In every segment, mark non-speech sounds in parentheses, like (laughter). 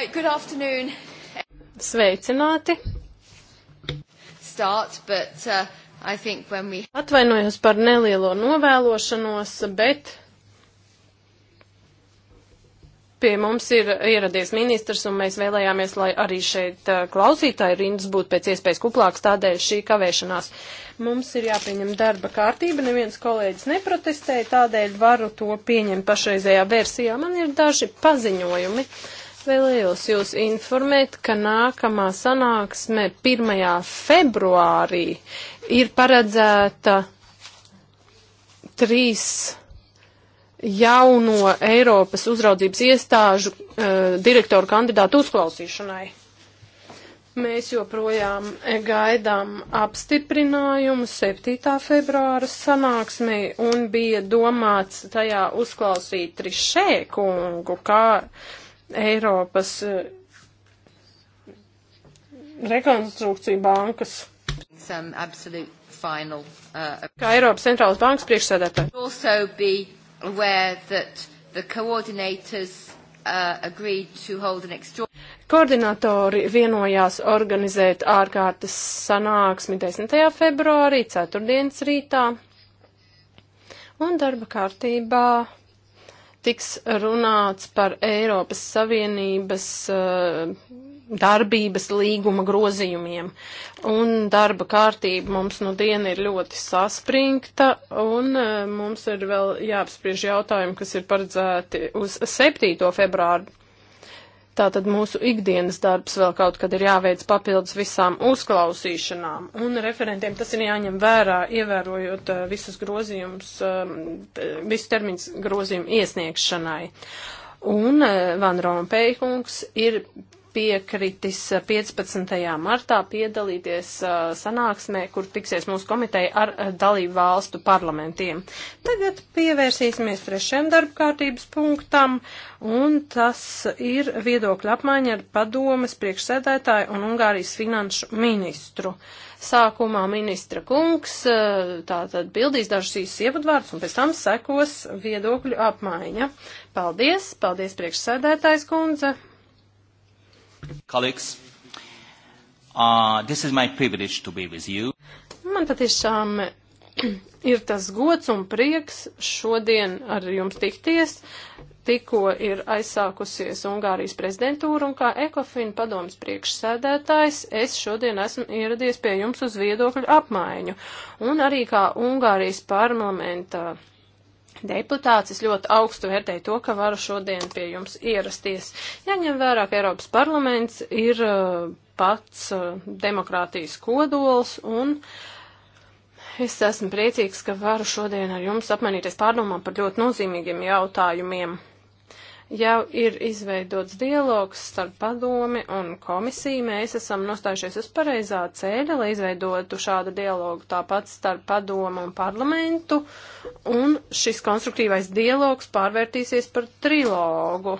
Right, good afternoon. Sveicināti. Start, but, uh, I think when we... Atvainojos par nelielo novēlošanos, bet pie mums ir ieradies ministrs, un mēs vēlējāmies, lai arī šeit uh, klausītāji rindas būtu pēc iespējas kuplāks, tādēļ šī kavēšanās. Mums ir jāpieņem darba kārtība, neviens kolēģis neprotestēja, tādēļ varu to pieņemt pašreizējā versijā. Man ir daži paziņojumi. Uh, Vēlējos jūs informēt, ka nākamā sanāksme 1. februārī ir paredzēta trīs jauno Eiropas uzraudzības iestāžu uh, direktoru kandidātu uzklausīšanai. Mēs joprojām eh, gaidām apstiprinājumu 7. februāra sanāksmē un bija domāts tajā uzklausīt Trišē kungu kā Eiropas eh, rekonstrukcija bankas. Final, uh, kā Eiropas centrālas bankas priekšsēdētāji. Uh, Koordinatori vienojās organizēt ārkārtas sanāksmi 10. februārī, 4. rītā, un darba kārtībā tiks runāts par Eiropas Savienības uh, darbības līguma grozījumiem. Un darba kārtība mums nu no diena ir ļoti saspringta, un uh, mums ir vēl jāapspriež jautājumi, kas ir paredzēti uz 7. februāru. Tātad mūsu ikdienas darbs vēl kaut kad ir jāveic papildus visām uzklausīšanām, un referentiem tas ir jāņem vērā, ievērojot eh, visus grozījumus, ehm, visu termiņus grozījumu iesniegšanai. Un eh, Van Rompējkungs ir piekritis 15. Eh, martā piedalīties eh, sanāksmē, kur tiksies mūsu komiteja ar eh, dalību valstu parlamentiem. Tagad pievērsīsimies trešajam darbkārtības punktam, un tas ir viedokļa apmaiņa ar padomas priekšsēdētāju un Ungārijas finanšu ministru. Sākumā ministra kungs tātad bildīs dažus īsus ievadvārdus, un pēc tam sekos viedokļu apmaiņa. Paldies, paldies priekšsēdētājs kundze. Kolēģis, uh, this is my privilege to be with you. Man patiešām (clears throat) ir tas gods un prieks šodien ar jums tikties. Tikko ir aizsākusies Ungārijas prezidentūra un kā Ekofina padomas priekšsēdētājs es šodien esmu ieradies pie jums uz viedokļu apmaiņu un arī kā Ungārijas parlamenta uh, deputāts, es ļoti augstu vērtēju to, ka varu šodien pie jums ierasties. Jaņem vērā, ka Eiropas parlaments ir uh, pats uh, demokrātijas kodols un es esmu priecīgs, ka varu šodien ar jums apmainīties pārdomām par ļoti nozīmīgiem jautājumiem jau ir izveidots dialogs starp padomi un komisiju. Mēs esam nostājušies uz pareizā ceļa, lai izveidotu šādu dialogu tāpat starp padomu un parlamentu, un šis konstruktīvais dialogs pārvērtīsies par trilogu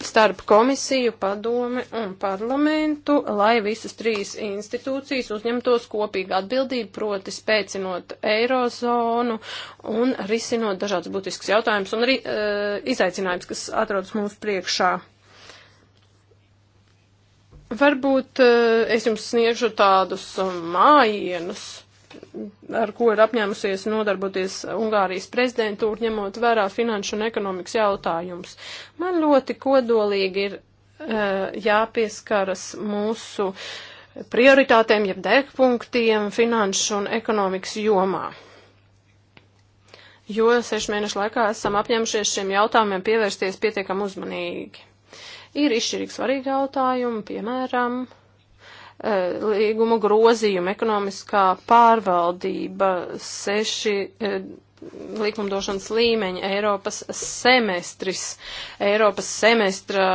starp komisiju, padome un parlamentu, lai visas trīs institūcijas uzņemtos kopīgu atbildību, proti spēcinot eirozonu un risinot dažādas būtiskas jautājumas un arī e, izaicinājums, kas atrodas mūsu priekšā. Varbūt e, es jums sniegšu tādus mājienus ar ko ir apņēmusies nodarboties Ungārijas prezidentūra, ņemot vērā finanšu un ekonomikas jautājumus. Man ļoti kodolīgi ir eh, jāpieskaras mūsu prioritātēm, jeb degpunktiem finanšu un ekonomikas jomā. Jo sešu mēnešu laikā esam apņēmušies šiem jautājumiem pievērsties pietiekam uzmanīgi. Ir izšķirīgi svarīgi jautājumi, piemēram, Eh, līguma grozījumi, ekonomiskā pārvaldība, seši eh, likumdošanas līmeņi, Eiropas semestris, Eiropas semestra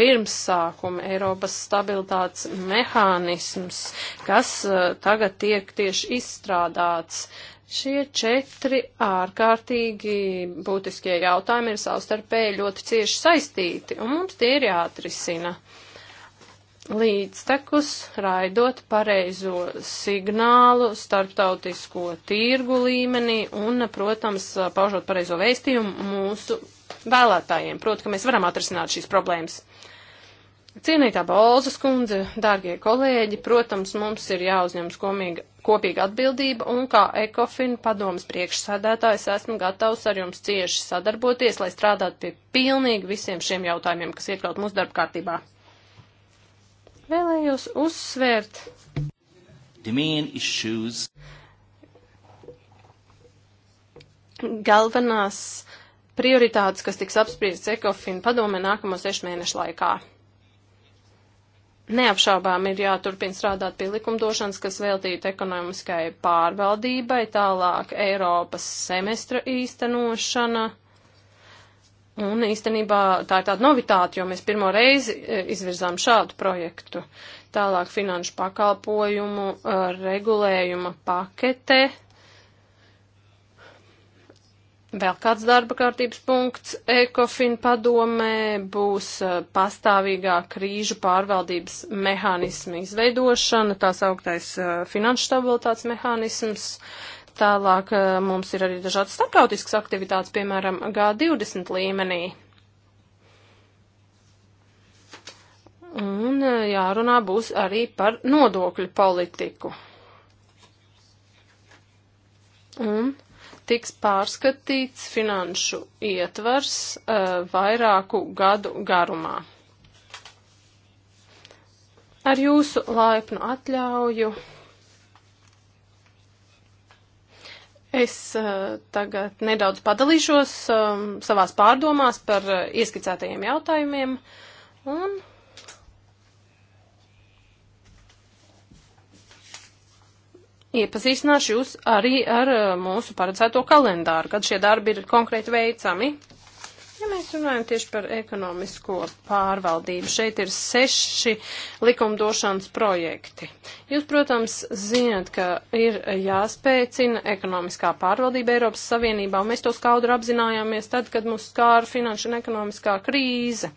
pirmsākumi, Eiropas stabilitātes mehānisms, kas eh, tagad tiek tieši izstrādāts. Šie četri ārkārtīgi būtiskie jautājumi ir savstarpēji ļoti cieši saistīti, un mums tie ir jāatrisina. Uh, līdztekus raidot pareizo signālu starptautisko tirgu līmenī un, protams, paužot pareizo vēstījumu mūsu vēlētājiem. Protams, ka mēs varam atrisināt šīs problēmas. Cienītā Balzas kundze, dārgie kolēģi, protams, mums ir jāuzņems komīga, kopīga atbildība, un kā ECOFIN padomas priekšsādātājs esmu gatavs ar jums cieši sadarboties, lai strādātu pie pilnīgi visiem šiem jautājumiem, kas iekļaut mūsu darba kārtībā. Vēlējos uzsvērt. The main issues. Galvenās prioritātes, kas tiks apspriestas Ekofin padomē nākamo sešu mēnešu laikā. Neapšaubām ir jāturpina strādāt pie likumdošanas, kas veltīta ekonomiskai pārvaldībai, tālāk Eiropas semestra īstenošana Un īstenībā tā ir tāda novitāte, jo mēs pirmo reizi e, izvirzām šādu projektu. Tālāk finanšu pakalpojumu e, regulējuma pakete. Vēl kāds darba kārtības punkts ECOFIN padomē būs e, pastāvīgā krīžu pārvaldības mehānisma izveidošana, tās augtais finanšu stabilitātes mehānisms. Uh, Tālāk eh, mums ir arī dažādas starptautiskas aktivitātes, piemēram, G20 līmenī. Un eh, jārunā būs arī par nodokļu politiku. Un tiks pārskatīts finanšu ietvars uh, vairāku gadu garumā. Ar jūsu laipnu atļauju. Es uh, tagad nedaudz padalīšos um, savās pārdomās par uh, ieskicētajiem jautājumiem un iepazīstināšu jūs arī ar uh, mūsu paredzēto kalendāru, kad šie darbi ir konkrēti veicami. Ja mēs runājam tieši par ekonomisko pārvaldību, šeit ir seši likumdošanas projekti. Jūs, protams, zināt, ka ir jāspēcina ekonomiskā pārvaldība Eiropas Savienībā, un mēs to skaudru apzinājāmies tad, kad mūs skāra finanšu un ekonomiskā krīze.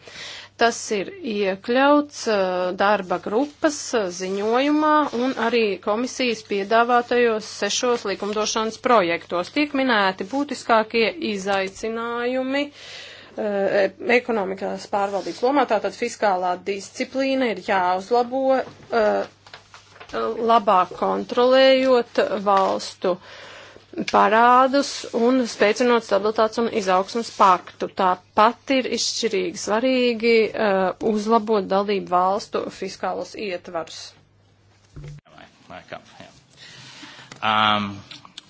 Tas ir iekļauts uh, darba grupas uh, ziņojumā un arī komisijas piedāvātajos sešos likumdošanas projektos. Tiek minēti būtiskākie izaicinājumi. Uh, Eh, ekonomikas pārvaldības lomā, tātad fiskālā disciplīna ir jāuzlabo eh, labāk kontrolējot valstu parādus un spēcinot stabilitātes un izaugsmas paktu. Tāpat ir izšķirīgi svarīgi uh, uzlabot dalību valstu fiskālos ietvarus. Um,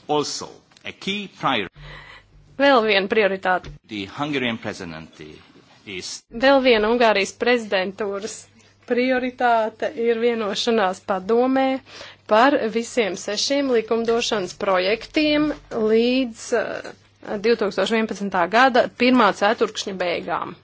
also, a key priority. Vēl viena prioritāte. Is... Vēl viena Ungārijas prezidentūras prioritāte ir vienošanās padomē par visiem sešiem likumdošanas projektiem līdz 2011. Eh, gada 1. ceturkšņa beigām.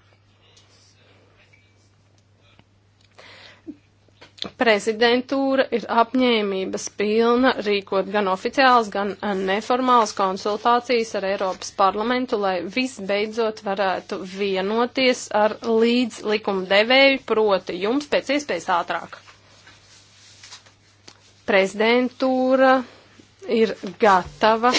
prezidentūra ir apņēmības pilna rīkot gan oficiāls, gan eh, neformāls konsultācijas ar Eiropas parlamentu, lai visbeidzot varētu vienoties ar līdz likumdevēju proti jums pēc iespējas ātrāk. Prezidentūra ir gatava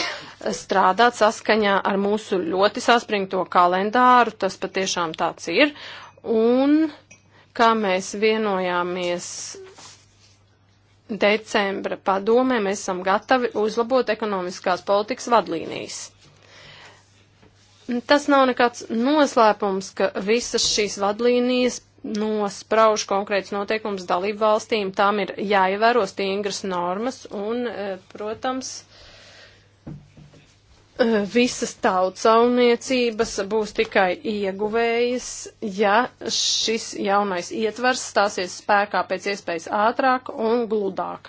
strādāt saskaņā ar mūsu ļoti saspringto kalendāru, tas patiešām tāds ir, un uh, kā mēs vienojāmies decembra padomē, mēs esam gatavi uzlabot ekonomiskās politikas vadlīnijas. Tas nav nekāds noslēpums, ka visas šīs vadlīnijas nosprauž konkrēts noteikums dalību valstīm, tām ir jāievēro stingras normas un, eh, protams, Eh, visas tautsauniecības būs tikai ieguvējas, ja šis jaunais ietvers stāsies spēkā pēc iespējas ātrāk un gludāk.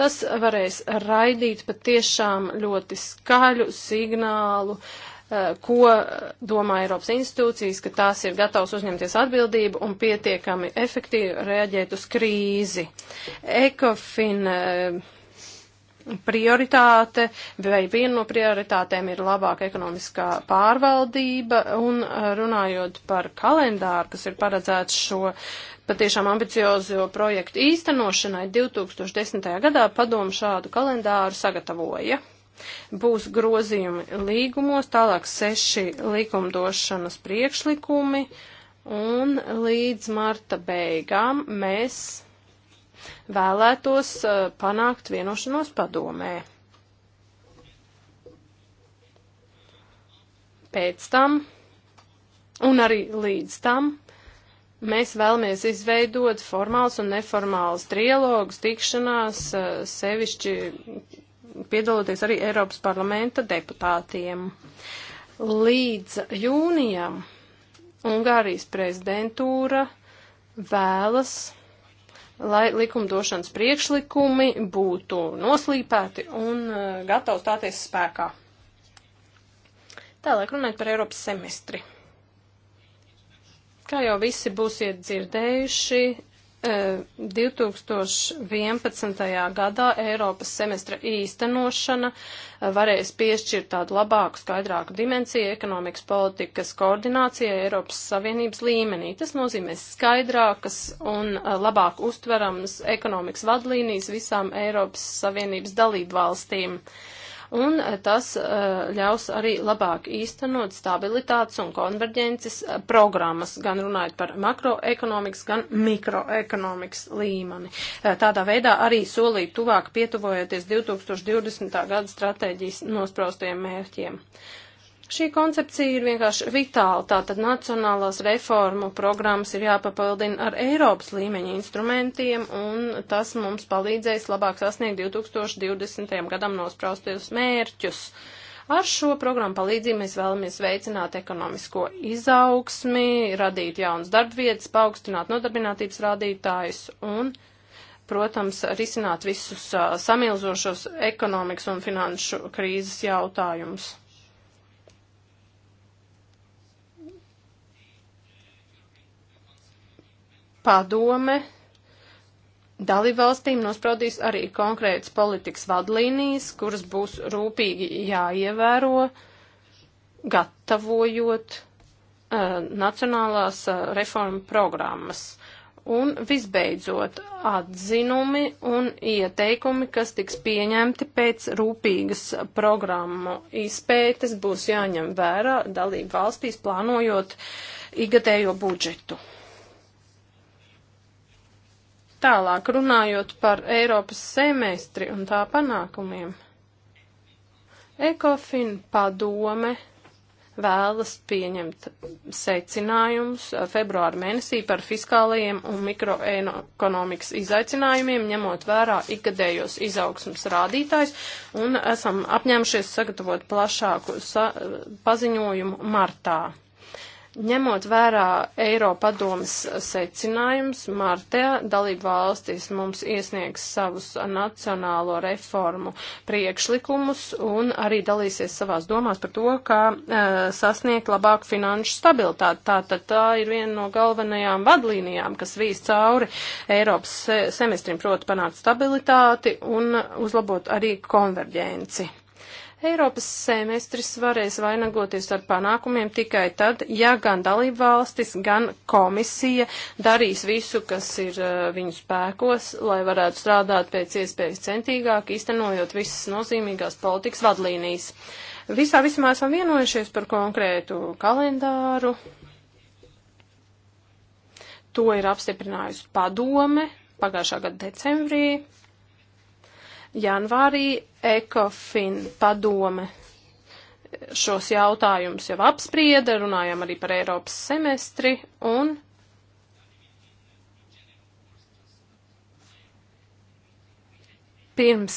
Tas varēs raidīt patiešām ļoti skaļu signālu, eh, ko domā Eiropas institūcijas, ka tās ir gatavas uzņemties atbildību un pietiekami efektīvi reaģēt uz krīzi. Ekofin eh, prioritāte vai viena no prioritātēm ir labāka ekonomiskā pārvaldība un eh, runājot par kalendāru, kas ir paredzēts šo patiešām ambiciozo projektu īstenošanai, 2010. gadā padomu šādu kalendāru sagatavoja. Būs grozījumi līgumos, tālāk seši likumdošanas priekšlikumi un līdz marta beigām mēs vēlētos eh, panākt vienošanos padomē. Pēc tam un arī līdz tam mēs vēlamies izveidot formāls un neformāls trialogus, tikšanās, eh, sevišķi piedaloties arī Eiropas parlamenta deputātiem. Līdz jūnijam Ungārijas prezidentūra vēlas lai likumdošanas priekšlikumi būtu noslīpēti un eh, gatavi stāties spēkā. Tālāk runājot par Eiropas semestri. Kā jau visi būsiet dzirdējuši, 2011. Uh, uh, gadā Eiropas semestra īstenošana uh, varēs piešķirt tādu labāku, skaidrāku dimensiju ekonomikas politikas koordinācijai Eiropas Savienības līmenī. Tas nozīmē skaidrākas un labāk uztveramas ekonomikas vadlīnijas visām Eiropas Savienības dalību valstīm. Uh, un eh, tas eh, ļaus arī labāk īstenot stabilitātes un konverģences eh, programmas, gan runājot par makroekonomikas, gan mikroekonomikas līmeni. Tādā veidā arī solīt tuvāk pietuvojoties 2020. gada stratēģijas nospraustajiem mērķiem. Yeah. Šī koncepcija ir vienkārši vitāla, tātad nacionālās reformu programmas ir jāpapildina ar Eiropas līmeņa instrumentiem, un tas mums palīdzēs labāk sasniegt 2020. gadam nospraustos mērķus. Ar šo programmu palīdzību mēs vēlamies veicināt ekonomisko izaugsmi, radīt jaunas darbvietas, paaugstināt nodarbinātības rādītājus un protams, risināt visus uh, samilzošos ekonomikas un finanšu krīzes jautājumus. padome dalībvalstīm nospraudīs arī konkrētas politikas vadlīnijas, kuras būs rūpīgi jāievēro, gatavojot uh, nacionālās uh, reformu programmas. Un visbeidzot, atzinumi un ieteikumi, kas tiks pieņemti pēc rūpīgas programmu izpētes, būs jāņem vērā dalību valstīs plānojot igadējo budžetu. Tālāk runājot par Eiropas semestri un tā panākumiem. Ekofin padome vēlas pieņemt secinājumus februāra mēnesī par fiskālajiem un mikroekonomikas izaicinājumiem, ņemot vērā ikgadējos izaugsmas rādītājs, un esam apņēmušies sagatavot plašāku sa paziņojumu martā. Ņemot vērā Eiropadomas secinājums, martā dalību valstis mums iesniegs savus nacionālo reformu priekšlikumus un arī dalīsies savās domās par to, kā e, sasniegt labāku finanšu stabilitāti. Tātad tā ir viena no galvenajām vadlīnijām, kas vīs cauri Eiropas semestrim, proti panākt stabilitāti un uzlabot arī konverģenci. Eiropas semestris varēs vainagoties ar panākumiem tikai tad, ja gan dalība valstis, gan komisija darīs visu, kas ir uh, viņu spēkos, lai varētu strādāt pēc iespējas centīgāk, īstenojot visas nozīmīgās politikas vadlīnijas. Visā vismā esam vienojušies par konkrētu kalendāru. To ir apstiprinājusi padome pagājušā gada decembrī. Janvārī ECOFIN padome šos jautājumus jau apsprieda, runājām arī par Eiropas semestri un pirms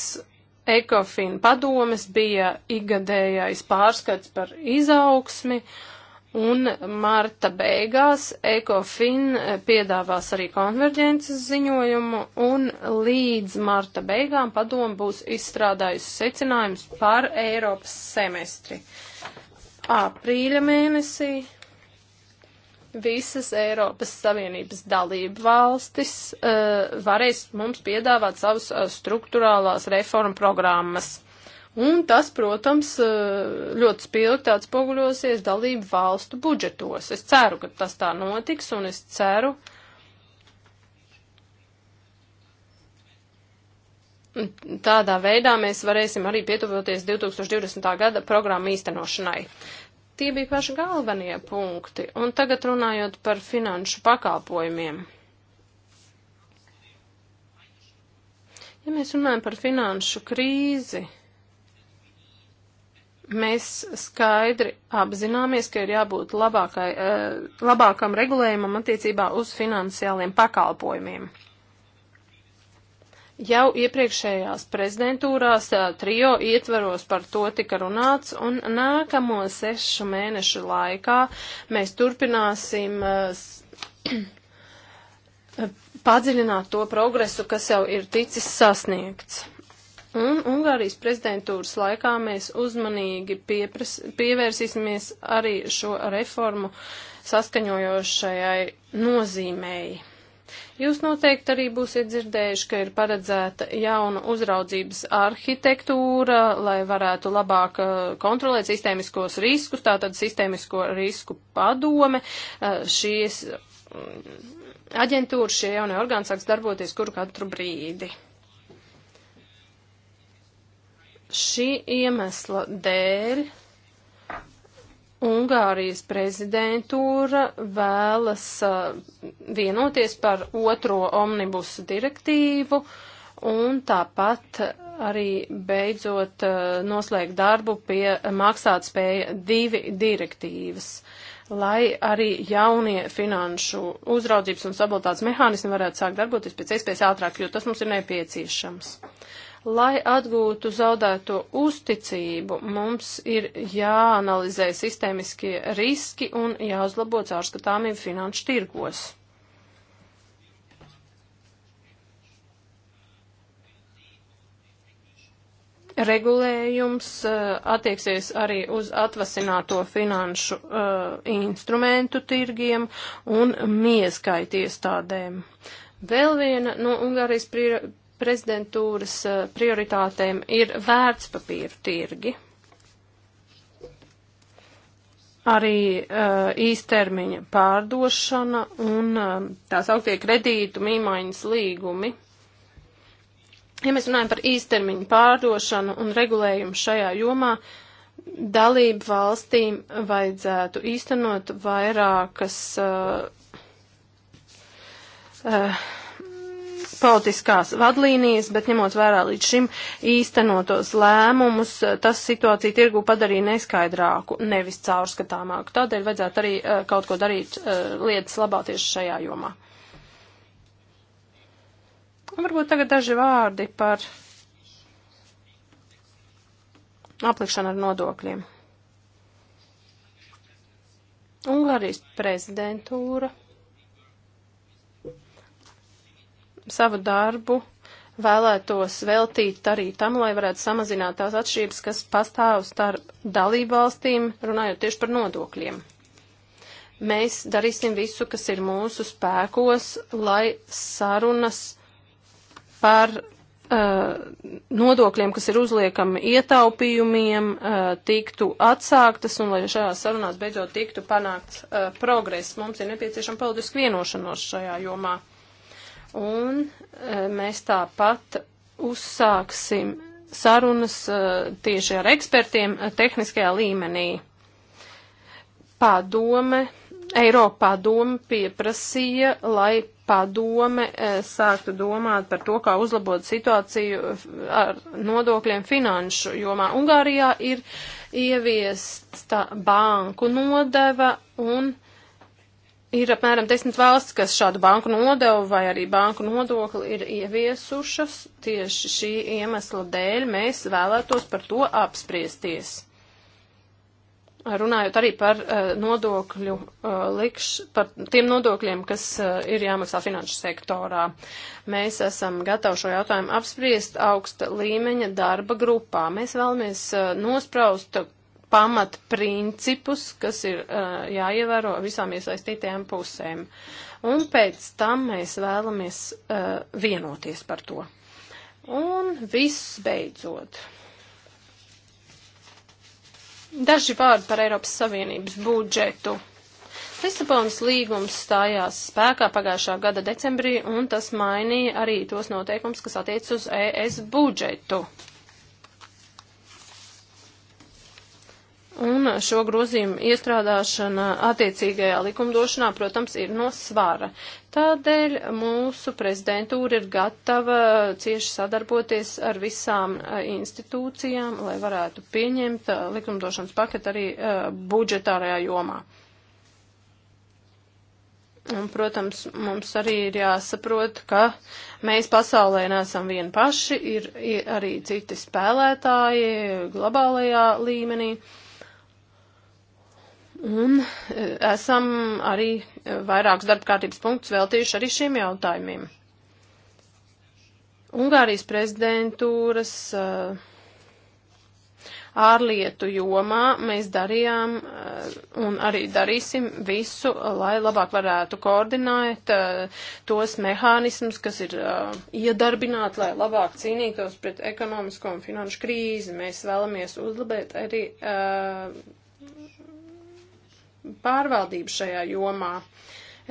ECOFIN padomes bija igadējais pārskats par izaugsmi, uh, Un marta beigās ECOFIN piedāvās arī konverģences ziņojumu, un līdz marta beigām padomu būs izstrādājusi secinājums par Eiropas semestri. Aprīļa mēnesī visas Eiropas Savienības dalību valstis uh, varēs mums piedāvāt savus uh, eh, struktūrālās reformu programmas. Un tas, protams, eh, ļoti spilgti atspoguļosies dalību valstu budžetos. Es ceru, ka tas tā notiks, un es ceru, tādā veidā mēs varēsim arī pietuvoties 2020. gada programmu īstenošanai. Tie bija paši galvenie punkti, un tagad runājot par finanšu pakalpojumiem. Ja mēs runājam par finanšu krīzi, mēs skaidri apzināmies, ka ir jābūt labākai, eh, labākam regulējumam attiecībā uz finansiāliem pakalpojumiem. Jau iepriekšējās prezidentūrās eh, trijo ietvaros par to tika runāts, un nākamo sešu mēnešu laikā mēs turpināsim eh, (clears throat) padziļināt to progresu, kas jau ir ticis sasniegts. Un Ungārijas prezidentūras laikā mēs uzmanīgi piepras, pievērsīsimies arī šo reformu saskaņojošajai nozīmēji. Jūs noteikti arī būsiet dzirdējuši, ka ir paredzēta jauna uzraudzības arhitektūra, lai varētu labāk uh, kontrolēt sistēmiskos riskus, tātad sistēmisko risku padome. Uh, Šīs mm, aģentūras, šie jaunie orgāni sāks darboties kuru katru brīdi. Šī iemesla dēļ Ungārijas prezidentūra vēlas uh, vienoties par otro omnibusu direktīvu un tāpat arī beidzot uh, noslēgt darbu pie maksātspēja divi direktīvas lai arī jaunie finanšu uzraudzības un stabilitātes mehānismi varētu sākt darboties pēc iespējas ātrāk, jo tas mums ir nepieciešams. Lai atgūtu zaudēto uzticību, mums ir jāanalizē sistēmiskie riski un jāuzlabo caurskatāmību finanšu tirgos. regulējums uh, attieksies arī uz atvasināto finanšu uh, instrumentu tirgiem un mieskaities tādēm. Vēl viena no Ungārijas prezidentūras eh, prioritātēm ir vērtspapīru tirgi. Arī uh, īstermiņa pārdošana un uh, eh, tās augtie kredītu mīmaiņas līgumi. Ja mēs runājam par īstermiņu pārdošanu un regulējumu šajā jomā, dalību valstīm vajadzētu īstenot vairākas. Uh, uh, politiskās vadlīnijas, bet ņemot vērā līdz šim īstenotos lēmumus, tas situāciju tirgu padarīja neskaidrāku, nevis caurskatāmāku. Tādēļ vajadzētu arī eh, kaut ko darīt eh, lietas labā tieši šajā jomā. Varbūt tagad daži vārdi par aplikšanu ar nodokļiem. Ungārijas prezidentūra savu darbu vēlētos veltīt arī tam, lai varētu samazināt tās atšķirības, kas pastāv starp dalību valstīm, runājot tieši par nodokļiem. Mēs darīsim visu, kas ir mūsu spēkos, lai sarunas par uh, nodokļiem, kas ir uzliekami ietaupījumiem, uh, tiktu atsāktas un lai šajās sarunās beidzot tiktu panākts uh, progress. Mums ir nepieciešama politiska vienošanos šajā jomā. Un e, mēs tāpat uzsāksim sarunas e, tieši ar ekspertiem e, tehniskajā līmenī. Padome, Eiropā doma pieprasīja, lai padome sāktu domāt par to, kā uzlabot situāciju ar nodokļiem finanšu jomā. Ungārijā ir ieviests banku nodeva un Ir apmēram desmit valsts, kas šādu banku nodevu vai arī banku nodokli ir ieviesušas. Tieši šī iemesla dēļ mēs vēlētos par to apspriesties. Runājot arī par uh, nodokļu uh, likš, par tiem nodokļiem, kas uh, ir jāmaksā finanšu sektorā. Mēs esam gatavi šo jautājumu apspriest augsta līmeņa darba grupā. Mēs vēlamies uh, nospraust, pamatprincipus, kas ir uh, jāievēro visām iesaistītajām pusēm. Un pēc tam mēs vēlamies uh, vienoties par to. Un viss beidzot. Daži vārdi par Eiropas Savienības budžetu. Lisabonas līgums stājās spēkā pagājušā gada decembrī, un tas mainīja arī tos noteikums, kas attiec uz ES budžetu. Uh, Un šo grozījumu iestrādāšana attiecīgajā likumdošanā, protams, ir no svara. Tādēļ mūsu prezidentūra ir gatava cieši sadarboties ar visām eh, institūcijām, lai varētu pieņemt eh, likumdošanas paketu arī eh, budžetārajā jomā. Un, protams, mums arī ir jāsaprot, ka mēs pasaulē neesam vieni paši, ir, ir arī citi spēlētāji globālajā līmenī. Uh, Un e, esam arī vairākus darba kārtības punktus veltījuši arī šiem jautājumiem. Ungārijas prezidentūras uh, ārlietu jomā mēs darījām e, un arī darīsim visu, lai labāk varētu koordinēt tos mehānismus, kas ir iedarbināti, lai labāk cīnītos pret ekonomisko un finanšu krīzi. Mēs vēlamies uzlabēt arī pārvaldību šajā jomā.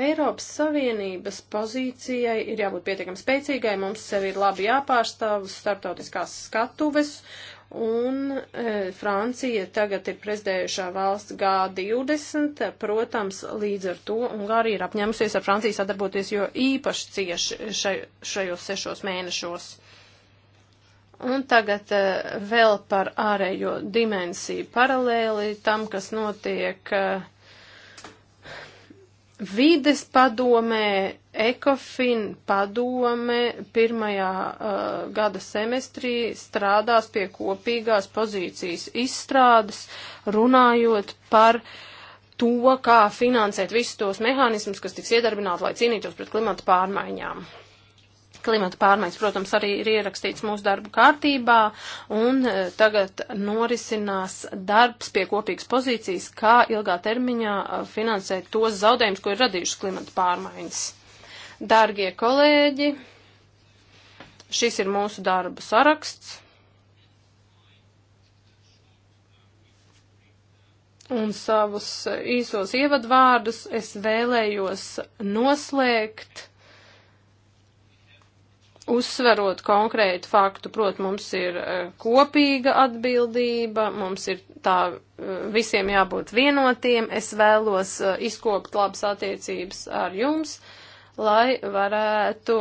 Eiropas Savienības pozīcijai ir jābūt pietiekami spēcīgai, mums sevi ir labi jāpārstāv uz starptautiskās skatuves, un e, Francija tagad ir prezidējušā valsts G20, protams, līdz ar to Ungārija ir apņēmusies ar Franciju sadarboties, jo īpaši cieši šaj, šajos sešos mēnešos. Un tagad e, vēl par ārējo dimensiju paralēli tam, kas notiek. E, Vides padomē, Ekofin padome pirmajā uh, gada semestrī strādās pie kopīgās pozīcijas izstrādes, runājot par to, kā finansēt visus tos mehānismus, kas tiks iedarbināti, lai cīnītos pret klimata pārmaiņām. Klimata pārmaiņas, protams, arī ir ierakstīts mūsu darbu kārtībā, un e, tagad norisinās darbs pie kopīgas pozīcijas, kā ilgā termiņā e, finansēt tos zaudējumus, ko ir radījušas klimata pārmaiņas. Dargie kolēģi, šis ir mūsu darba saraksts. Un savus e, īsos ievadvārdus es vēlējos noslēgt uzsverot konkrētu faktu, prot, mums ir e, kopīga atbildība, mums ir tā e, visiem jābūt vienotiem, es vēlos e, izkopt labas attiecības ar jums, lai varētu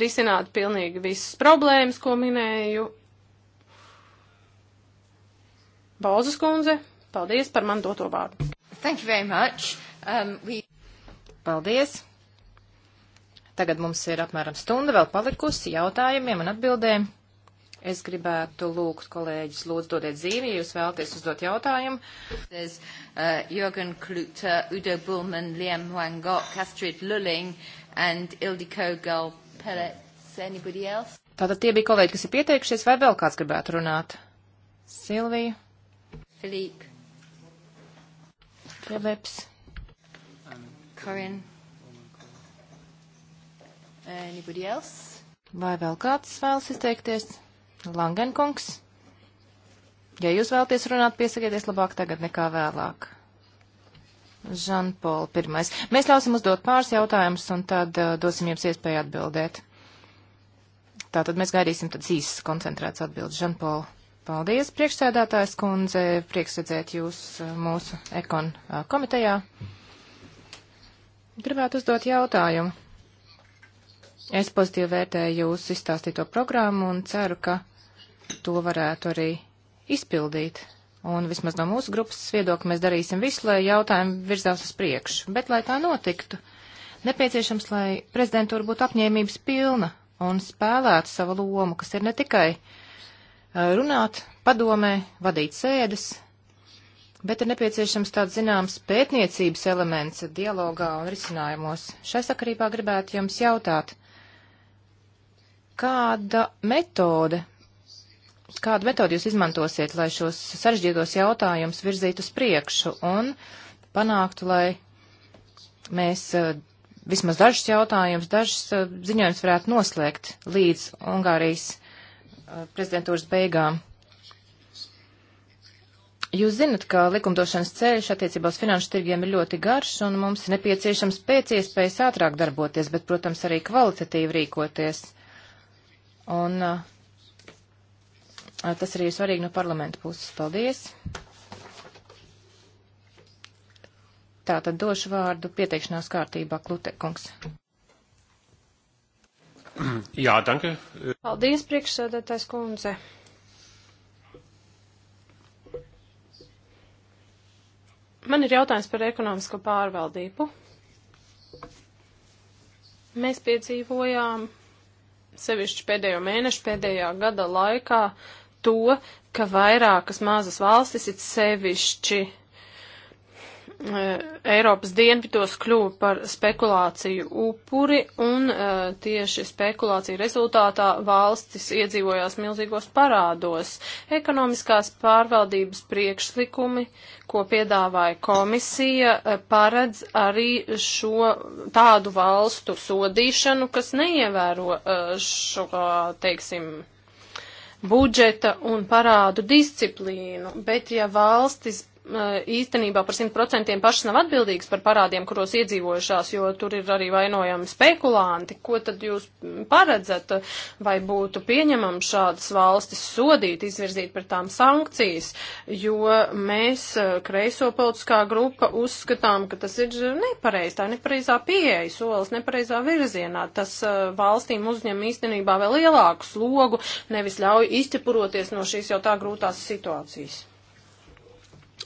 risināt pilnīgi visas problēmas, ko minēju. Balzas kundze, paldies par man doto vārdu. Thank you very much. Um, we... Paldies. Tagad mums ir apmēram stunda vēl palikusi jautājumiem un atbildēm. Es gribētu lūgt kolēģis, lūdzu dodiet zīmi, ja jūs vēlaties uzdot jautājumu. There's uh, Jürgen Klute, Udo Bullman, Liam Wangok, Astrid Lulling and Ildiko Galpelets. Anybody else? Tātad tie bija kolēģi, kas ir pieteikušies, vai vēl kāds gribētu runāt? Silvija. Filipa. Filips. Um, Corinne. Anybody else? Vai vēl kāds vēlas izteikties? Langenkungs? Ja jūs vēlaties runāt, piesakieties labāk tagad nekā vēlāk. Žanpola pirmais. Mēs ļausim uzdot pāris jautājumus un tad uh, dosim jums iespēju atbildēt. Tātad mēs gaidīsim tad īsas koncentrētas atbildes. Žanpola, paldies, priekšsēdētājs kundze, prieks redzēt jūs uh, mūsu ekon uh, komitejā. Gribētu uzdot jautājumu Es pozitīvi vērtēju jūsu izstāstīto programmu un ceru, ka to varētu arī izpildīt. Un vismaz no mūsu grupas viedokļa mēs darīsim visu, lai jautājumi virzās uz priekšu. Bet, lai tā notiktu, nepieciešams, lai prezidentūra būtu apņēmības pilna un spēlētu savu lomu, kas ir ne tikai runāt, padomē, vadīt sēdes, bet ir nepieciešams tāds zināms pētniecības elements dialogā un risinājumos. Šai sakarībā gribētu jums jautāt, Kāda metode, kādu metodi jūs izmantosiet, lai šos sarežģītos jautājumus virzītu uz priekšu un panāktu, lai mēs eh, vismaz dažus jautājumus, dažus eh, ziņojumus varētu noslēgt līdz Ungārijas eh, prezidentūras beigām. Jūs zinat, ka likumdošanas ceļš attiecībā uz finanšu tirgiem ir ļoti garš, un mums ir nepieciešams pēc iespējas ātrāk darboties, bet, protams, arī kvalitatīvi rīkoties. Un uh, tas arī ir svarīgi no parlamenta puses. Paldies! Tā tad došu vārdu pieteikšanās kārtībā Klutekungs. (clears throat) Jā, danke. Paldies, priekšsēdētājs kundze. Man ir jautājums par ekonomisko pārvaldību. Mēs piedzīvojām sevišķi pēdējo mēnešu, pēdējā gada laikā to, ka vairākas mazas valstis, it sevišķi Eiropas dienvidos kļuva par spekulāciju upuri, un uh, tieši spekulāciju rezultātā valstis iedzīvojās milzīgos parādos. Ekonomiskās pārvaldības priekšlikumi, ko piedāvāja komisija, paredz arī šo tādu valstu sodīšanu, kas neievēro uh, šo, teiksim, budžeta un parādu disciplīnu, bet ja valstis Eh, īstenībā par 100% pašas nav atbildīgas par parādiem, kuros iedzīvojušās, jo tur ir arī vainojami spekulanti. Ko tad jūs paredzat, vai būtu pieņemam šādas valstis sodīt, izvirzīt par tām sankcijas, jo mēs eh, kreiso politiskā grupa uzskatām, ka tas ir nepareiz, tā nepareizā pieeja, solis nepareizā virzienā. Tas eh, valstīm uzņem īstenībā vēl lielāku slogu, nevis ļauj izķepuroties no šīs jau tā grūtās situācijas.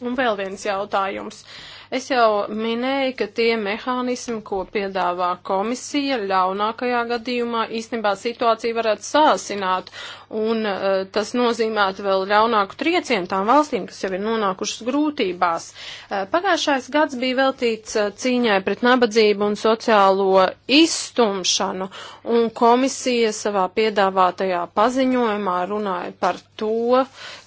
Un vēl viens jautājums. Es jau minēju, ka tie mehānismi, ko piedāvā komisija, ļaunākajā gadījumā īstenībā situācija varētu sāsināt, un uh, tas nozīmētu vēl ļaunāku triecienu tām valstīm, kas jau ir nonākušas grūtībās. Uh, pagājušais gads bija veltīts uh, cīņai pret nabadzību un sociālo izstumšanu, un komisija savā piedāvātajā paziņojumā runāja par to,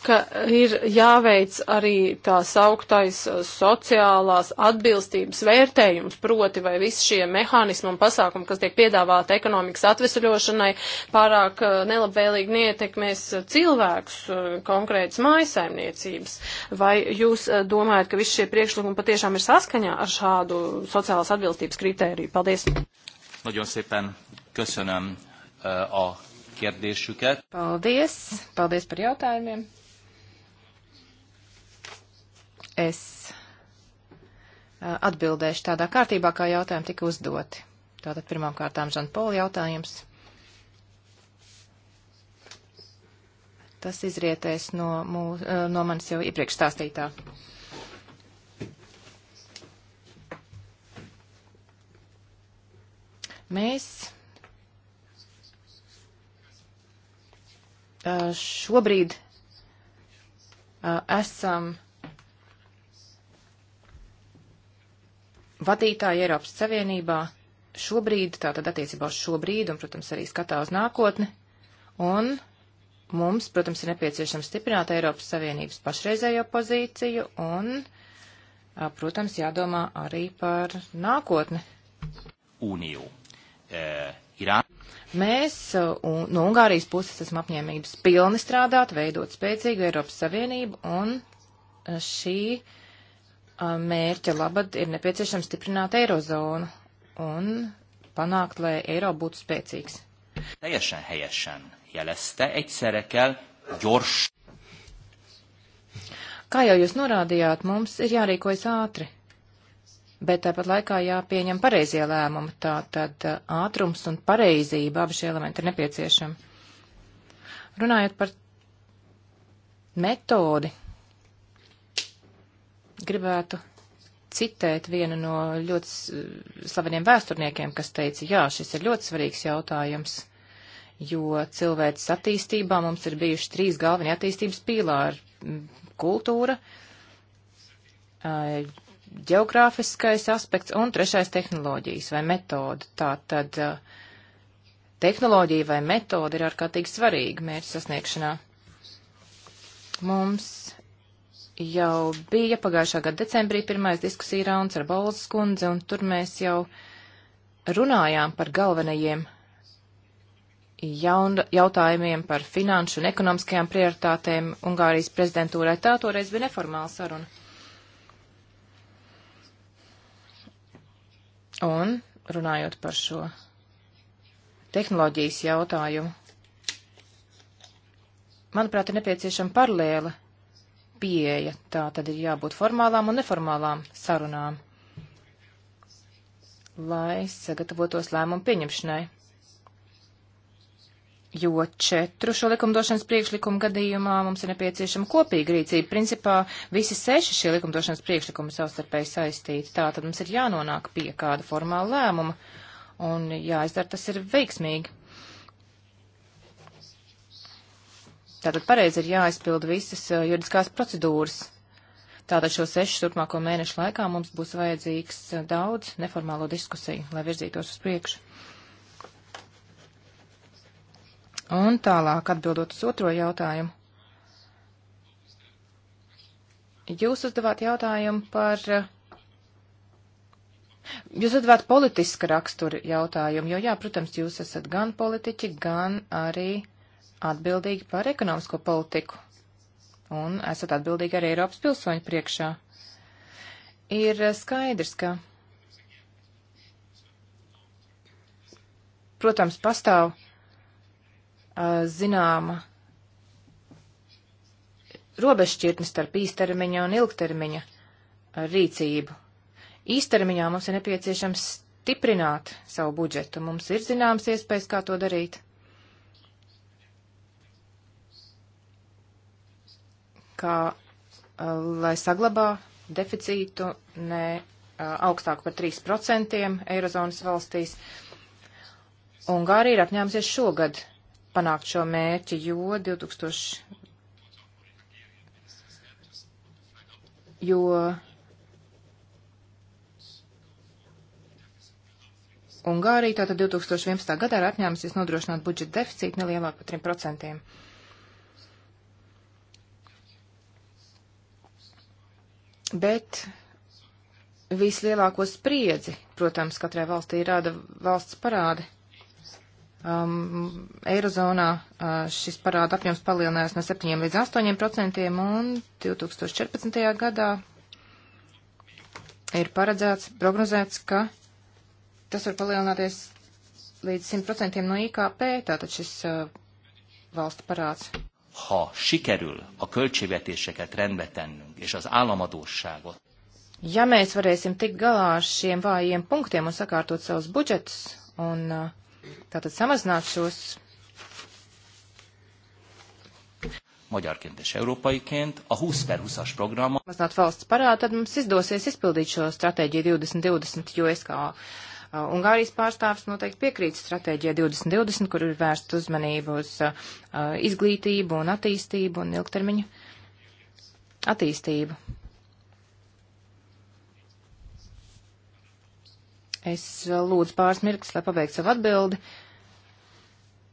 ka ir jāveic arī tā sauktais uh, sociāla fiskālās atbilstības vērtējums, proti vai visi šie mehānismi un pasākumi, kas tiek piedāvāti ekonomikas atvesaļošanai, pārāk eh, nelabvēlīgi neietekmēs eh, cilvēkus, eh, konkrētas mājasaimniecības. Vai jūs domājat, ka visi šie priekšlikumi patiešām ir saskaņā ar šādu sociālās atbilstības kritēriju? Paldies! Nagyon szépen köszönöm a kérdésüket. Paldies! Paldies par jautājumiem! Es Eh, atbildēšu tādā kārtībā, kā jautājumi tika uzdoti. Tātad pirmām kārtām Žanpola jautājums. Tas izrietēs no, mūs, eh, no manis jau iepriekš stāstītā. Mēs eh, šobrīd esam vadītāji Eiropas Savienībā šobrīd, tātad attiecībā uz šobrīd un, protams, arī skatā uz nākotni. Un mums, protams, ir nepieciešams stiprināt Eiropas Savienības pašreizējo pozīciju un, protams, jādomā arī par nākotni. Uniju. E, Irāna. Mēs un, no Ungārijas puses esam apņēmības pilni strādāt, veidot spēcīgu Eiropas Savienību un šī uh, mērķa labad ir nepieciešams stiprināt eirozonu un panākt, lai eiro būtu spēcīgs. Teljesen helyesen jelezte, egyszerre kell gyors. Kā jau jūs norādījāt, mums ir jārīkojas ātri, bet tāpat laikā jāpieņem pareizie lēmumi, tā tad ātrums un pareizība abi šie elementi ir nepieciešami. Runājot par metodi, gribētu citēt vienu no ļoti slaveniem vēsturniekiem, kas teica, jā, šis ir ļoti svarīgs jautājums, jo cilvēks attīstībā mums ir bijuši trīs galvenie attīstības pīlāri - kultūra, geogrāfiskais aspekts un trešais tehnoloģijas vai metoda. Tā tad tehnoloģija vai metoda ir ārkārtīgi svarīga mērķu sasniegšanā. Mums jau bija pagājušā gada decembrī pirmais diskusija rauns ar Balzas kundzi, un tur mēs jau runājām par galvenajiem jaun, jautājumiem par finanšu un ekonomiskajām prioritātēm Ungārijas prezidentūrai. Tā toreiz bija neformāla saruna. Un runājot par šo tehnoloģijas jautājumu, manuprāt, ir nepieciešama paralēla pieeja. Tā tad ir jābūt formālām un neformālām sarunām, lai sagatavotos lēmumu pieņemšanai. Jo četru šo likumdošanas priekšlikumu gadījumā mums ir nepieciešama kopīga rīcība. Principā visi seši šie likumdošanas priekšlikumi savstarpēji saistīti. Tā tad mums ir jānonāk pie kāda formāla lēmuma un jāizdara tas ir veiksmīgi. Tātad pareizi ir jāizpilda visas juridiskās procedūras. Tātad šo sešu turpmāko mēnešu laikā mums būs vajadzīgs daudz neformālo diskusiju, lai virzītos uz priekšu. Un tālāk atbildot uz otro jautājumu. Jūs uzdevāt jautājumu par. Jūs uzdevāt politiska rakstura jautājumu, jo jā, protams, jūs esat gan politiķi, gan arī atbildīgi par ekonomisko politiku un esat atbildīgi arī Eiropas pilsoņu priekšā. Ir skaidrs, ka, protams, pastāv uh, zināma robežšķirtne starp īstermiņa un ilgtermiņa rīcību. Īstermiņā mums ir nepieciešams stiprināt savu budžetu, mums ir zināmas iespējas, kā to darīt. kā uh, lai saglabā deficītu ne uh, augstāk par 3% Eirozonas valstīs. Ungārija ir apņēmusies šogad panākt šo mērķi, jo 2000. Jo Ungārija tātad 2011. gadā ir apņēmusies nodrošināt budžeta deficītu nelielāk par 3%. bet vislielāko spriedzi, protams, katrai valstī rada valsts parādi. Um, Eirozonā uh, šis parāda apjoms palielinājās no 7 līdz 8 procentiem un 2014. gadā ir paredzēts, prognozēts, ka tas var palielināties līdz 100% no IKP, tātad šis uh, valsts parāds ha sikerül a költségvetéseket rendbe tennünk, és az államadósságot. Ja mēs varēsim tikt galā ar šiem vājiem punktiem un sakārtot savus budžetus un uh, tātad samazināt šos. Magyarként és európaiként a 20 per 20-as programma. Mazināt valsts parādu, tad mums izdosies izpildīt šo stratēģiju 2020, jo es kā uh, Uh, Ungārijas pārstāvis noteikti piekrīt stratēģijai 2020, kur ir vērst uzmanību uz uh, izglītību un attīstību un ilgtermiņu attīstību. Es uh, lūdzu pāris mirkļus, lai pabeigtu savu atbildi.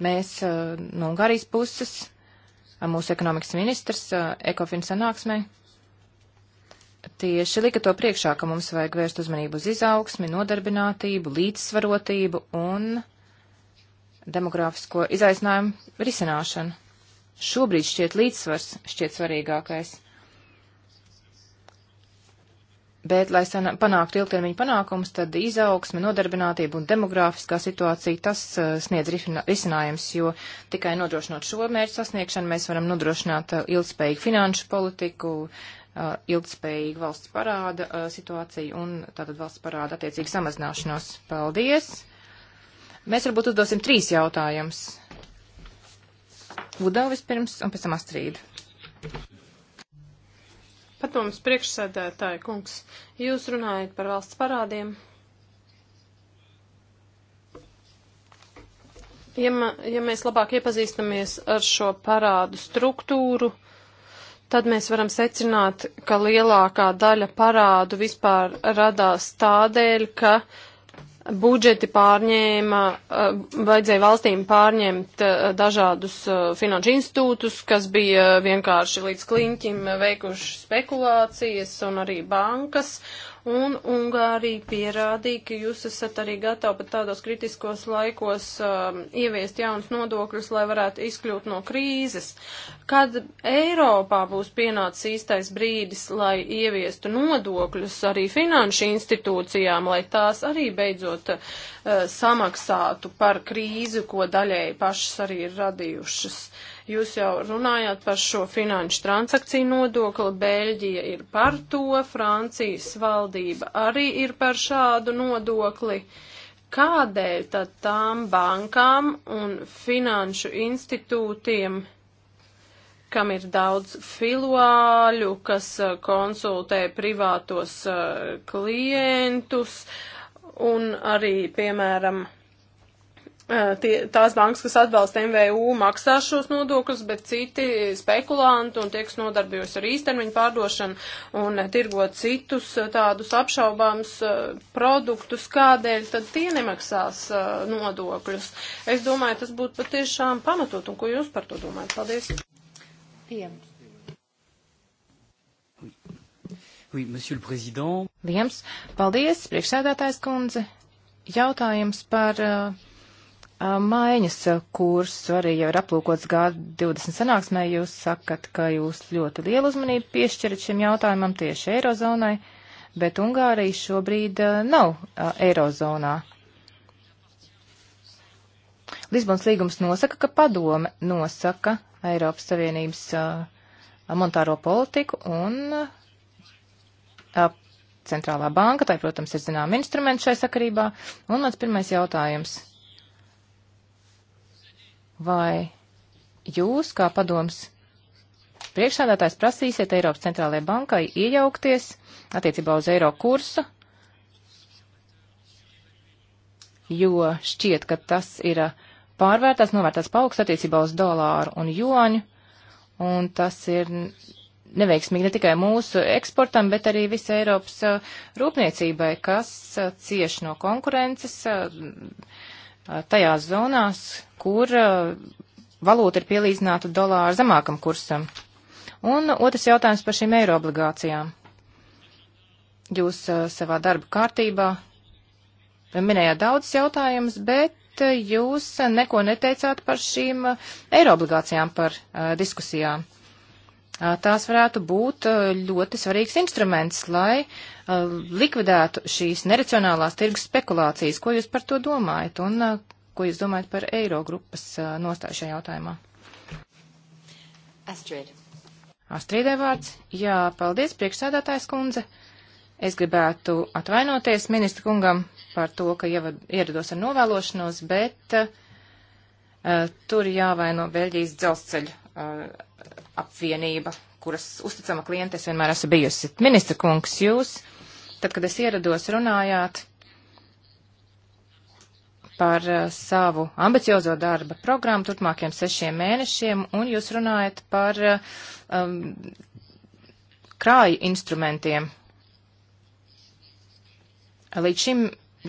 Mēs no Ungārijas puses, mūsu ekonomikas ministrs, Ekofin sanāksmē, tieši lika to priekšā, ka mums vajag vērst uzmanību uz izaugsmi, nodarbinātību, līdzsvarotību un demografisko izaicinājumu risināšanu. Šobrīd šķiet līdzsvars šķiet svarīgākais. Bet, lai panāktu ilgtermiņa panākums, tad izaugsme, nodarbinātība un demografiskā situācija tas uh, sniedz risinājums, jo tikai nodrošinot šo mērķu sasniegšanu mēs varam nodrošināt uh, ilgspējīgu finanšu politiku, Uh, ilgspējīgu valsts parāda uh, situāciju un tātad valsts parāda attiecīgi samazināšanos. Paldies! Mēs varbūt uzdosim trīs jautājumus. Udo vispirms un pēc tam Astrīda. Padoms priekšsēdētāja kungs, jūs runājat par valsts parādiem. Ja, ma, ja mēs labāk iepazīstamies ar šo parādu struktūru, uh, tad mēs varam secināt, ka lielākā daļa parādu vispār radās tādēļ, ka budžeti pārņēma, eh, vajadzēja valstīm pārņemt eh, dažādus eh, finanšu institūtus, kas bija vienkārši līdz kliņķim veikuši spekulācijas un arī bankas, Un Ungārija pierādīja, ka jūs esat arī gatavi pat tādos kritiskos laikos um, ieviest jaunas nodokļus, lai varētu izkļūt no krīzes. Kad Eiropā būs pienācis īstais brīdis, lai ieviestu nodokļus arī finanšu institūcijām, lai tās arī beidzot uh, samaksātu par krīzi, ko daļēji pašas arī ir radījušas. Uh, Jūs jau runājāt par šo finanšu transakciju nodokli, Beļģija ir par to, Francijas valdība arī ir par šādu nodokli. Kādēļ tad tām bankām un finanšu institūtiem, kam ir daudz filuāļu, kas eh, konsultē privātos eh, klientus un arī, piemēram, tie, tās bankas, kas atbalsta MVU, maksā šos nodokļus, bet citi spekulanti un tie, kas nodarbojas ar īstermiņu pārdošanu un tirgo citus tādus apšaubāms produktus, kādēļ tad tie nemaksās nodokļus. Es domāju, tas būtu patiešām pamatot, un ko jūs par to domājat? Paldies! Piem. Oui, monsieur le président. Liems, paldies, priekšsēdētājs kundze. Jautājums par uh, maiņas kursu arī jau ir aplūkots G20 sanāksmē. Jūs sakat, ka jūs ļoti lielu uzmanību piešķirat šim jautājumam tieši Eirozonai, bet Ungārija šobrīd nav Eirozonā. Lisbons līgums nosaka, ka padome nosaka Eiropas Savienības monetāro politiku un centrālā banka, tai, protams, ir zinām instruments šai sakarībā. Un mans pirmais jautājums vai jūs, kā padoms priekšsādātājs, prasīsiet Eiropas centrālajai bankai iejaukties attiecībā uz eiro kursu, jo šķiet, ka tas ir uh, pārvērtās, novērtās paaugsts attiecībā uz dolāru un juāņu, un tas ir neveiksmīgi ne tikai mūsu eksportam, bet arī visai Eiropas uh, rūpniecībai, kas uh, cieš no konkurences tajās zonās, kur valūta ir pielīdzināta dolāra zemākam kursam. Un otrs jautājums par šīm eiro obligācijām. Jūs savā darba kārtībā minējāt daudz jautājumus, bet jūs neko neteicāt par šīm eiro obligācijām, par diskusijām tās varētu būt ļoti svarīgs instruments, lai likvidētu šīs neracionālās tirgus spekulācijas. Ko jūs par to domājat un ko jūs domājat par eiro grupas nostāju šajā jautājumā? Astrid. Astridē vārds. Jā, paldies, priekšsēdētājs kundze. Es gribētu atvainoties ministra kungam par to, ka ierados ar novēlošanos, bet uh, tur jāvaino Beļģijas dzelzceļa uh, apvienība, kuras uzticama klienta es vienmēr esmu bijusi. Ministra kungs, jūs, tad, kad es ierados, runājāt par uh, savu ambiciozo darba programmu turpmākiem sešiem mēnešiem, un jūs runājat par uh, um, krāju instrumentiem. Līdz šim,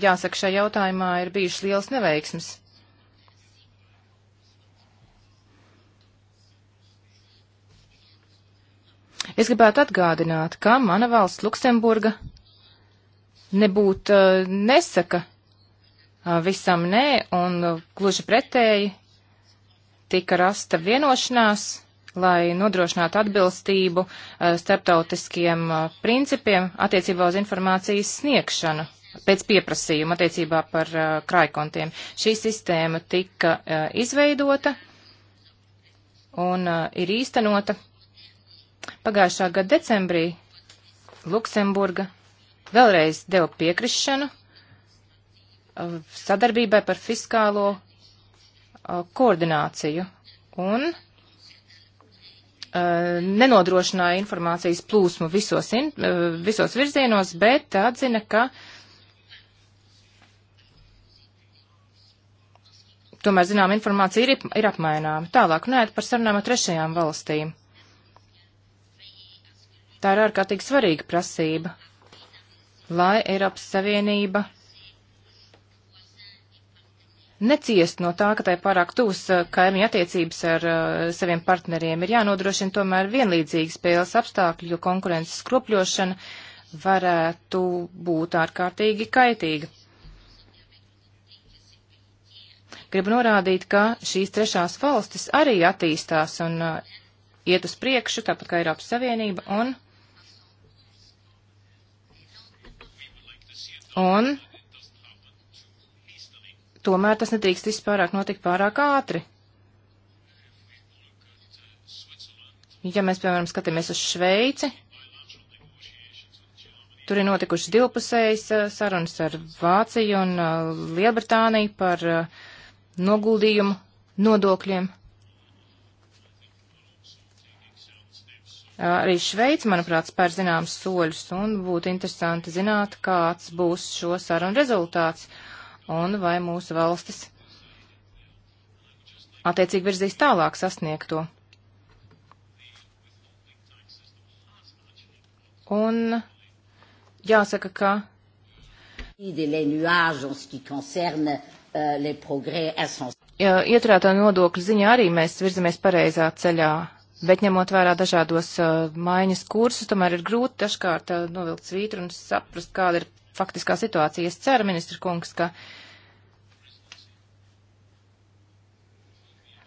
jāsaka, šajā jautājumā ir bijušas liels neveiksmes. Es gribētu atgādināt, ka mana valsts Luksemburga nebūt uh, nesaka uh, visam nē, un uh, gluži pretēji tika rasta vienošanās, lai nodrošinātu atbilstību starptautiskiem principiem attiecībā uz informācijas sniegšanu pēc pieprasījuma attiecībā par uh, krājkontiem. Šī sistēma tika uh, izveidota un uh, ir īstenota Pagājušā gada decembrī Luksemburga vēlreiz deva piekrišanu uh, sadarbībai par fiskālo uh, koordināciju un uh, nenodrošināja informācijas plūsmu visos, in, visos virzienos, bet atzina, ka tomēr, zinām, informācija ir, ir apmaināma. Tālāk runājot par sarunām ar trešajām valstīm. Tā ir ārkārtīgi svarīga prasība, lai Eiropas Savienība neciest no tā, ka tai pārāk tūs uh, kaimiņa attiecības ar uh, saviem partneriem. Ir jānodrošina tomēr vienlīdzīgi spēles apstākļi, jo konkurences skropļošana varētu būt ārkārtīgi kaitīga. Gribu norādīt, ka šīs trešās valstis arī attīstās un uh, iet uz priekšu, tāpat kā Eiropas Savienība, un Un tomēr tas nedrīkst viss pārāk notikt pārāk ātri. Ja mēs, piemēram, skatāmies uz Šveici, tur ir notikušas divpusējas eh, sarunas ar Vāciju un eh, Lielbritāniju par eh, noguldījumu nodokļiem. Arī Šveica, manuprāt, spēr zināmas soļus, un būtu interesanti zināt, kāds būs šo sarunu rezultāts, un vai mūsu valstis attiecīgi virzīs tālāk sasniegto. Un jāsaka, ka. Euh, ieturētā nodokļu ziņā arī mēs virzamies pareizā ceļā Bet ņemot vērā dažādos uh, maiņas kursus, tomēr ir grūti dažkārt uh, novilkt svītru un saprast, kāda ir faktiskā situācija. Es ceru, ministra kungs, ka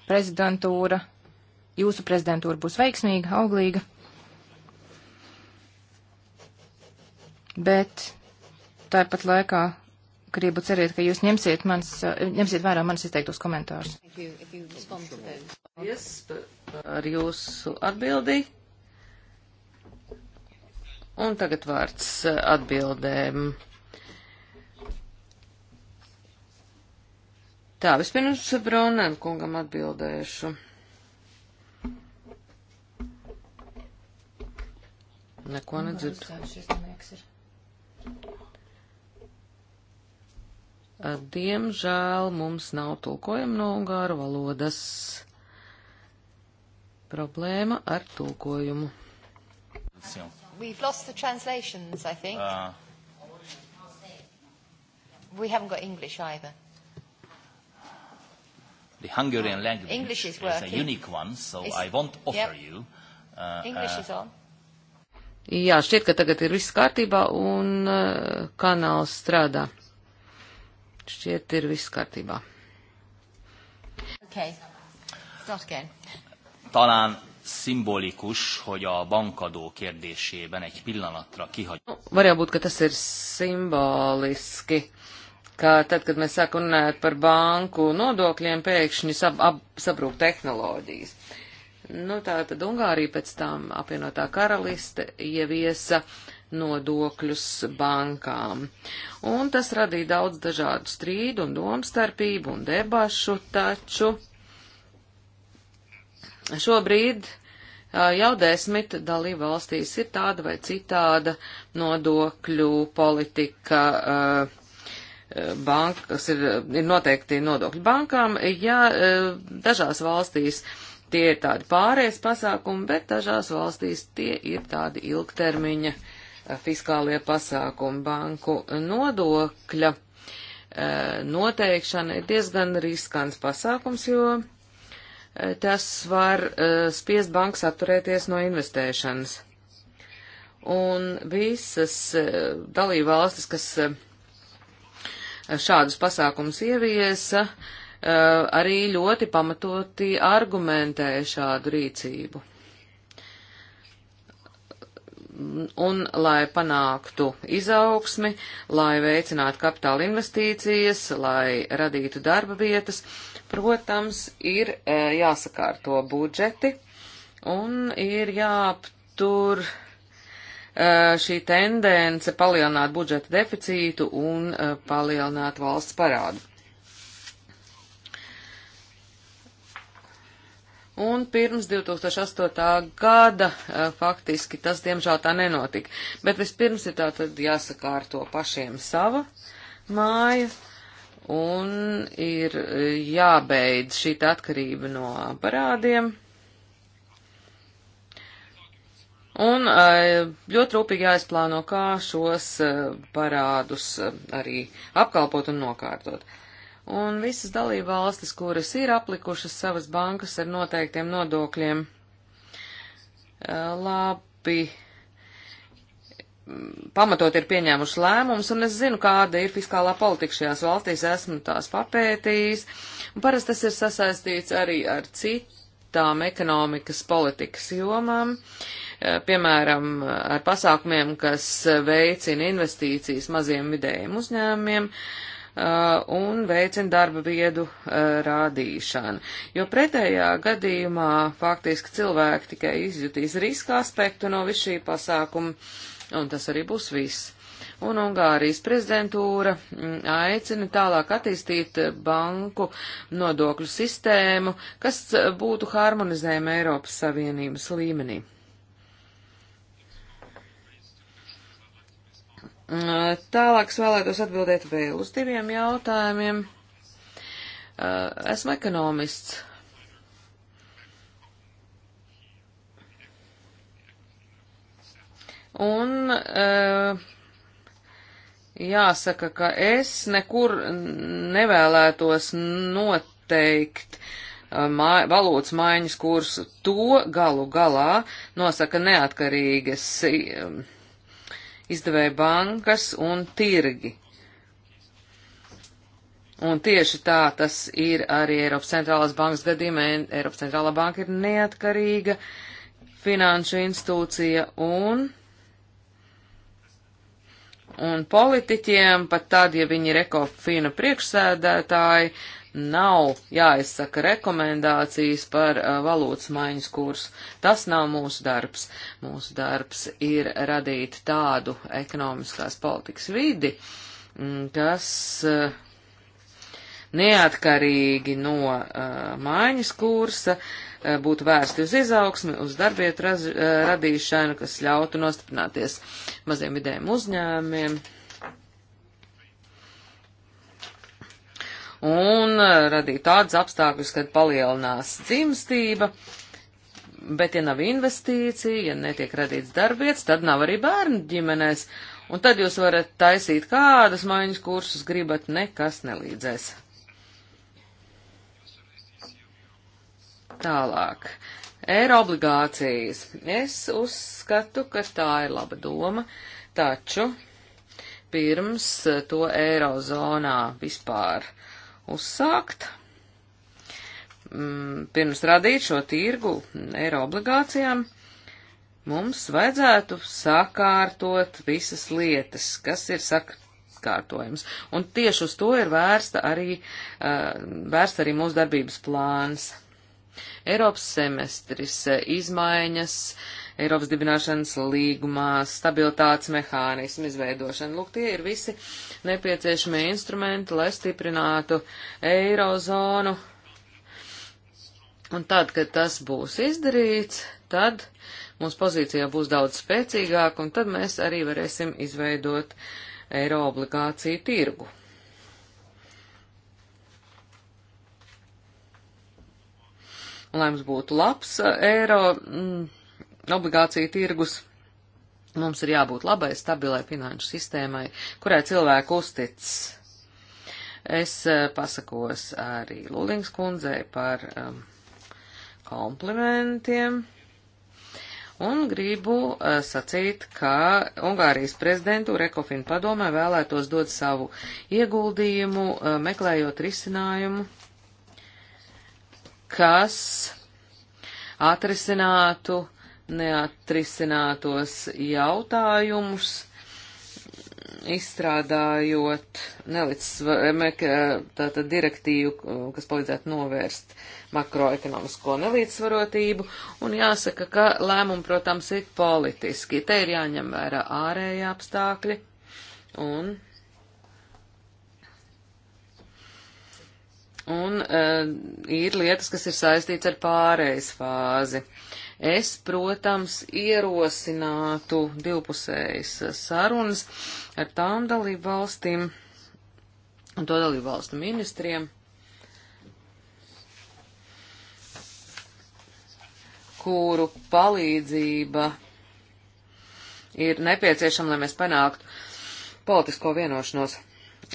prezidentūra, jūsu prezidentūra būs veiksmīga, auglīga. Bet tāpat laikā gribu cerēt, ka jūs ņemsiet, mans, eh, ņemsiet vērā manis izteiktos komentārus. Paldies par jūsu atbildi. Un tagad vārds eh, atbildēm. Tā, vispirms Braunen kungam atbildēšu. Neko nedzirdu. Diemžēl mums nav tulkojuma no ungāru valodas. Problēma ar tulkojumu. We've lost the translations, I think. Uh. We haven't got English either. The Hungarian language English is, working. is a unique one, so it's, I won't offer yep. you. Uh, English uh, is on. Jā, šķiet, ka tagad ir viss kārtībā un uh, kanāls strādā. Šķiet, ir viss kārtībā. Okay. Talán szimbolikus, hogy a bankadó kérdésében egy pillanatra kihagy. Nu, varbūt, ka tas ir simboliski, ka tad, kad mēs sākam runāt par banku nodokļiem, pēkšņi sab, ab, sabrūk tehnoloģijas. Nu, tā tad Ungārija pēc tam apvienotā karaliste ieviesa uh, nodokļus bankām. Un tas radīja daudz dažādu strīdu un domstarpību un debašu, taču šobrīd jau desmit dalību valstīs ir tāda vai citāda nodokļu politika. Bankas ir, ir noteikti nodokļu bankām, ja dažās valstīs tie ir tādi pārējais pasākumi, bet dažās valstīs tie ir tādi ilgtermiņa uh, fiskālie pasākumi banku nodokļa eh, noteikšana ir diezgan riskants pasākums, jo eh, tas var eh, spiest bankas atturēties no investēšanas. Un visas dalībvalstis, kas šādus pasākumus ieviesa, arī ļoti pamatoti argumentē šādu rīcību un lai panāktu izaugsmi, lai veicinātu kapitāla investīcijas, lai radītu darba vietas, protams, ir e, jāsakārto budžeti un ir jāaptur e, šī tendence palielināt budžeta deficītu un e, palielināt valsts parādu. un pirms 2008. gada eh, faktiski tas diemžēl tā nenotika. Bet vispirms ir tā tad jāsakārto pašiem sava māja un ir eh, jābeidz šī atkarība no parādiem. Un eh, ļoti rūpīgi jāizplāno, kā šos parādus arī apkalpot un nokārtot un visas dalība valstis, kuras ir aplikušas savas bankas ar noteiktiem nodokļiem. Eh, labi, mm, pamatot ir pieņēmuši lēmumus, un es zinu, kāda ir fiskālā politika šajās valstīs, esmu tās papētījis, un parasti tas ir sasaistīts arī ar citām ekonomikas politikas jomām. Uh, piemēram, ar pasākumiem, kas veicina investīcijas maziem vidējiem uzņēmumiem, Uh, un veicina darba viedu uh, rādīšanu. Jo pretējā gadījumā faktiski cilvēki tikai izjutīs riska aspektu no visu šī pasākuma, un tas arī būs viss. Un Ungārijas prezidentūra mm, aicina tālāk attīstīt banku nodokļu sistēmu, kas būtu harmonizējama Eiropas Savienības līmenī. Tālāk es vēlētos atbildēt vēl uz diviem jautājumiem. Esmu ekonomists. Un uh, jāsaka, ka es nekur nevēlētos noteikt mā, valūtas maiņas kursu. To galu galā nosaka neatkarīgas izdevēja bankas un tirgi. Un tieši tā tas ir arī Eiropas centrālās bankas gadījumā. Eiropas centrālā banka ir neatkarīga finanšu institūcija un, un politiķiem, pat tad, ja viņi ir ekofina priekšsēdētāji, uh, nav jāizsaka rekomendācijas par uh, valūtas maiņas kursu. Tas nav mūsu darbs. Mūsu darbs ir radīt tādu ekonomiskās politikas vidi, mm, kas uh, neatkarīgi no uh, maiņas kursa būtu vērsti uz izaugsmi, uz darbietu radīšanu, kas ļautu nostiprināties maziem vidējiem uzņēmumiem un eh, radīt tādus apstākļus, kad palielinās dzimstība, bet ja nav investīcija, ja netiek radīts darbvietas, tad nav arī bērnu ģimenēs, un tad jūs varat taisīt kādas maiņas kursus gribat, nekas nelīdzēs. Tālāk. Eiro obligācijas. Es uzskatu, ka tā ir laba doma, taču pirms to eirozonā vispār uh, uzsākt. Mm, pirms radīt šo tirgu eiro obligācijām, mums vajadzētu sakārtot visas lietas, kas ir sakārtojums. Un tieši uz to ir vērsta arī, eh, vērsta arī mūsu darbības plāns. Eiropas semestris, eh, izmaiņas, uh, Eiropas dibināšanas līgumā, stabilitātes mehānismu izveidošana. Lūk, tie ir visi nepieciešamie instrumenti, lai stiprinātu eirozonu. Un tad, kad tas būs izdarīts, tad mūsu pozīcijā būs daudz spēcīgāk, un tad mēs arī varēsim izveidot eiro obligāciju tirgu. Un, lai mums būtu labs eh, eiro. Mm, obligāciju tirgus. Mums ir jābūt labai stabilai finanšu sistēmai, kurai cilvēku uztic. Es eh, pasakos arī Lulings kundzei par um, komplimentiem. Un gribu uh, sacīt, ka Ungārijas prezidentu Rekofina padomē vēlētos dot savu ieguldījumu, uh, meklējot risinājumu, kas atrisinātu uh, neatrisinātos jautājumus, izstrādājot nelīdzsvarotību direktīvu, kas palīdzētu novērst makroekonomisko nelīdzsvarotību, un jāsaka, ka lēmumi, protams, ir politiski. Te ir jāņem vērā ārējie apstākļi, un, un uh, ir lietas, kas ir saistīts ar pārējais fāzi. Uh, Es, protams, ierosinātu divpusējas sarunas ar tām dalību valstīm un to dalību valstu ministriem, kuru palīdzība ir nepieciešama, lai mēs panāktu politisko vienošanos.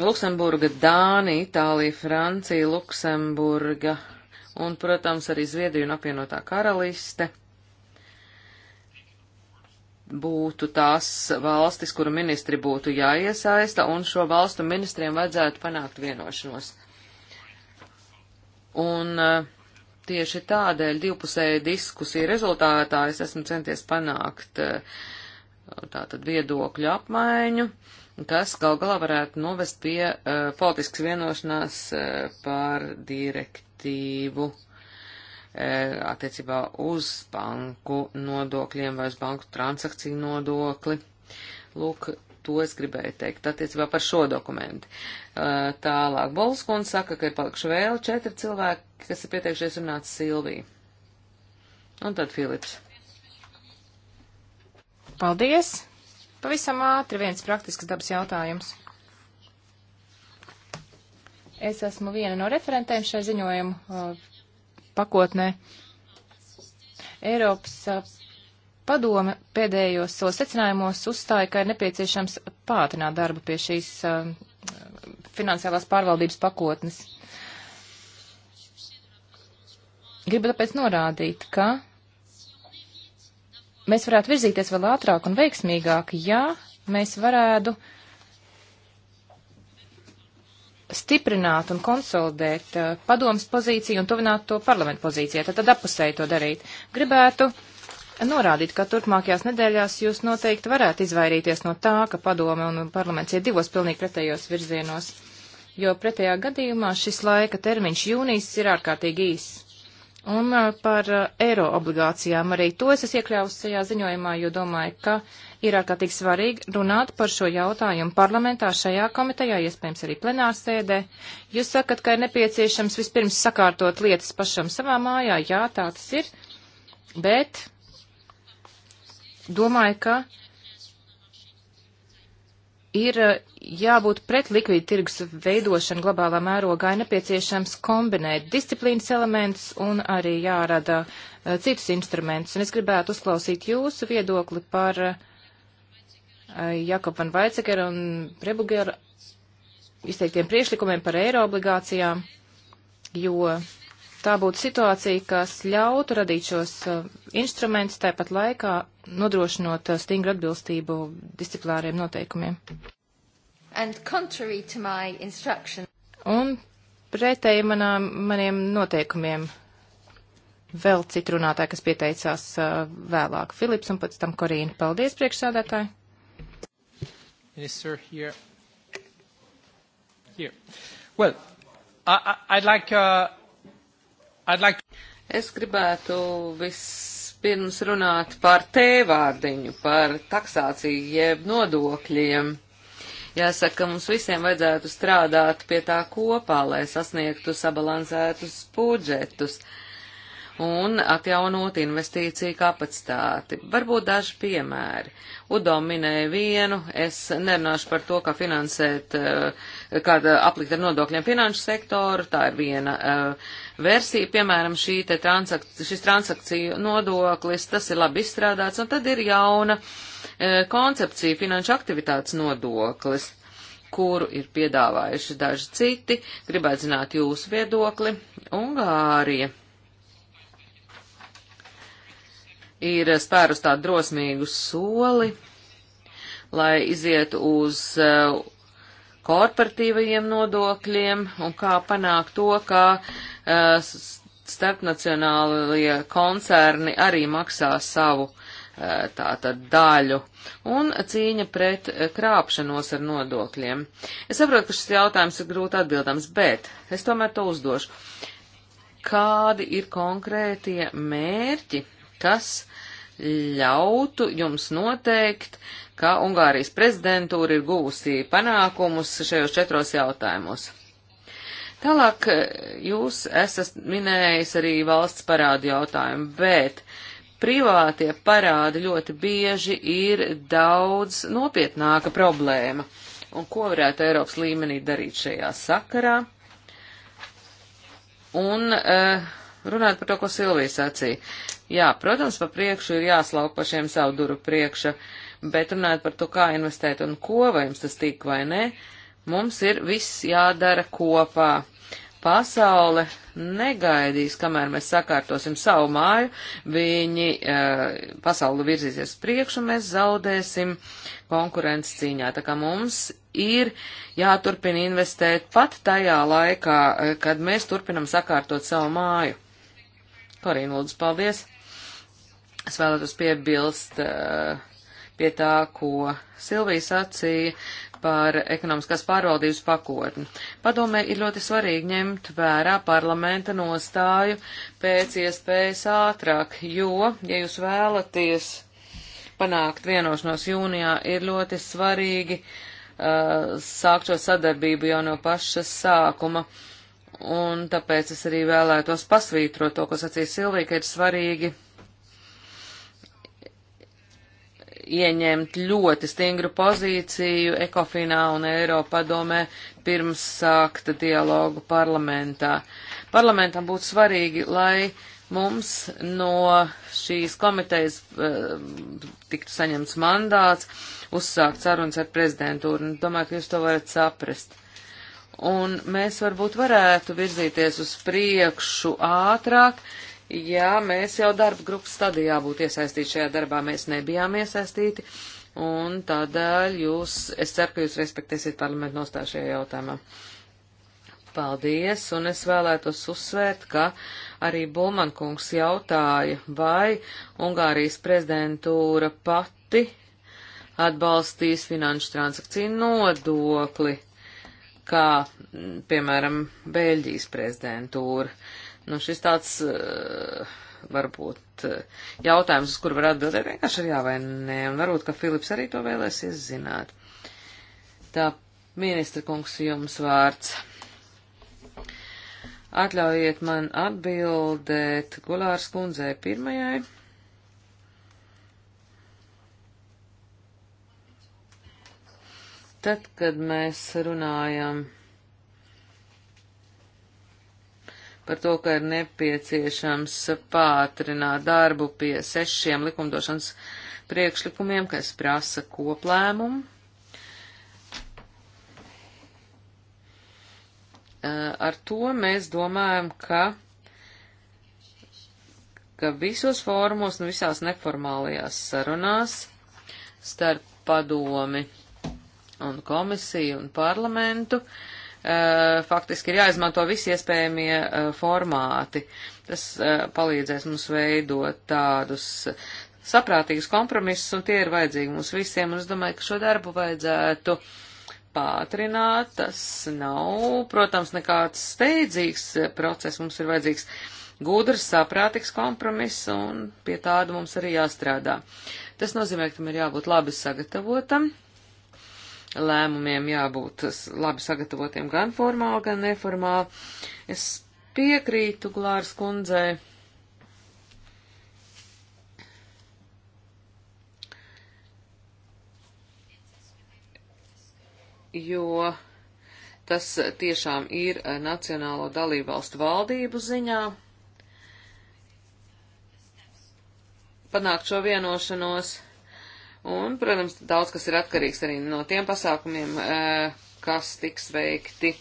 Luksemburga, Dānija, Itālija, Francija, Luksemburga un, protams, arī Zviedrija un apvienotā karaliste būtu tās valstis, kuru ministri būtu jāiesaista, un šo valstu ministriem vajadzētu panākt vienošanos. Un eh, tieši tādēļ divpusēja diskusija rezultātā es esmu centies panākt eh, tātad viedokļu apmaiņu, kas gal galā varētu novest pie uh, politiskas vienošanās uh, par direktīvu. Uh, E, attiecībā uz banku nodokļiem vai uz banku transakciju nodokli. Lūk, to es gribēju teikt attiecībā par šo dokumentu. E, tālāk Bolskons saka, ka ir palikuši vēl četri cilvēki, kas ir pieteikšies runāt Silviju. Un tad Filips. Paldies! Pavisam ātri viens praktisks dabas jautājums. Es esmu viena no referentēm šai ziņojumu pakotnē. Eiropas uh, padome pēdējos savos uh, secinājumos uzstāja, ka ir nepieciešams pātrināt darbu pie šīs uh, finansiālās pārvaldības pakotnes. Gribu tāpēc norādīt, ka mēs varētu virzīties vēl ātrāk un veiksmīgāk, ja mēs varētu uh, stiprināt un konsolidēt uh, padomas pozīciju un tuvināt to parlamentu pozīcijai. Tad, tad apusēji to darīt. Gribētu norādīt, ka turpmākajās nedēļās jūs noteikti varētu izvairīties no tā, ka padome un parlaments ir divos pilnīgi pretējos virzienos, jo pretējā gadījumā šis laika termiņš jūnijas ir ārkārtīgi īss. Un uh, par uh, eiro obligācijām arī to es esmu iekļāvusi šajā ziņojumā, jo domāju, ka ir ārkārtīgi svarīgi runāt par šo jautājumu parlamentā, šajā komitejā, iespējams arī plenārsēdē. Jūs sakat, ka ir nepieciešams vispirms sakārtot lietas pašam savā mājā, jā, tā tas ir, bet domāju, ka ir eh, jābūt pret likvīdu tirgus veidošanu globālā mērogā, ir nepieciešams kombinēt disciplīnas elementus un arī jārada uh, citus instrumentus. Un es gribētu uzklausīt jūsu viedokli par uh, Jakob van Weizsäker un Prebuger izteiktiem priešlikumiem par eiro obligācijām, jo tā būtu situācija, kas ļautu radīt šos uh, instrumentus tāpat laikā, nodrošinot uh, stingru atbilstību disciplināriem noteikumiem. Un pretēji manām, maniem noteikumiem vēl citu runātāju, kas pieteicās uh, vēlāk. Filips un pēc tam Korīna. Paldies, priekšsādātāji! Minister, here. Here. Well, I, I, I'd like, uh, I'd like... Es gribētu vispirms runāt par tēvārdiņu, par taksāciju jeb nodokļiem. Jāsaka, mums visiem vajadzētu strādāt pie tā kopā, lai sasniegtu sabalansētus budžetus. Uh, un atjaunot investīciju kapacitāti. Varbūt daži piemēri. Udo minēja vienu, es nerunāšu par to, kā finansēt, eh, kā aplikt ar nodokļiem finanšu sektoru, tā ir viena uh, versija, piemēram, šī te transak šis transakciju nodoklis, tas ir labi izstrādāts, un tad ir jauna uh, koncepcija finanšu aktivitātes nodoklis kuru ir piedāvājuši daži citi, gribētu zināt jūsu viedokli, Ungārija ir spērus tādu drosmīgu soli, lai izietu uz uh, korporatīvajiem nodokļiem un kā panākt to, ka uh, starpnacionālie koncerni arī maksā savu uh, tātad daļu un cīņa pret krāpšanos ar nodokļiem. Es saprotu, ka šis jautājums ir grūti atbildams, bet es tomēr to uzdošu. Kādi ir konkrētie mērķi kas ļautu jums noteikt, ka Ungārijas prezidentūra ir guvusi panākumus šajos četros jautājumos. Tālāk eh, jūs esat minējis arī valsts parādu jautājumu, bet privātie parādi ļoti bieži ir daudz nopietnāka problēma. Un ko varētu Eiropas līmenī darīt šajā sakarā? Un uh, eh, runāt par to, ko Silvija sacīja. Jā, protams, pa priekšu ir jāslauk pašiem savu duru priekša, bet runājot par to, kā investēt un ko, vai jums tas tik vai nē, mums ir viss jādara kopā. Pasaule negaidīs, kamēr mēs sakārtosim savu māju, viņi e, eh, pasauli virzīsies priekšu, mēs zaudēsim konkurences cīņā. Tā kā mums ir jāturpina investēt pat tajā laikā, eh, kad mēs turpinam sakārtot savu māju. Korīna, lūdzu, paldies! Es vēlētos piebilst uh, pie tā, ko Silvija sacīja par ekonomiskās pārvaldības pakotni. Padomē ir ļoti svarīgi ņemt vērā parlamenta nostāju pēc iespējas ātrāk, jo, ja jūs vēlaties panākt vienošanos jūnijā, ir ļoti svarīgi uh, sākt šo sadarbību jau no paša sākuma. Un tāpēc es arī vēlētos pasvītrot to, ko sacīja Silvija, ka ir svarīgi ieņemt ļoti stingru pozīciju Ekofinā un Eiropadomē pirms sākta dialogu parlamentā. Parlamentam būtu svarīgi, lai mums no šīs komitejas uh, tiktu saņemts mandāts uzsākt sarunas ar prezidentūru, un domāju, ka jūs to varat saprast. Un mēs varbūt varētu virzīties uz priekšu ātrāk, uh, Jā, mēs jau darba grupas stadijā būtu iesaistīti šajā darbā, mēs nebijām iesaistīti, un tādēļ jūs, es ceru, ka jūs respektēsiet parlamentu nostāju šajā jautājumā. Paldies, un es vēlētos uzsvērt, ka arī Bulmankungs jautāja, vai Ungārijas prezidentūra pati atbalstīs finanšu transakciju nodokli, kā, piemēram, Beļģijas prezidentūra. Uh, Nu, šis tāds eh, varbūt eh, jautājums, uz kuru var atbildēt vienkārši ar jā vai nē, un varbūt, ka Filips arī to vēlēsies zināt. Tā, ministra kungs, jums vārds. Atļaujiet man atbildēt Gulārs kundzei pirmajai. Tad, kad mēs runājam par to, ka ir nepieciešams pātrināt darbu pie sešiem likumdošanas priekšlikumiem, kas prasa koplēmumu. Ar to mēs domājam, ka, ka visos fórumos un visās neformālajās sarunās starp padomi un komisiju un parlamentu uh, Eh, faktiski ir jāizmanto visi iespējamie eh, formāti. Tas eh, palīdzēs mums veidot tādus saprātīgus kompromisus, un tie ir vajadzīgi mums visiem, un es domāju, ka šo darbu vajadzētu pātrināt. Tas nav, protams, nekāds steidzīgs process, mums ir vajadzīgs gudrs, saprātīgs kompromiss, un pie tāda mums arī jāstrādā. Tas nozīmē, ka tam ir jābūt labi sagatavotam lēmumiem jābūt labi sagatavotiem gan formāli, gan neformāli. Es piekrītu Glāras kundzei. Jo tas tiešām ir Nacionālo dalībvalstu valdību ziņā. Panākt šo vienošanos Un, protams, daudz kas ir atkarīgs arī no tiem pasākumiem, eh, kas tiks veikti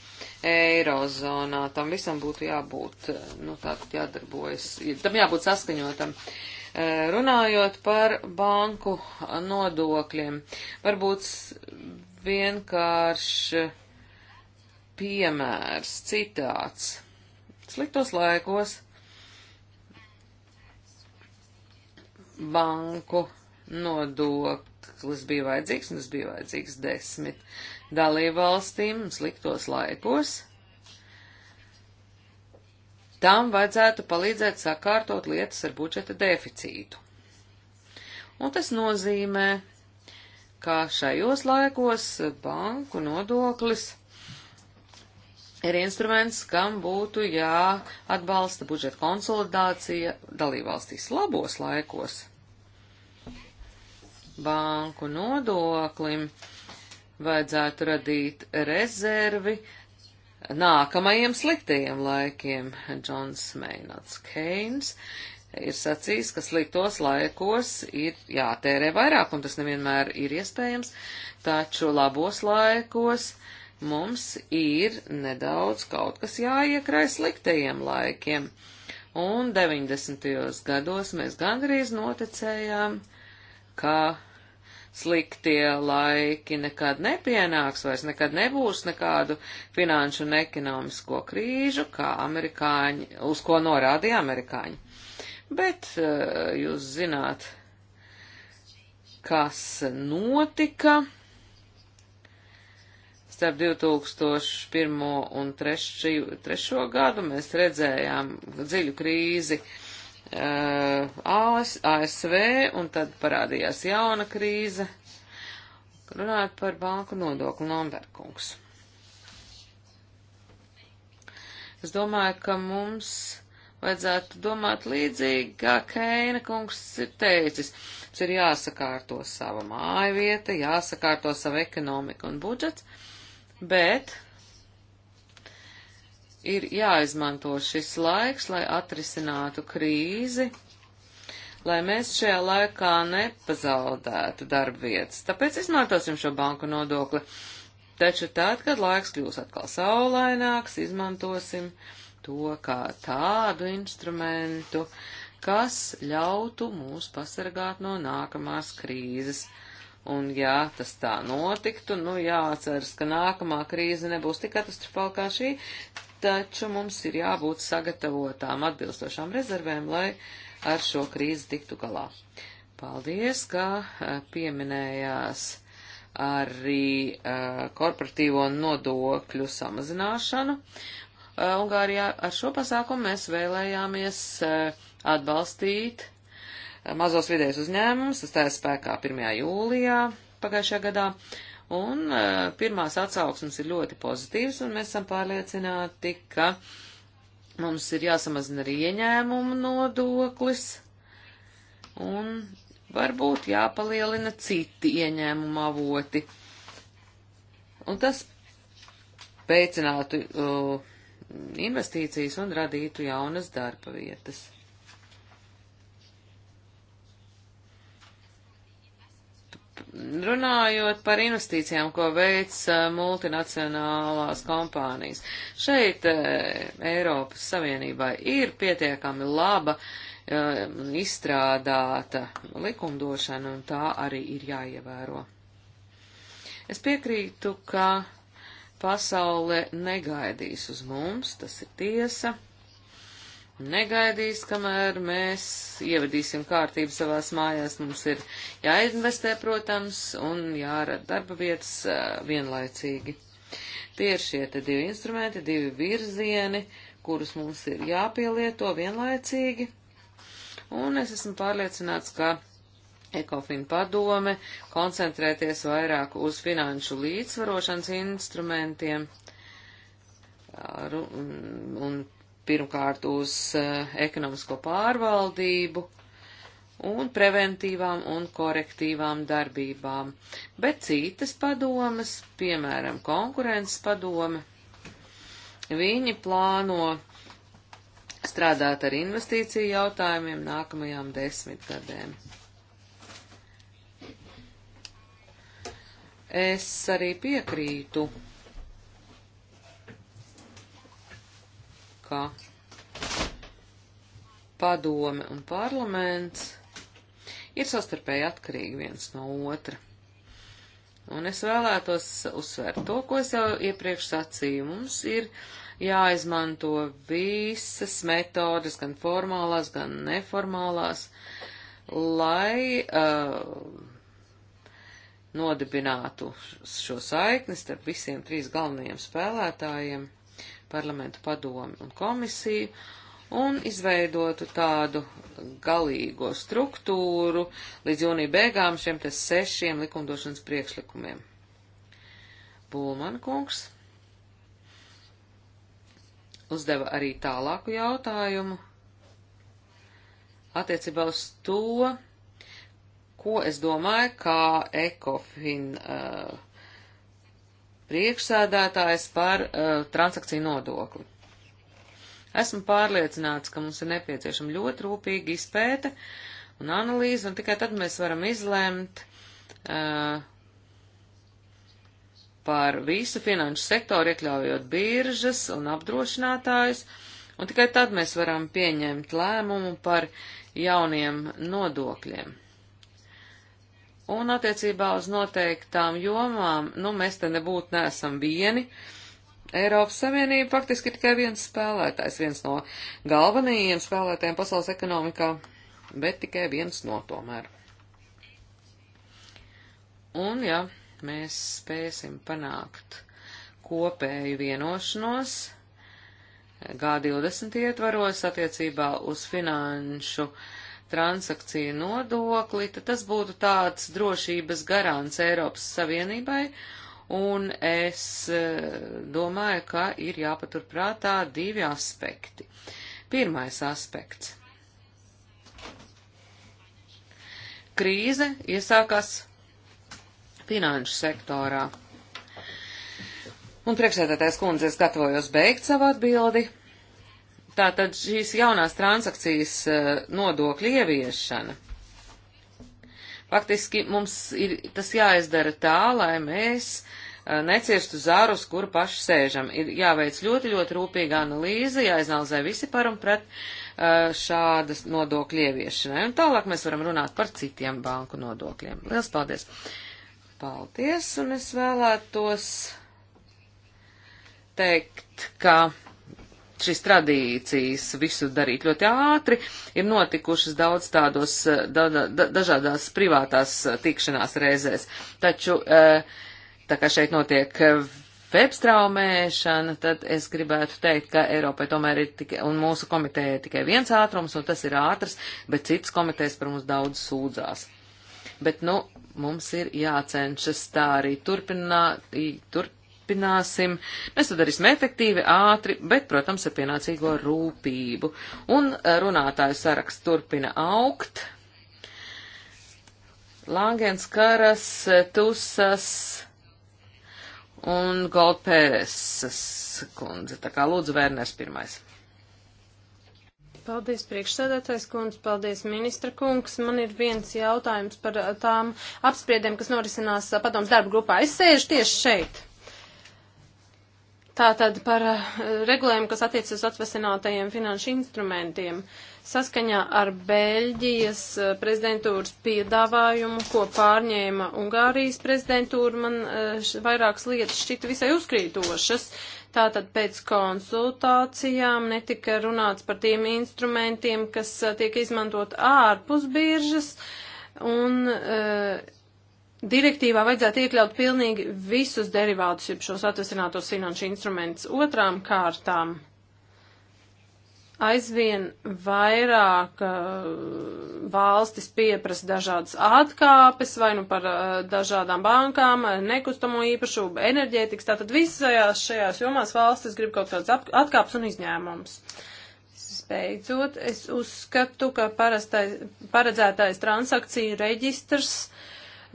Eirozonā. Tam visam būtu jābūt, eh, nu tā, jādarbojas, tam jābūt saskaņotam. Eh, runājot par banku nodokļiem, varbūt vienkārši piemērs, citāts. Sliktos laikos banku nodoklis bija vajadzīgs, mums bija vajadzīgs desmit dalībvalstīm sliktos laikos. Tām vajadzētu palīdzēt sakārtot lietas ar budžeta deficītu. Un tas nozīmē, ka šajos laikos banku nodoklis ir instruments, kam būtu jāatbalsta budžeta konsolidācija dalībvalstīs labos laikos banku nodoklim vajadzētu radīt rezervi nākamajiem sliktajiem laikiem. Džons Meinots Keins ir sacījis, ka sliktos laikos ir jātērē vairāk, un tas nevienmēr ir iespējams, taču labos laikos mums ir nedaudz kaut kas jāiekrai sliktajiem laikiem. Un 90. gados mēs gandrīz noticējām, uh, ka sliktie laiki nekad nepienāks, vairs nekad nebūs nekādu finanšu un ekonomisko krīžu, kā amerikāņi, uz ko norādīja amerikāņi. Bet eh, jūs zināt, kas notika starp 2001 un 2003 gadu mēs redzējām dziļu krīzi uh, Uh, AS, ASV, un tad parādījās jauna krīze. Runājot par banku nodokli, Lamberkungs. Es domāju, ka mums vajadzētu domāt līdzīgi, kā Keina kungs ir teicis. Mums ir jāsakārto sava māja vieta, jāsakārto sava ekonomika un budžets, bet ir jāizmanto šis laiks, lai atrisinātu krīzi, lai mēs šajā laikā nepazaudētu darbvietas. Tāpēc izmantosim šo banku nodokli. Taču tad, kad laiks kļūs atkal saulaināks, izmantosim to kā tādu instrumentu, kas ļautu mūs pasargāt no nākamās krīzes. Un ja tas tā notiktu, nu jāceras, ka nākamā krīze nebūs tik katastrofāla kā šī, taču mums ir jābūt sagatavotām atbilstošām rezervēm, lai ar šo krīzi tiktu galā. Paldies, ka eh, pieminējās arī uh, korporatīvo nodokļu samazināšanu. Uh, Ungārijā ar šo pasākumu mēs vēlējāmies uh, atbalstīt mazos vidējos uzņēmumus, tas tā ir spēkā 1. jūlijā pagājušajā gadā, un e, pirmās atsauksmes ir ļoti pozitīvas, un mēs esam pārliecināti, ka mums ir jāsamazina arī ieņēmumu nodoklis, un varbūt jāpalielina citi ieņēmuma avoti. Un tas veicinātu uh, investīcijas un radītu jaunas darba vietas. Runājot par investīcijām, ko veic eh, multinacionālās kompānijas, šeit eh, Eiropas Savienībai ir pietiekami laba eh, izstrādāta likumdošana, un tā arī ir jāievēro. Es piekrītu, ka pasaule negaidīs uz mums, tas ir tiesa negaidīs, kamēr mēs ievadīsim kārtību savās mājās. Mums ir jāinvestē, protams, un jārada darba vietas vienlaicīgi. Tie ir šie te divi instrumenti, divi virzieni, kurus mums ir jāpielieto vienlaicīgi. Un es esmu pārliecināts, ka Ekofina padome koncentrēties vairāk uz finanšu līdzsvarošanas instrumentiem un pirmkārt uz eh, ekonomisko pārvaldību un preventīvām un korektīvām darbībām, bet citas padomas, piemēram, konkurences padome, viņi plāno strādāt ar investīciju jautājumiem nākamajām desmitgadēm. Es arī piekrītu ka padome un parlaments ir sastarpēji atkarīgi viens no otra. Un es vēlētos uzsvērt to, ko es jau iepriekš sacīju. Mums ir jāizmanto visas metodas, gan formālās, gan neformālās, lai uh, nodibinātu šo saikni starp visiem trīs galvenajiem spēlētājiem parlamentu padomi un komisiju un izveidotu tādu galīgo struktūru līdz jūnija beigām šiem te sešiem likumdošanas priekšlikumiem. Bulman kungs uzdeva arī tālāku jautājumu attiecībā uz to, ko es domāju, kā ECOFIN uh, priekšsēdētājs par uh, transakciju nodokli. Esmu pārliecināts, ka mums ir nepieciešama ļoti rūpīga izpēta un analīze, un tikai tad mēs varam izlemt uh, par visu finanšu sektoru, iekļaujot biržas un apdrošinātājus, un tikai tad mēs varam pieņemt lēmumu par jauniem nodokļiem. Un attiecībā uz noteiktām jomām, nu, mēs te nebūtu nesam vieni. Eiropas Savienība faktiski ir tikai viens spēlētājs, viens no galvenajiem spēlētājiem pasaules ekonomikā, bet tikai viens no tomēr. Un, ja mēs spēsim panākt kopēju vienošanos G20 ietvaros attiecībā uz finanšu uh, transakciju nodokli, tad tas būtu tāds drošības garants Eiropas Savienībai, un es e, domāju, ka ir jāpaturprātā divi aspekti. Pirmais aspekts. Krīze iesākās finanšu sektorā. Un priekšsēdētājs kundze, es gatavojos beigt savu atbildi. Tātad šīs jaunās transakcijas eh, nodokļa ieviešana. Faktiski mums ir tas jāizdara tā, lai mēs eh, neciestu zārus, kur paši sēžam. Ir jāveic ļoti, ļoti rūpīga analīze, jāizanalizē visi par un pret eh, šādas nodokļu ieviešanai. Un tālāk mēs varam runāt par citiem banku nodokļiem. Lielas paldies! Paldies, un es vēlētos teikt, ka šīs tradīcijas visu darīt ļoti ātri, ir notikušas daudz tādos eh, da, da, dažādās privātās eh, tikšanās reizēs. Taču, eh, tā kā šeit notiek webstraumēšana, tad es gribētu teikt, ka Eiropai tomēr ir tikai, un mūsu komiteja ir tikai viens ātrums, un tas ir ātrs, bet citas komitejas par mums daudz sūdzās. Bet, nu, mums ir jācenšas tā arī turpināt, turpināt turpināsim. Mēs to darīsim efektīvi, ātri, bet, protams, ar pienācīgo rūpību. Un eh, runātāju saraksts turpina augt. Langens Karas, Tusas un Goldpēresas kundze. Tā kā lūdzu Vērners pirmais. Paldies, priekšsēdētājs kungs, paldies, ministra kungs. Man ir viens jautājums par tām apspriedēm, kas norisinās padoms darba grupā. Es sēžu tieši šeit. Tātad par eh, regulējumu, kas attiecas uz atvesinātajiem finanšu instrumentiem. Saskaņā ar Beļģijas eh, prezidentūras piedāvājumu, ko pārņēma Ungārijas prezidentūra, man eh, vairākas lietas šķita visai uzkrītošas. Tātad pēc konsultācijām netika runāts par tiem instrumentiem, kas tiek izmantot ārpus biržas. Un, uh, direktīvā vajadzētu iekļaut pilnīgi visus derivātus, jeb šos atvesinātos finanšu instrumentus. Otrām kārtām aizvien vairāk uh, valstis pieprasa dažādas atkāpes, vai nu par uh, dažādām bankām, uh, nekustamo īpašumu, enerģētikas, tātad visajās šajās jomās valstis grib kaut kādas atkāpes un izņēmumus. Beidzot, es uzskatu, ka parastai, paredzētais transakciju reģistrs uh,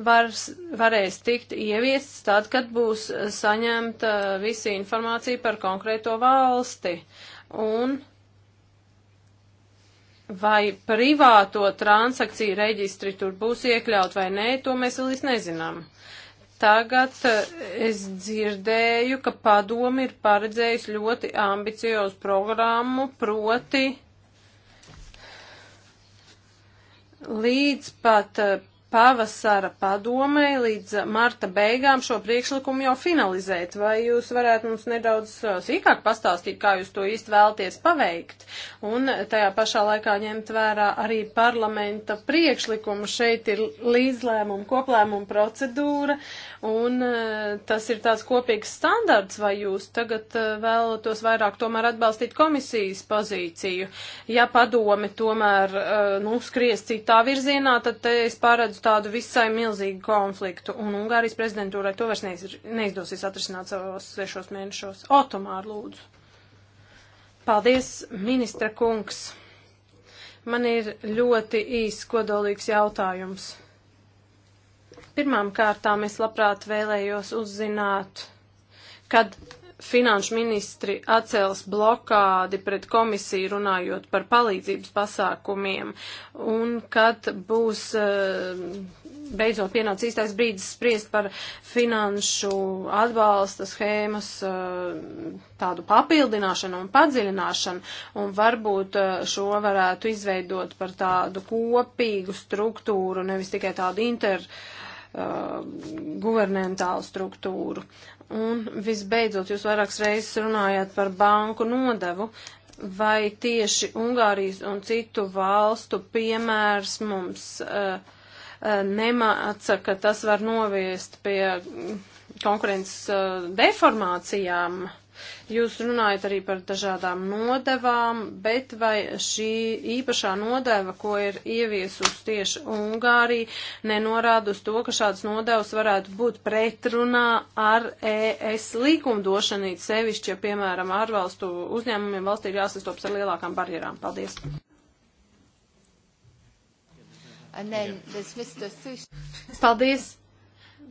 var, varēs tikt ieviests tad, kad būs saņemta visa informācija par konkrēto valsti. Un vai privāto transakciju reģistri tur būs iekļaut vai nē, to mēs vēl īsti nezinām. Tagad eh, es dzirdēju, ka padomi ir paredzējis ļoti ambiciozu programmu, proti līdz pat eh, pavasara padomei līdz marta beigām šo priekšlikumu jau finalizēt. Vai jūs varētu mums nedaudz uh, sīkāk pastāstīt, kā jūs to īsti vēlties paveikt? Un tajā pašā laikā ņemt vērā arī parlamenta priekšlikumu. Šeit ir līdzlēmuma, koplēmuma procedūra Un eh, tas ir tāds kopīgs standarts, vai jūs tagad eh, vēlatos vairāk tomēr atbalstīt komisijas pozīciju. Ja padome tomēr, eh, nu, skries citā virzienā, tad te es paredzu tādu visai milzīgu konfliktu. Un Ungārijas prezidentūrai to vairs neiz, neizdosies atrisināt savos sešos mēnešos. Otomār lūdzu. Paldies, ministra kungs. Man ir ļoti īs kodolīgs jautājums. Pirmām kārtām es labprāt vēlējos uzzināt, kad finanšu ministri atcels blokādi pret komisiju runājot par palīdzības pasākumiem un kad būs eh, beidzot pienācis īstais brīdis spriest par finanšu atbalsta schēmas eh, tādu papildināšanu un padziļināšanu un varbūt eh, šo varētu izveidot par tādu kopīgu struktūru, nevis tikai tādu interakciju uh, guvernamentālu struktūru. Un visbeidzot, jūs vairākas reizes runājāt par banku nodevu. Vai tieši Ungārijas un citu valstu piemērs mums uh, uh, nemāca, ka tas var noviest pie konkurences uh, deformācijām? Uh, Jūs runājat arī par dažādām nodevām, bet vai šī īpašā nodeva, ko ir ieviesusi tieši Ungārija, nenorāda uz to, ka šāds nodevs varētu būt pretrunā ar ES likumdošanī, sevišķi, ja, piemēram, ārvalstu uzņēmumiem valstī ir jāsastops ar lielākām barjerām? Paldies! Paldies!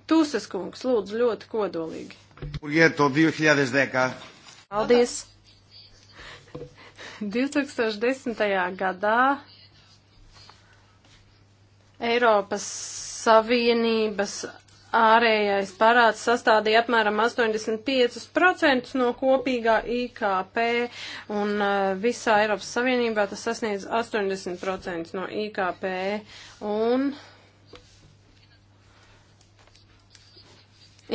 Tūsas kungs, lūdzu, ļoti kodolīgi. Paldies! 2010. gadā Eiropas Savienības ārējais parāds sastādīja apmēram 85% no kopīgā IKP, un uh, visā Eiropas Savienībā tas sasniedz 80% no IKP. Un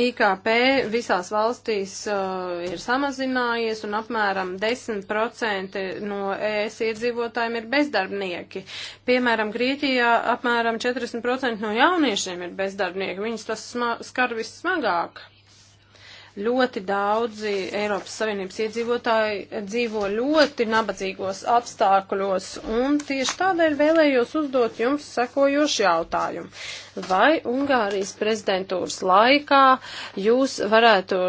IKP visās valstīs uh, ir samazinājies un apmēram 10% no ES iedzīvotājiem ir bezdarbnieki. Piemēram, Grieķijā apmēram 40% no jauniešiem ir bezdarbnieki. Viņus tas skar vissmagāk. Ļoti daudzi Eiropas Savienības iedzīvotāji dzīvo ļoti nabadzīgos apstākļos, un tieši tādēļ vēlējos uzdot jums sekojošu jautājumu. Vai Ungārijas prezidentūras laikā jūs varētu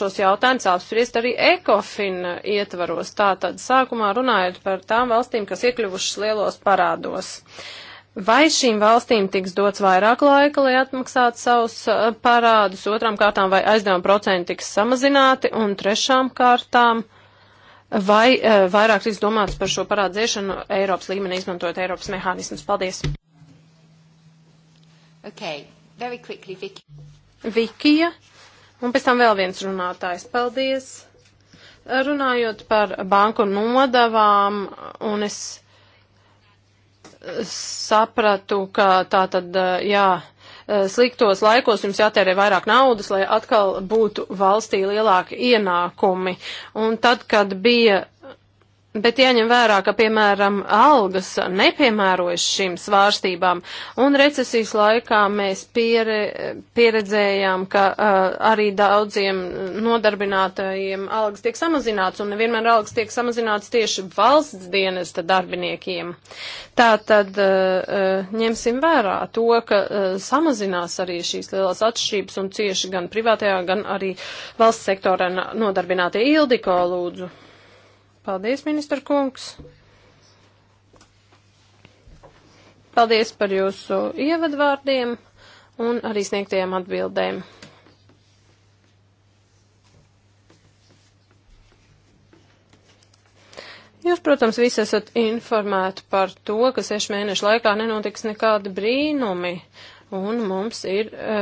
šos jautājumus apspriest arī ECOFIN ietvaros? Tātad sākumā runājot par tām valstīm, kas iekļuvušas lielos parādos. Uh, Vai šīm valstīm tiks dots vairāk laika, lai atmaksātu savus uh, parādus, otrām kārtām vai aizdevuma procenti tiks samazināti, un trešām kārtām vai uh, vairāk tiks domāts par šo parādzēšanu Eiropas līmenī, izmantojot Eiropas mehānismus? Paldies! Okay, very quickly, Viki. Vikija, un pēc tam vēl viens runātājs. Paldies! Runājot par banku nodavām, un es sapratu, ka tā tad, eh, jā, eh, sliktos laikos jums jātērē vairāk naudas, lai atkal būtu valstī lielāki ienākumi. Un tad, kad bija Bet jāņem vērā, ka, piemēram, algas nepiemērojas šīm svārstībām, un recesijas laikā mēs piere, pieredzējām, ka uh, arī daudziem nodarbinātajiem algas tiek samazināts, un nevienmēr algas tiek samazināts tieši valsts dienesta darbiniekiem. Tā tad uh, uh ņemsim vērā to, ka uh, samazinās arī šīs lielās atšķirības, un cieši gan privātajā, gan arī valsts sektorā nodarbinātie Ildiko lūdzu. Paldies, ministra kungs! Paldies par jūsu ievadvārdiem un arī sniegtajām atbildēm. Jūs, protams, visi esat informēti par to, ka sešu mēnešu laikā nenotiks nekādi brīnumi, un mums ir e,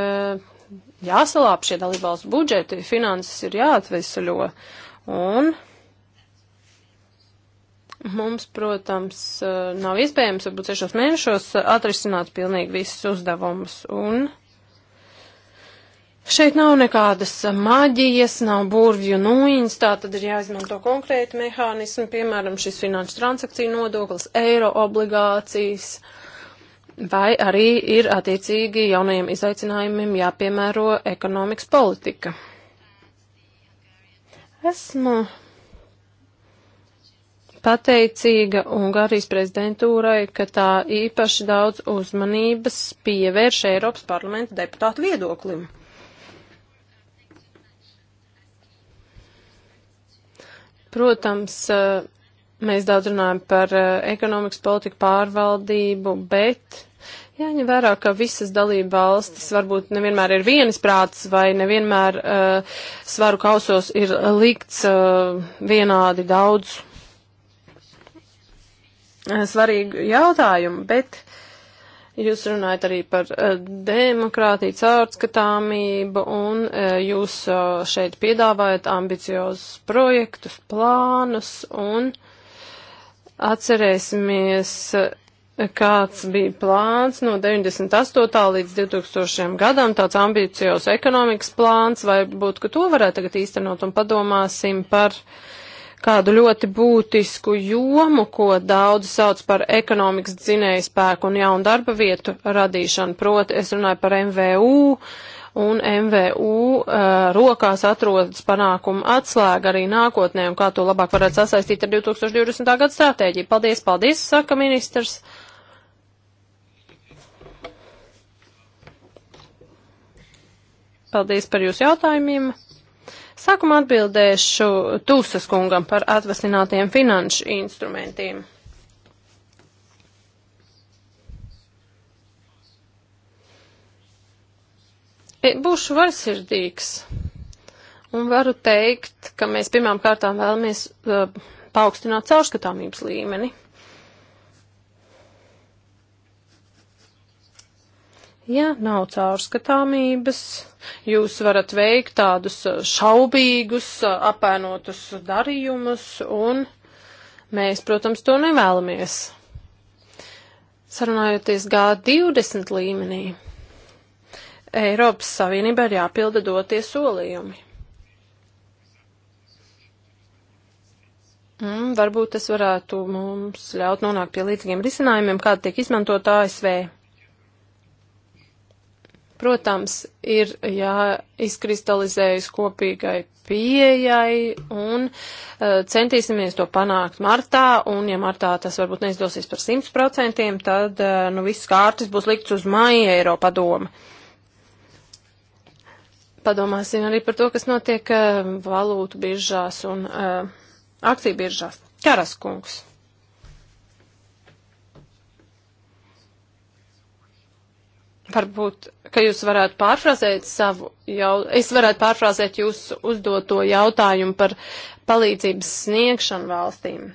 jāsalāp šie dalībvalsts budžeti, finanses ir jāatvesaļo, un Mums, protams, eh, nav iespējams varbūt sešos mēnešos eh, atrisināt pilnīgi visus uzdevumus. Un šeit nav nekādas eh, maģijas, nav burvju nūjiņas, tā tad ir jāizmanto konkrēti mehānismi, piemēram, šis finanšu transakciju nodoklis, eiro obligācijas. Vai arī ir attiecīgi jaunajiem izaicinājumiem jāpiemēro ekonomikas politika? Esmu pateicīga Ungārijas prezidentūrai, ka tā īpaši daudz uzmanības pievērš Eiropas parlamenta deputātu viedoklim. Protams, eh, mēs daudz runājam par eh, ekonomikas politiku pārvaldību, bet jāņem vērā, ka visas dalība valstis varbūt nevienmēr ir vienas prātas vai nevienmēr uh, svaru kausos ir likts uh, vienādi daudz Eh, svarīgu jautājumu, bet jūs runājat arī par eh, demokrātiju, caurskatāmību, un eh, jūs šeit piedāvājat ambiciozus projektus, plānus, un atcerēsimies, kāds bija plāns no 98. līdz 2000. gadam, tāds ambiciozs ekonomikas plāns, vai būtu, ka to varētu tagad īstenot, un padomāsim par uh, kādu ļoti būtisku jomu, ko daudzi sauc par ekonomikas dzinēju spēku un jaunu darba vietu radīšanu. Proti, es runāju par MVU, un MVU uh, eh, rokās atrodas panākuma atslēga arī nākotnē, un kā to labāk varētu sasaistīt ar 2020. gada stratēģiju. Paldies, paldies, saka ministrs. Paldies par jūsu jautājumiem. Sākumā atbildēšu Tūsas kungam par atvasinātiem finanšu instrumentiem. E, būšu varsirdīgs un varu teikt, ka mēs pirmām kārtām vēlamies uh, paaugstināt caurskatāmības līmeni. Ja nav caurskatāmības, jūs varat veikt tādus šaubīgus, apēnotus darījumus, un mēs, protams, to nevēlamies. Sarunājoties G20 līmenī, Eiropas Savienībā ir jāpilda dotie solījumi. Mm, varbūt tas varētu mums ļaut nonākt pie līdzīgiem risinājumiem, kāda tiek izmantota ASV. Protams, ir jāizkristalizējas kopīgai pieejai un uh, centīsimies to panākt martā, un ja martā tas varbūt neizdosies par 100%, tad uh, nu viss kārtas būs likts uz māja Eiropa doma. Padomāsim arī par to, kas notiek uh, valūtu biržās un uh, akciju biržās. Karas kungs. Varbūt ka jūs varētu pārfrāzēt savu, jau, es varētu pārfrāzēt jūsu uzdoto jautājumu par palīdzības sniegšanu valstīm.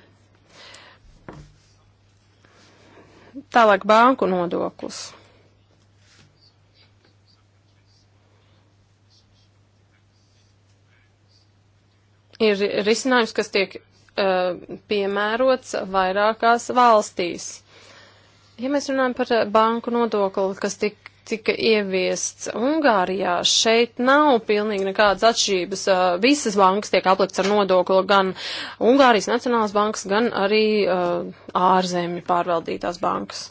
Tālāk banku nodoklis. Ir risinājums, kas tiek uh, piemērots vairākās valstīs. Ja mēs runājam par banku nodokli, kas tik, tika ieviests Ungārijā, šeit nav pilnīgi nekādas atšķirības. Uh, visas bankas tiek aplikts ar nodokli gan Ungārijas Nacionālās bankas, gan arī uh, ārzemju pārvaldītās bankas.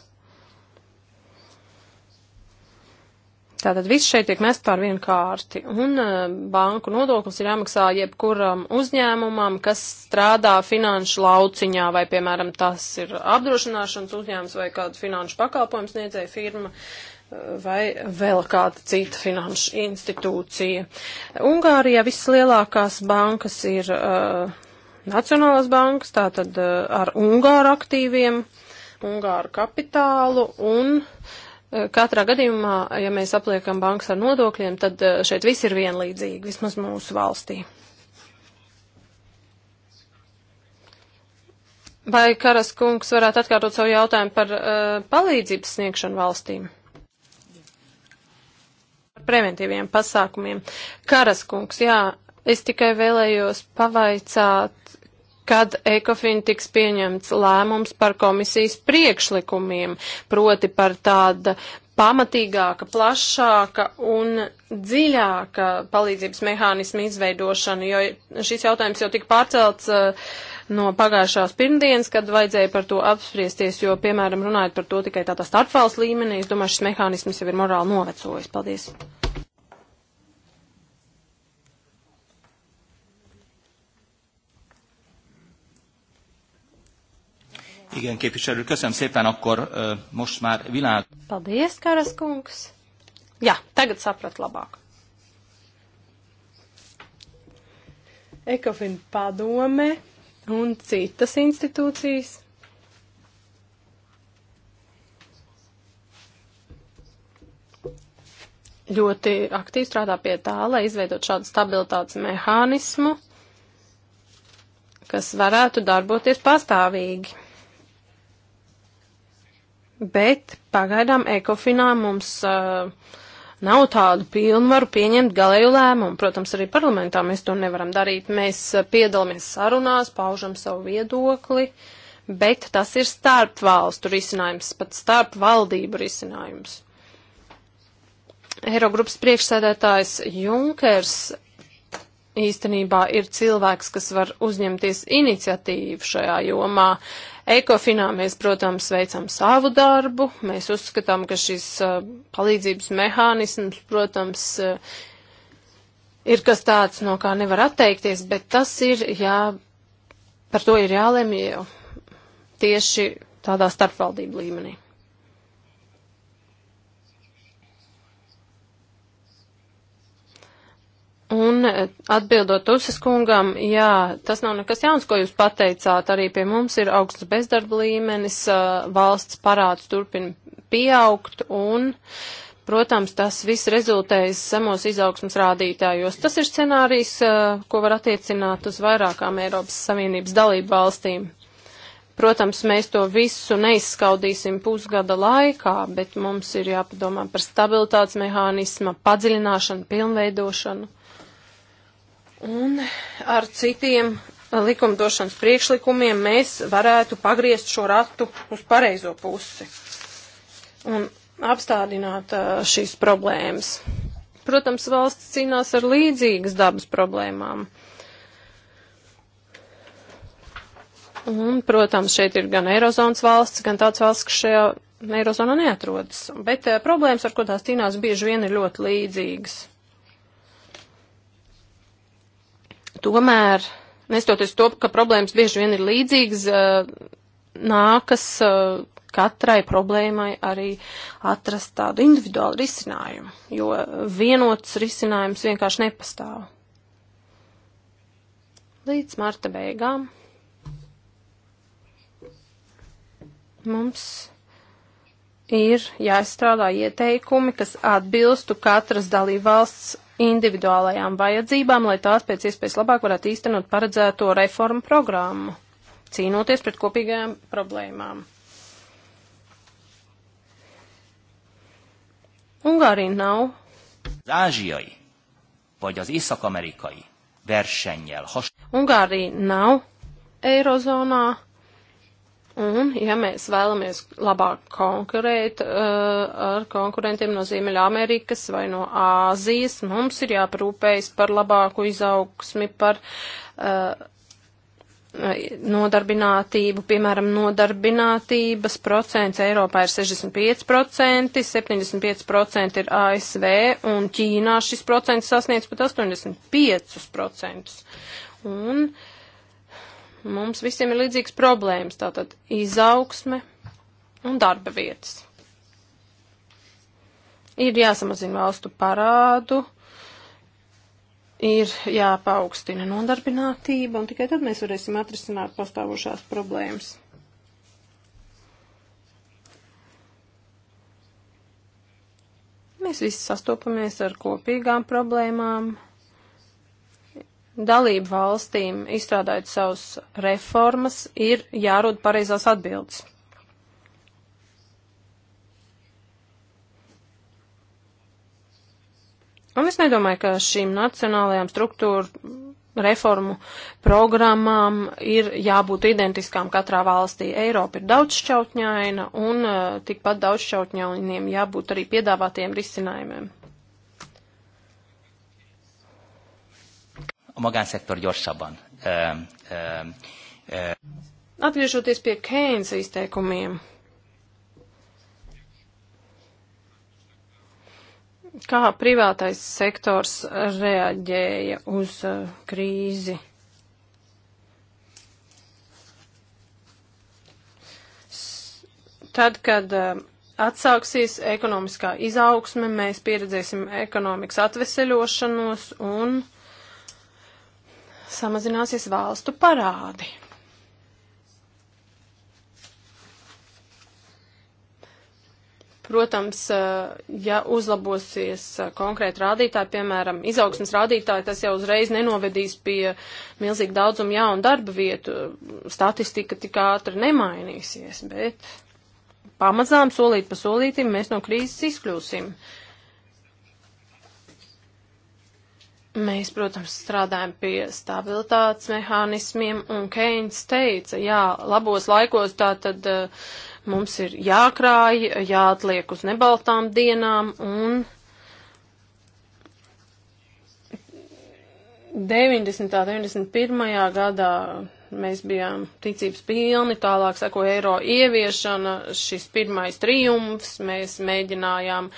Tātad viss šeit tiek mest pār vienu kārti, un uh, banku nodoklis ir jāmaksā jebkuram uzņēmumam, kas strādā finanšu lauciņā, vai, piemēram, tas ir apdrošināšanas uzņēmums vai kāda finanšu pakalpojums niedzēja firma. Uh, vai vēl kāda cita finanšu institūcija. Ungārijā vislielākās bankas ir uh, Nacionālās bankas, tātad uh, ar Ungāru aktīviem, Ungāru kapitālu un uh, katrā gadījumā, ja mēs apliekam bankas ar nodokļiem, tad uh, šeit viss ir vienlīdzīgi, vismaz mūsu valstī. Vai Karas kungs varētu atkārtot savu jautājumu par uh, palīdzības sniegšanu valstīm? preventīviem pasākumiem. Karaskungs, jā, es tikai vēlējos pavaicāt, kad ECOFIN tiks pieņemts lēmums par komisijas priekšlikumiem, proti par tāda pamatīgāka, plašāka un dziļāka palīdzības mehānismu izveidošanu, jo šis jautājums jau tika pārcelts uh, no pagājušās pirmdienas, kad vajadzēja par to apspriesties, jo, piemēram, runājot par to tikai tādā starpvalsts līmenī, es domāju, šis mehānisms jau ir morāli novecojis. Paldies! Igen, képviselő, köszönöm szépen, akkor uh, most már világ... Paldies, Karaskungs! Jā, tagad saprat labāk. Ekofin padome un citas institūcijas. Ļoti aktīvi strādā pie tā, lai izveidot šādu stabilitātes mehānismu, kas varētu darboties pastāvīgi. Bet pagaidām ekofinā mums uh, nav tādu pilnvaru pieņemt galēju lēmumu. Protams, arī parlamentā mēs to nevaram darīt. Mēs eh, piedalāmies sarunās, paužam savu viedokli, bet tas ir starp valstu risinājums, pat starp valdību risinājums. Eirogrupas priekšsēdētājs Junkers īstenībā ir cilvēks, kas var uzņemties iniciatīvu šajā jomā. Ekofinā mēs, protams, veicam savu darbu. Mēs uzskatām, ka šis palīdzības mehānisms, protams, ir kas tāds, no kā nevar atteikties, bet tas ir, jā, par to ir jālemj jau tieši tādā starpvaldību līmenī. Un e, atbildot Tusas kungam, jā, tas nav nekas jauns, ko jūs pateicāt. Arī pie mums ir augsts bezdarba līmenis, e, valsts parāds turpina pieaugt un, protams, tas viss rezultējas samos izaugsmas rādītājos. Tas ir scenārijs, e, ko var attiecināt uz vairākām Eiropas Savienības dalību valstīm. Protams, mēs to visu neizskaudīsim pusgada laikā, bet mums ir jāpadomā par stabilitātes mehānisma padziļināšanu, pilnveidošanu. Un ar citiem likumdošanas priekšlikumiem mēs varētu pagriezt šo ratu uz pareizo pusi un apstādināt šīs problēmas. Protams, valsts cīnās ar līdzīgas dabas problēmām. Un, protams, šeit ir gan Eirozonas valsts, gan tāds valsts, kas šajā Eirozonā neatrodas. Bet problēmas, ar ko tās cīnās, bieži vien ir ļoti līdzīgas. Tomēr, nestoties to, ka problēmas bieži vien ir līdzīgas, nākas katrai problēmai arī atrast tādu individuālu risinājumu, jo vienots risinājums vienkārši nepastāv. Līdz marta beigām mums ir jāizstrādā ieteikumi, kas atbilstu katras dalībvalsts individuālajām vajadzībām, lai tās pēc iespējas labāk varētu īstenot paredzēto reformu programmu, cīnoties pret kopīgajām problēmām. Ungārija nav. Ázsiai vagy az észak-amerikai versennyel has... Ungārija nav Eirozonā Un, ja mēs vēlamies labāk konkurēt uh, ar konkurentiem no Ziemeļamerikas vai no Āzijas, mums ir jāparūpējas par labāku izaugsmi, par uh, nodarbinātību, piemēram, nodarbinātības procents Eiropā ir 65%, 75% ir ASV, un Ķīnā šis procents sasniedz pat 85%. Un, uh, Mums visiem ir līdzīgas problēmas, tātad izaugsme un darba vietas. Ir jāsamazina valstu parādu, ir jāpaukstina nodarbinātība, un tikai tad mēs varēsim atrisināt pastāvošās problēmas. Mēs visi sastopamies ar kopīgām problēmām dalību valstīm izstrādājot savus reformas, ir jārod pareizās atbildes. Un es nedomāju, ka šīm nacionālajām struktūru reformu programmām ir jābūt identiskām katrā valstī. Eiropa ir daudzšķautņaina un uh, tikpat daudzšķautņainiem jābūt arī piedāvātiem risinājumiem. magánszektor gyorsabban. Ö, ö, ö. Atgriežoties pie Keynes izteikumiem, kā privātais sektors reaģēja uz krīzi? Tad, kad atsāksies ekonomiskā izaugsme, mēs pieredzēsim ekonomikas atveseļošanos un samazināsies valstu parādi. Protams, eh, ja uzlabosies eh, konkrēti rādītāji, piemēram, izaugsmas rādītāji, tas jau uzreiz nenovedīs pie milzīga daudzuma jaunu darba vietu. Statistika tik ātri nemainīsies, bet pamazām solīt pa solītim mēs no krīzes izkļūsim. Uh, Mēs, protams, strādājam pie stabilitātes mehānismiem, un Keins teica, jā, labos laikos tā tad uh, mums ir jākrāj, jāatliek uz nebaltām dienām, un 90. 91. gadā mēs bijām ticības pilni, tālāk sako eiro ieviešana, šis pirmais triumfs, mēs mēģinājām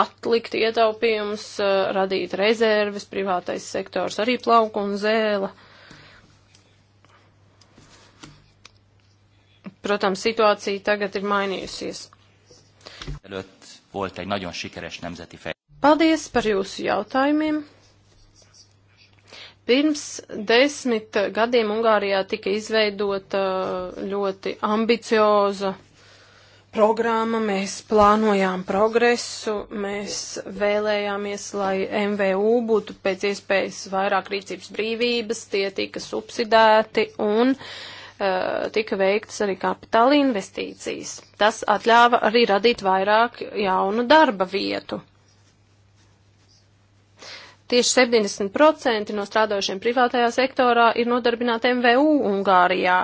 atlikt ietaupījumus, eh, radīt rezerves, privātais sektors arī plauka un zēla. Protams, situācija tagad ir mainījusies. Előtt volt egy nagyon sikeres nemzeti fej. Paldies par jūsu jautājumiem! Pirms desmit gadiem Ungārijā tika izveidota ļoti ambicioza programma, mēs plānojām progresu, mēs vēlējāmies, lai MVU būtu pēc iespējas vairāk rīcības brīvības, tie tika subsidēti un uh, tika veiktas arī kapitāla investīcijas. Tas atļāva arī radīt vairāk jaunu darba vietu. Tieši 70% no strādojušiem privātajā sektorā ir nodarbināti MVU Ungārijā.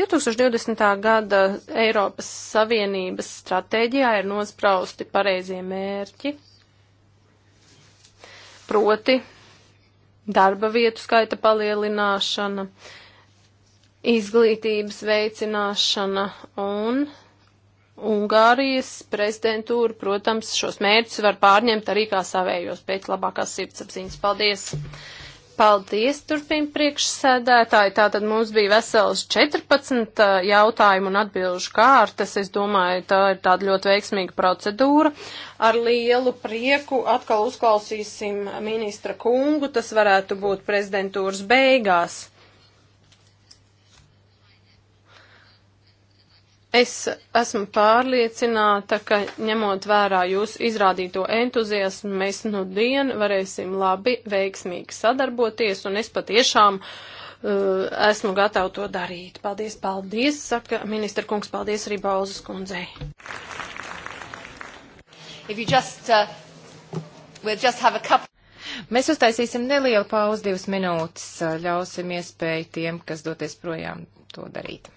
2020. gada Eiropas Savienības stratēģijā ir nosprausti pareizie mērķi, proti darba vietu skaita palielināšana, izglītības veicināšana un Ungārijas prezidentūra, protams, šos mērķus var pārņemt arī kā savējos pēc labākās sirdsapziņas. Paldies! Paldies, turpina priekšsēdētāji. Tātad mums bija vesels 14 jautājumu un atbilžu kārtas. Es domāju, tā ir tāda ļoti veiksmīga procedūra. Ar lielu prieku atkal uzklausīsim ministra kungu. Tas varētu būt prezidentūras beigās. Es esmu pārliecināta, ka ņemot vērā jūsu izrādīto entuziasmu, mēs nu dienu varēsim labi, veiksmīgi sadarboties, un es patiešām uh, esmu gatava to darīt. Paldies, paldies, saka ministra kungs, paldies arī Bauzes kundzei. Just, uh, we'll just Mēs uztaisīsim nelielu pauzi divas minūtes, uh, ļausim iespēju tiem, kas doties projām, to darīt.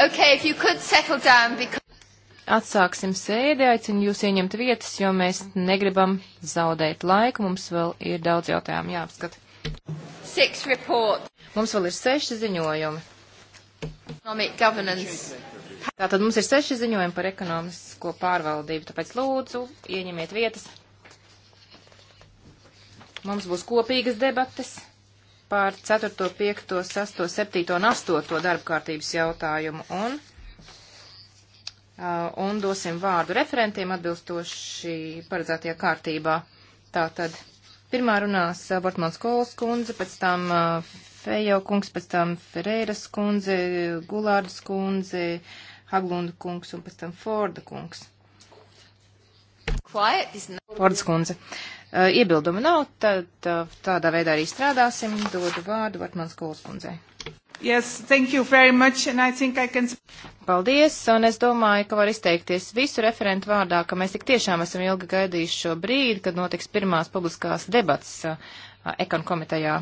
Okay, if you could settle down because... Atsāksim sēdi, aicinu jūs ieņemt vietas, jo mēs negribam zaudēt laiku. Mums vēl ir daudz jautājumu jāapskata. Six report. Mums vēl ir seši ziņojumi. Economic governance. Tātad mums ir seši ziņojumi par ekonomisko pārvaldību, tāpēc lūdzu, ieņemiet vietas. Mums būs kopīgas debates par 4., 5., 6., 7. un 8. darba kārtības jautājumu un, uh, un dosim vārdu referentiem atbilstoši paredzētajā kārtībā. Tātad pirmā runās Bortmans Kols kundze, pēc tam uh, Fejo kungs, pēc tam Ferēras kundze, Gulārdas kundze, Haglunda kungs un pēc tam Forda kungs. Fordas kundze. Uh, Eh, iebildumu nav, tad eh, tādā veidā arī strādāsim. Dodu vārdu Vartmans Kolskundzei. Yes, thank you very much, and I think I can... Paldies, un es domāju, ka var izteikties visu referentu vārdā, ka mēs tik tiešām esam ilgi gaidījuši šo brīdi, kad notiks pirmās publiskās debats uh, ekon komitejā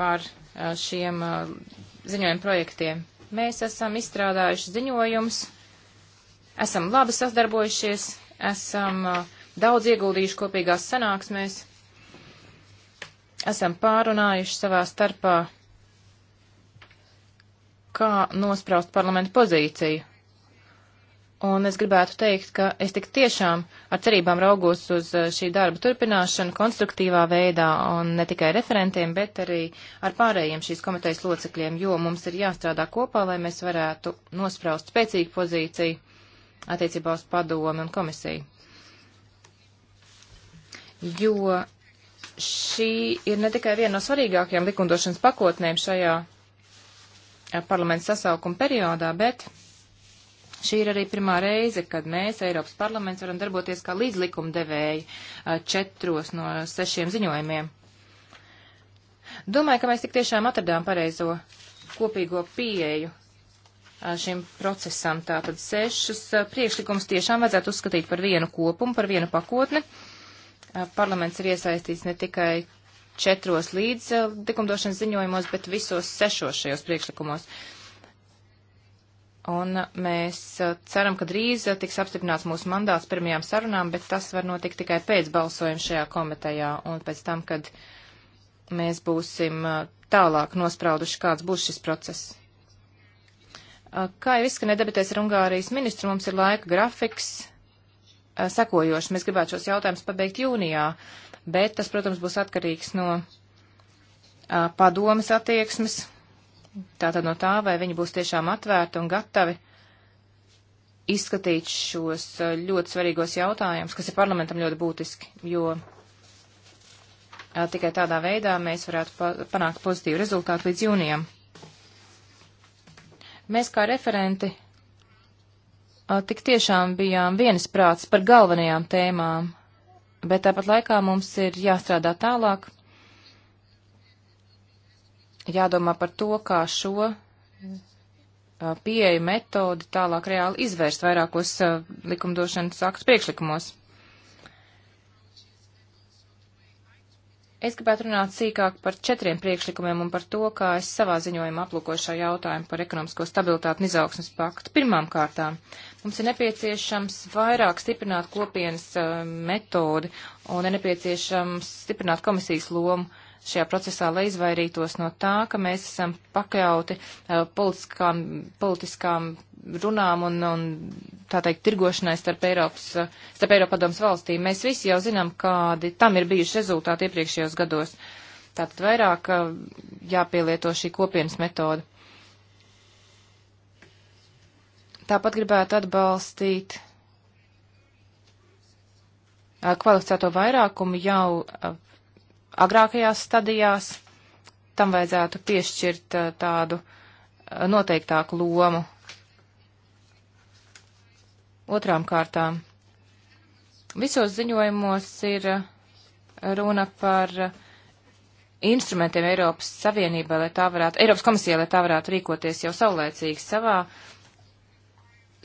par uh, šiem uh, ziņojumu projektiem. Mēs esam izstrādājuši ziņojumus, esam labi sadarbojušies, esam uh, daudz ieguldījuši kopīgās sanāksmēs. Esam pārunājuši savā starpā, kā nospraust parlamentu pozīciju. Un es gribētu teikt, ka es tik tiešām ar cerībām raugos uz eh, šī darba turpināšanu konstruktīvā veidā un ne tikai referentiem, bet arī ar pārējiem šīs komitejas locekļiem, jo mums ir jāstrādā kopā, lai mēs varētu nospraust spēcīgu pozīciju attiecībā uz padomu un komisiju jo šī ir ne tikai viena no svarīgākajām likumdošanas pakotnēm šajā eh, parlamenta sasaukuma periodā, bet šī ir arī pirmā reize, kad mēs, Eiropas parlaments, varam darboties kā līdzlikumdevēji eh, četros no sešiem ziņojumiem. Domāju, ka mēs tik tiešām atradām pareizo kopīgo pieeju eh, šim procesam. Tātad sešus priekšlikumus tiešām vajadzētu uzskatīt par vienu kopumu, par vienu pakotni. Uh, Eh, parlaments ir iesaistīts ne tikai četros līdz eh, likumdošanas ziņojumos, bet visos sešos šajos priekšlikumos. Un eh, mēs ceram, ka drīz tiks apstiprināts mūsu mandāts pirmajām sarunām, bet tas var notikt tikai pēc balsojuma šajā komitejā un pēc tam, kad mēs būsim tālāk nosprauduši, kāds būs šis process. Kā jau izskanē debatēs ar Ungārijas ministru, mums ir laika grafiks sekojoši. Mēs gribētu šos jautājumus pabeigt jūnijā, bet tas, protams, būs atkarīgs no padomas attieksmes, tātad no tā, vai viņi būs tiešām atvērti un gatavi izskatīt šos ļoti svarīgos jautājumus, kas ir parlamentam ļoti būtiski, jo tikai tādā veidā mēs varētu pa panākt pozitīvu rezultātu līdz jūnijam. Mēs kā referenti tik tiešām bijām viensprāts par galvenajām tēmām, bet tāpat laikā mums ir jāstrādā tālāk, jādomā par to, kā šo pieeju metodi tālāk reāli izvērst vairākos likumdošanas aktu priekšlikumos. Es gribētu runāt sīkāk par četriem priekšlikumiem un par to, kā es savā ziņojumā aplūkoju šo jautājumu par ekonomisko stabilitāti un izaugsmas paktu. Pirmām kārtām mums ir nepieciešams vairāk stiprināt kopienas uh, metodi un ir nepieciešams stiprināt komisijas lomu šajā procesā, lai izvairītos no tā, ka mēs esam pakļauti uh, politiskām, politiskām runām un, un tā teikt, tirgošanai starp Eiropas, starp Eiropadoms valstīm. Mēs visi jau zinām, kādi tam ir bijuši rezultāti iepriekšējos gados. Tātad vairāk jāpielieto šī kopienas metoda. Tāpat gribētu atbalstīt kvalificēto vairākumu jau agrākajās stadijās. Tam vajadzētu piešķirt tādu noteiktāku lomu Otrām kārtām, visos ziņojumos ir uh, runa par uh, instrumentiem Eiropas Savienībā, lai tā varētu, Eiropas komisija, lai tā varētu rīkoties jau saulēcīgi savā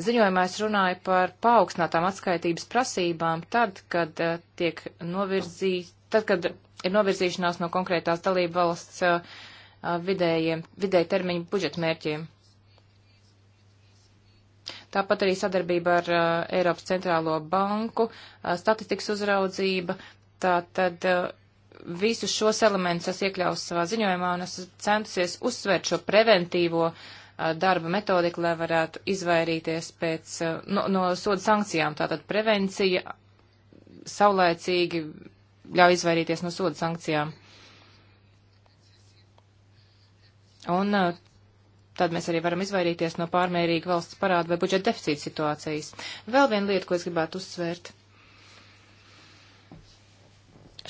ziņojumā es runāju par paaugstinātām atskaitības prasībām tad, kad uh, tiek novirzī, tad, kad ir novirzīšanās no konkrētās dalība valsts uh, uh, vidējiem, vidēji termiņu budžetmērķiem. Tāpat arī sadarbība ar uh, Eiropas centrālo banku, uh, statistikas uzraudzība. Tātad uh, visus šos elementus es iekļauju savā ziņojumā un esmu centusies uzsvērt šo preventīvo uh, darba metodiku, lai varētu izvairīties pēc, uh, no, no soda sankcijām. Tātad prevencija saulēcīgi ļauj izvairīties no soda sankcijām. Un uh, tad mēs arī varam izvairīties no pārmērīga valsts parāda vai budžeta deficīta situācijas. Vēl viena lieta, ko es gribētu uzsvērt.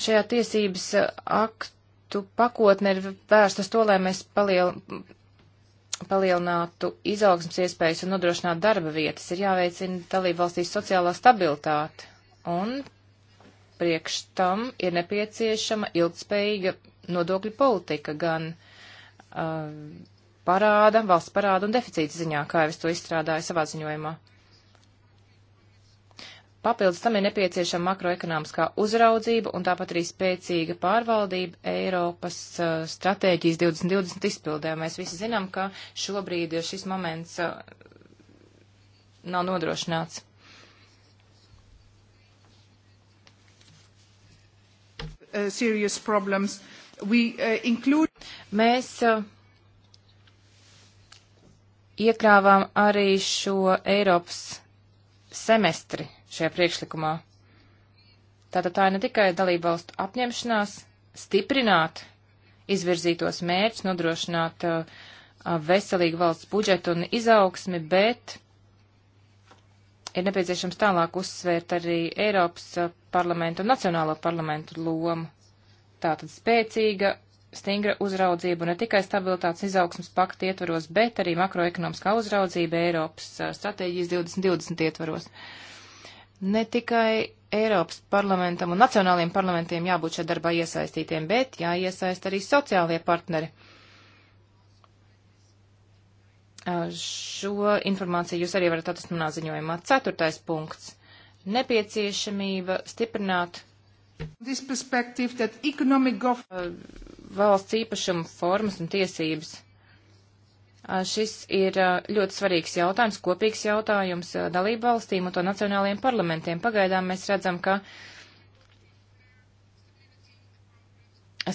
Šajā tiesības aktu pakotne ir vērstas to, lai mēs paliel, palielinātu izaugsmas iespējas un nodrošinātu darba vietas. Ir jāveicina dalību valstīs sociālā stabilitāte. Un priekš tam ir nepieciešama ilgspējīga nodokļu politika gan. Uh, parāda, valsts parāda un deficīta ziņā, kā jau es to izstrādāju savā ziņojumā. Papildus tam ir nepieciešama makroekonomiskā uzraudzība un tāpat arī spēcīga pārvaldība Eiropas uh, stratēģijas 2020 izpildē. Mēs visi zinām, ka šobrīd šis moments uh, nav nodrošināts. Uh, serious problems. We uh, include... Mēs uh, iekrāvām arī šo Eiropas semestri šajā priekšlikumā. Tātad tā ir ne tikai dalībvalstu apņemšanās stiprināt izvirzītos mērķus, nodrošināt uh, uh veselīgu valsts budžetu un izaugsmi, bet ir nepieciešams tālāk uzsvērt arī Eiropas uh, parlamentu un Nacionālo parlamentu lomu. Tātad spēcīga stingra uzraudzību ne tikai stabilitātes izaugsmas pakta ietvaros, bet arī makroekonomiskā uzraudzība Eiropas stratēģijas 2020 ietvaros. Ne tikai Eiropas parlamentam un nacionāliem parlamentiem jābūt šajā darbā iesaistītiem, bet jāiesaist arī sociālie partneri. Šo informāciju jūs arī varat atrast manā ziņojumā. Ceturtais punkts - nepieciešamība stiprināt valsts īpašuma formas un tiesības. Šis ir ļoti svarīgs jautājums, kopīgs jautājums dalību valstīm un to nacionālajiem parlamentiem. Pagaidām mēs redzam, ka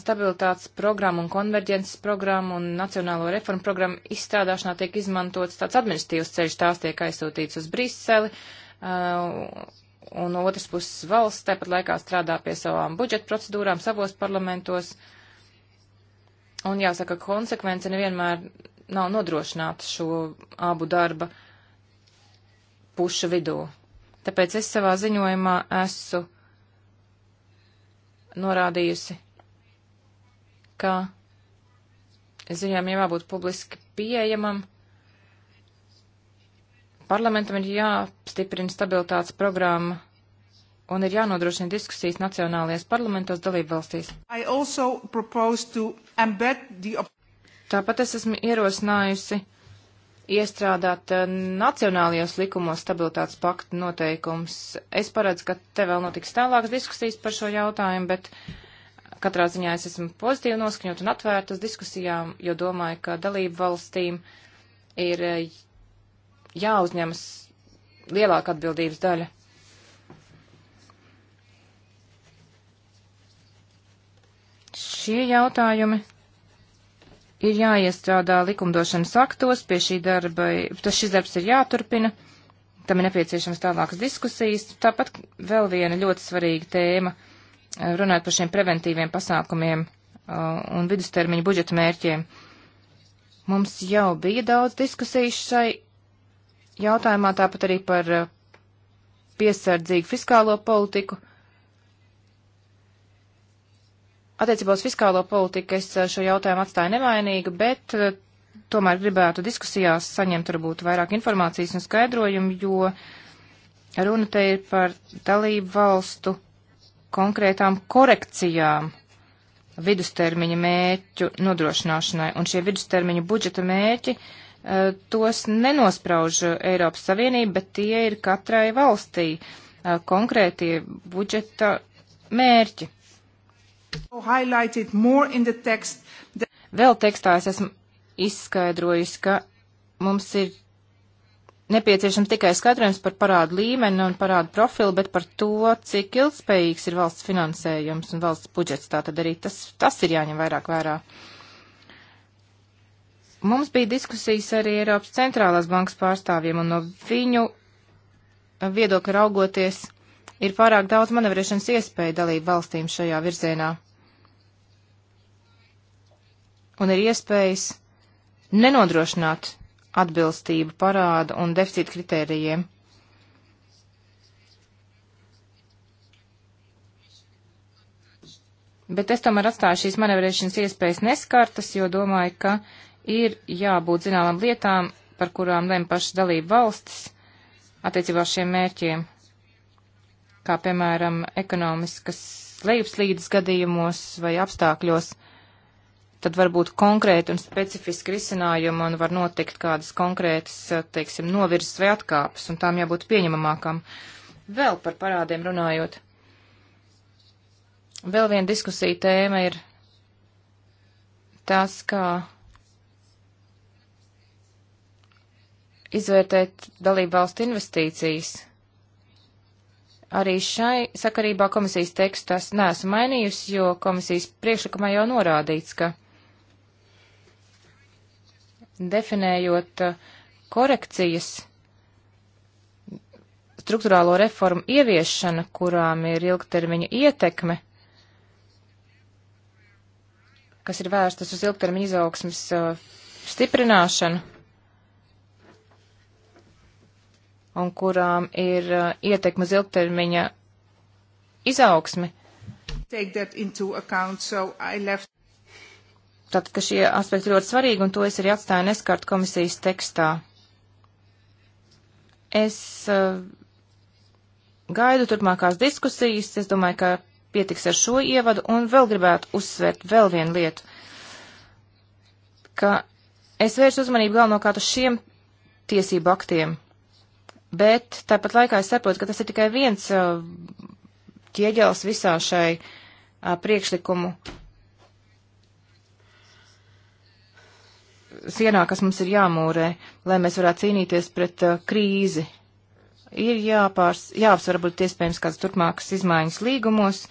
stabilitātes programma un konverģences programma un nacionālo reformu programma izstrādāšanā tiek izmantots tāds administratīvs ceļš, tās tiek aizsūtīts uz Briseli, un otrs puses valsts tāpat laikā strādā pie savām budžeta procedūrām savos parlamentos. Uh, Un jāsaka, konsekvence nevienmēr nav nodrošināta šo abu darba pušu vidū. Tāpēc es savā ziņojumā esmu norādījusi, ka ziņām jābūt publiski pieejamam. Parlamentam ir jāstiprina stabilitātes programma un ir jānodrošina diskusijas nacionālajās parlamentos dalībvalstīs. To... Tāpat es esmu ierosinājusi iestrādāt eh, nacionālajos likumos stabilitātes paktu noteikums. Es paredzu, ka te vēl notiks tālākas diskusijas par šo jautājumu, bet katrā ziņā es esmu pozitīvi noskaņot un atvērt uz diskusijām, jo domāju, ka dalību valstīm ir eh, jāuzņemas lielāka atbildības daļa Šie jautājumi ir jāiestrādā likumdošanas aktos, pie šī darba, tas šis darbs ir jāturpina, tam ir nepieciešams tālākas diskusijas. Tāpat vēl viena ļoti svarīga tēma, runājot par šiem preventīviem pasākumiem uh, un vidustermiņu budžeta mērķiem. Mums jau bija daudz diskusiju šai jautājumā, tāpat arī par uh, piesardzīgu fiskālo politiku. Attiecībā uz fiskālo politiku es eh, šo jautājumu atstāju nemainīgu, bet eh, tomēr gribētu diskusijās saņemt varbūt vairāk informācijas un skaidrojumu, jo runa te ir par dalību valstu konkrētām korekcijām vidustermiņa mēķu nodrošināšanai, un šie vidustermiņa budžeta mēķi eh, tos nenosprauž Eiropas Savienība, bet tie ir katrai valstī konkrētie budžeta mērķi. Vēl tekstā es esmu izskaidrojis, ka mums ir nepieciešams tikai skatrojums par parādu līmeni un parādu profilu, bet par to, cik ilgspējīgs ir valsts finansējums un valsts budžets. Tātad arī tas, tas ir jāņem vairāk vērā. Mums bija diskusijas arī Eiropas centrālās bankas pārstāvjiem, un no viņu viedokļa raugoties ir pārāk daudz manevrēšanas iespēju dalību valstīm šajā virzienā un ir iespējas nenodrošināt atbilstību parāda un deficīta kritērijiem. Bet es tomēr atstāju šīs manevrēšanas iespējas neskartas, jo domāju, ka ir jābūt zināmām lietām, par kurām lem pašas dalība valstis attiecībā uz šiem mērķiem, kā piemēram ekonomiskas lejupslīdes gadījumos vai apstākļos, tad varbūt konkrēti un specifiski risinājumi un var notikt kādas konkrētas, eh, teiksim, novirzes vai atkāpes, un tām jābūt pieņemamākam. Vēl par parādiem runājot. Vēl viena diskusija tēma ir tas, kā izvērtēt dalību valstu investīcijas. Arī šai sakarībā komisijas tekstu es neesmu mainījusi, jo komisijas priekšlikumā jau norādīts, ka definējot eh, korekcijas struktūrālo reformu ieviešana, kurām ir ilgtermiņa ietekme, kas ir vērstas uz ilgtermiņa izaugsmas uh, eh, stiprināšanu, un kurām ir uh, ietekme uz ilgtermiņa izaugsmi. Account, so left... Tātad, ka šie aspekti ļoti svarīgi, un to es arī atstāju neskart komisijas tekstā. Es uh, gaidu turpmākās diskusijas, es domāju, ka pietiks ar šo ievadu, un vēl gribētu uzsvērt vēl vienu lietu, ka es vēršu uzmanību galvenokārt uz šiem tiesību aktiem, bet tāpat laikā es saprotu, ka tas ir tikai viens uh, ķieģels visā šai uh, priekšlikumu sienā, kas mums ir jāmūrē, lai mēs varētu cīnīties pret uh, krīzi. Ir jāpārs, jāapsver, varbūt iespējams kāds turpmākas izmaiņas līgumos,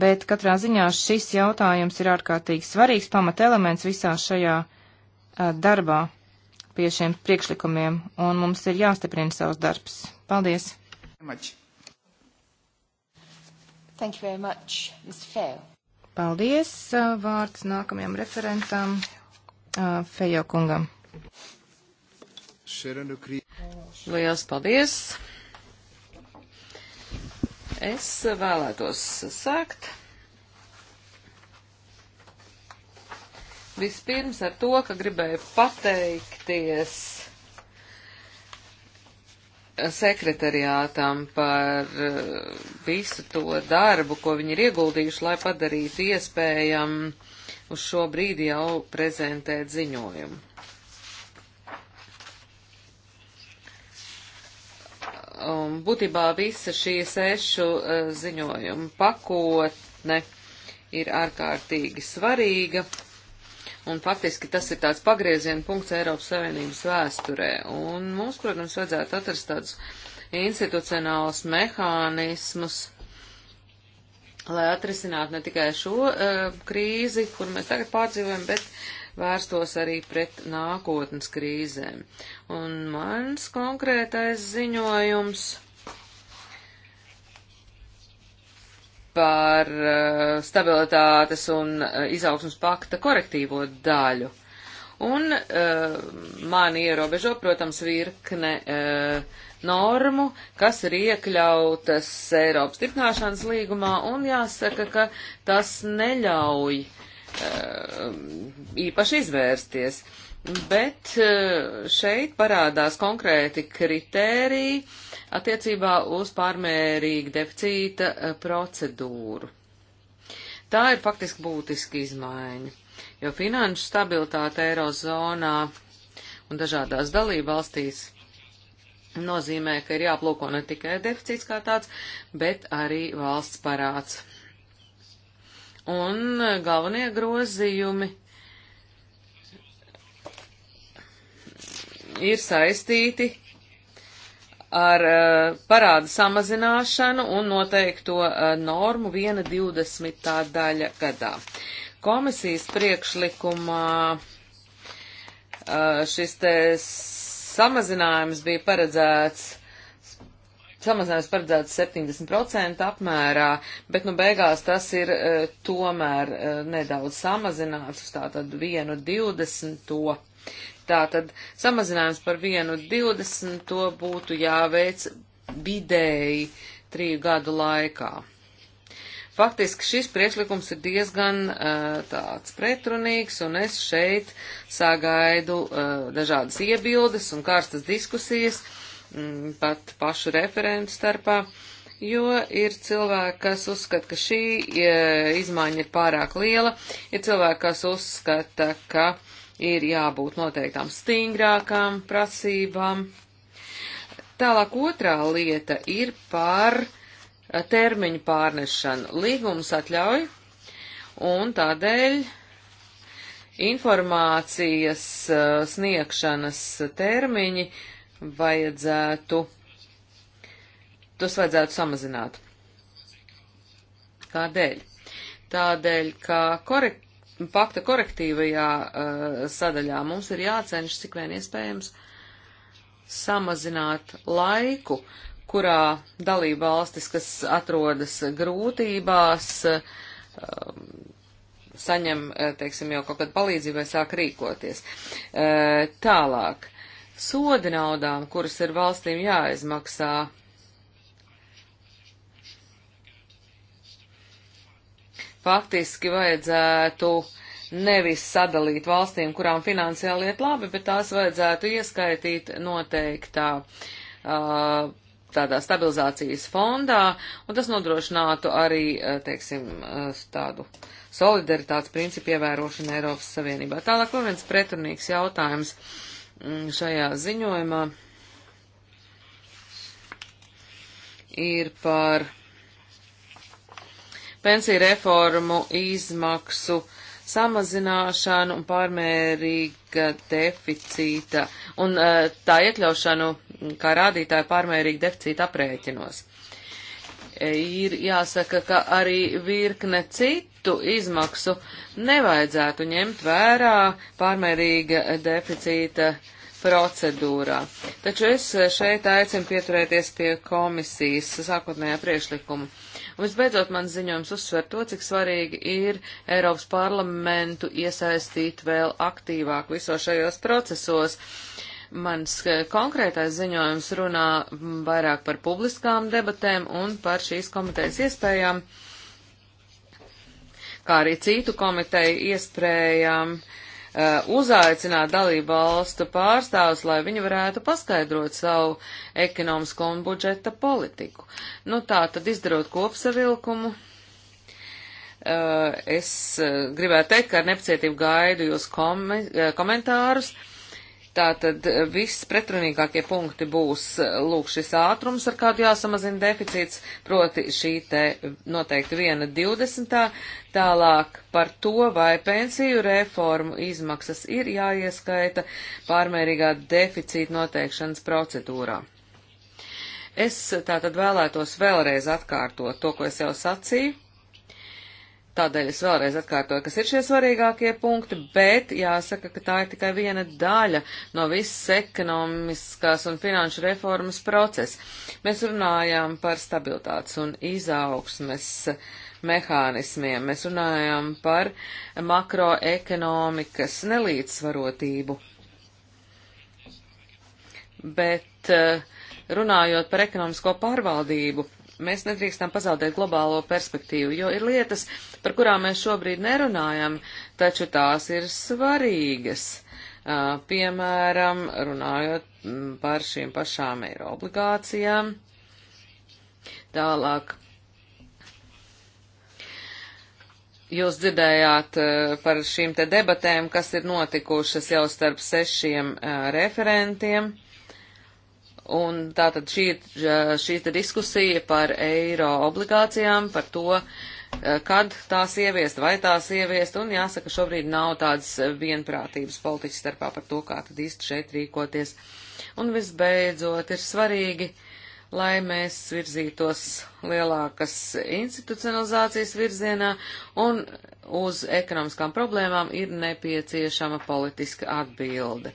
bet katrā ziņā šis jautājums ir ārkārtīgi svarīgs pamata elements visā šajā uh, darbā pie šiem priekšlikumiem, un mums ir jāstiprina savs darbs. Paldies! Thank you very much, Mr. Fair. Paldies! Uh, vārds nākamajam referentam Fejo kungam. Liels paldies! Es vēlētos sākt vispirms ar to, ka gribēju pateikties sekretariātam par visu to darbu, ko viņi ir ieguldījuši, lai padarītu iespējamu uz šo brīdi jau prezentēt ziņojumu. Un um, būtībā visa šī sešu uh, ziņojumu pakotne ir ārkārtīgi svarīga. Un faktiski tas ir tāds pagrieziena punkts Eiropas Savienības vēsturē. Un mums, protams, vajadzētu atrast tādus institucionālus mehānismus, lai atrisinātu ne tikai šo uh, krīzi, kur mēs tagad pārdzīvojam, bet vērstos arī pret nākotnes krīzēm. Un mans konkrētais ziņojums par uh, stabilitātes un uh, izaugsmas pakta korektīvo daļu. Un uh, mani ierobežo, protams, virkne uh, normu, kas ir iekļautas Eiropas stiprināšanas līgumā, un jāsaka, ka tas neļauj eh, īpaši izvērsties. Bet eh, šeit parādās konkrēti kritēriji attiecībā uz pārmērīgu deficīta eh, procedūru. Tā ir faktiski būtiska izmaiņa, jo finanšu stabilitāte Eirozonā un dažādās dalība valstīs nozīmē, ka ir jāplūko ne tikai deficīts kā tāds, bet arī valsts parāds. Un galvenie grozījumi ir saistīti ar eh, parāda samazināšanu un noteikto eh, normu 1,20 daļa gadā. Komisijas priekšlikumā eh, šis te samazinājums bija paredzēts. Samazinājums paredzēts 70% apmērā, bet nu beigās tas ir e, tomēr e, nedaudz samazināts uz tātad 1,20. Tātad samazinājums par 1,20 būtu jāveic vidēji triju gadu laikā. Faktiski šis priekšlikums ir diezgan uh, tāds pretrunīgs, un es šeit sagaidu uh, dažādas iebildes un kārstas diskusijas, mm, pat pašu referentu starpā, jo ir cilvēki, kas uzskata, ka šī uh, izmaiņa ir pārāk liela, ir cilvēki, kas uzskata, ka ir jābūt noteiktām stingrākām prasībām. Tālāk otrā lieta ir par uh, termiņu pārnešanu. Līgums atļauj un tādēļ informācijas uh, sniegšanas termiņi vajadzētu, tos vajadzētu samazināt. Kādēļ? Tādēļ, ka korek pakta korektīvajā uh, sadaļā mums ir jācenšas cik vien iespējams samazināt laiku, kurā dalība valstis, kas atrodas grūtībās, um, saņem, eh, teiksim, jau kaut kādu palīdzību vai sāk rīkoties. Eh, tālāk, soda naudām, kuras ir valstīm jāizmaksā. Faktiski vajadzētu nevis sadalīt valstīm, kurām finansiāli iet labi, bet tās vajadzētu ieskaitīt noteiktā uh, tādā stabilizācijas fondā, un tas nodrošinātu arī, eh, teiksim, eh, tādu solidaritātes principu ievērošanu Eiropas Savienībā. Tālāk vēl viens pretrunīgs jautājums mm, šajā ziņojumā ir par pensiju reformu izmaksu uh, samazināšanu un pārmērīga deficīta un eh, tā iekļaušanu kā rādītāju pārmērīga deficīta aprēķinos. E, ir jāsaka, ka arī virkne citu izmaksu nevajadzētu ņemt vērā pārmērīga deficīta procedūrā. Taču es šeit aicinu pieturēties pie komisijas sākotnējā priešlikuma. Un visbeidzot, mans ziņojums uzsver to, cik svarīgi ir Eiropas parlamentu iesaistīt vēl aktīvāk visos šajos procesos. Mans eh, konkrētais ziņojums runā vairāk par publiskām debatēm un par šīs komitejas iespējām, kā arī citu komiteju iespējām. Uh, Uh, uzaicināt dalību valstu pārstāvus, lai viņi varētu paskaidrot savu ekonomisko un budžeta politiku. Nu tā tad izdarot kopsavilkumu. Uh, es uh, gribētu teikt, ka ar nepacietību gaidu jūs kom komentārus. Tātad eh, viss pretrunīgākie punkti būs eh, lūk šis ātrums, ar kādu jāsamazina deficīts, proti šī te noteikti viena divdesmitā, tālāk par to, vai pensiju reformu izmaksas ir jāieskaita pārmērīgā deficīta noteikšanas procedūrā. Es tātad vēlētos vēlreiz atkārtot to, ko es jau sacīju Tādēļ es vēlreiz atkārtoju, kas ir šie svarīgākie punkti, bet jāsaka, ka tā ir tikai viena daļa no visas ekonomiskās un finanšu reformas procesa. Mēs runājām par stabilitātes un izaugsmes mehānismiem, mēs runājām par makroekonomikas nelīdzsvarotību. Bet eh, runājot par ekonomisko pārvaldību, mēs nedrīkstam pazaudēt globālo perspektīvu, jo ir lietas, par kurām mēs šobrīd nerunājam, taču tās ir svarīgas. Piemēram, runājot par šīm pašām eiro obligācijām. Tālāk. Jūs dzirdējāt par šīm te debatēm, kas ir notikušas jau starp sešiem referentiem Un tātad šī ir eh, šī diskusija par eiro obligācijām, par to, eh, kad tās ieviest, vai tās ieviest, un jāsaka, šobrīd nav tādas vienprātības politiķu starpā par to, kā tad īsti šeit rīkoties. Un visbeidzot, ir svarīgi, lai mēs virzītos lielākas institucionalizācijas virzienā, un uz ekonomiskām problēmām ir nepieciešama politiska atbilde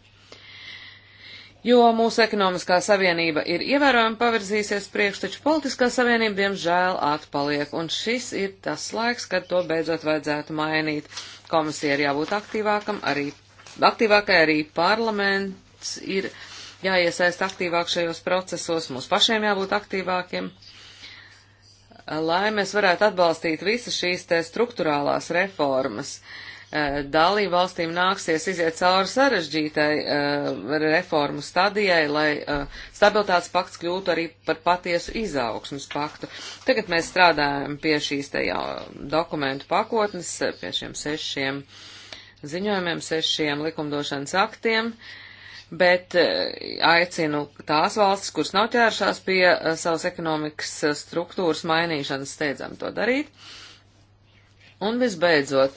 jo mūsu ekonomiskā savienība ir ievērojami pavirzīsies priekš, taču politiskā savieniba, diemžēl, atpaliek, un šis ir tas laiks, kad to beidzot vajadzētu mainīt. Komisija ir jābūt aktīvākam, arī aktīvākai arī parlaments ir jāiesaist aktīvāk šajos procesos, mums pašiem jābūt aktīvākiem, lai mēs varētu atbalstīt visas šīs te struktūrālās reformas. Uh, Eh, dalību valstīm nāksies iziet cauri sarežģītai uh, reformu stadijai, lai uh, stabilitātes pakts kļūtu arī par patiesu izaugsmas paktu. Tagad mēs strādājam pie šīs te jau dokumentu pakotnes, pie šiem sešiem ziņojumiem, sešiem likumdošanas aktiem. Bet uh, aicinu tās valstis, kuras nav ķēršās pie savas ekonomikas struktūras mainīšanas, steidzam to darīt. Uh, Un visbeidzot,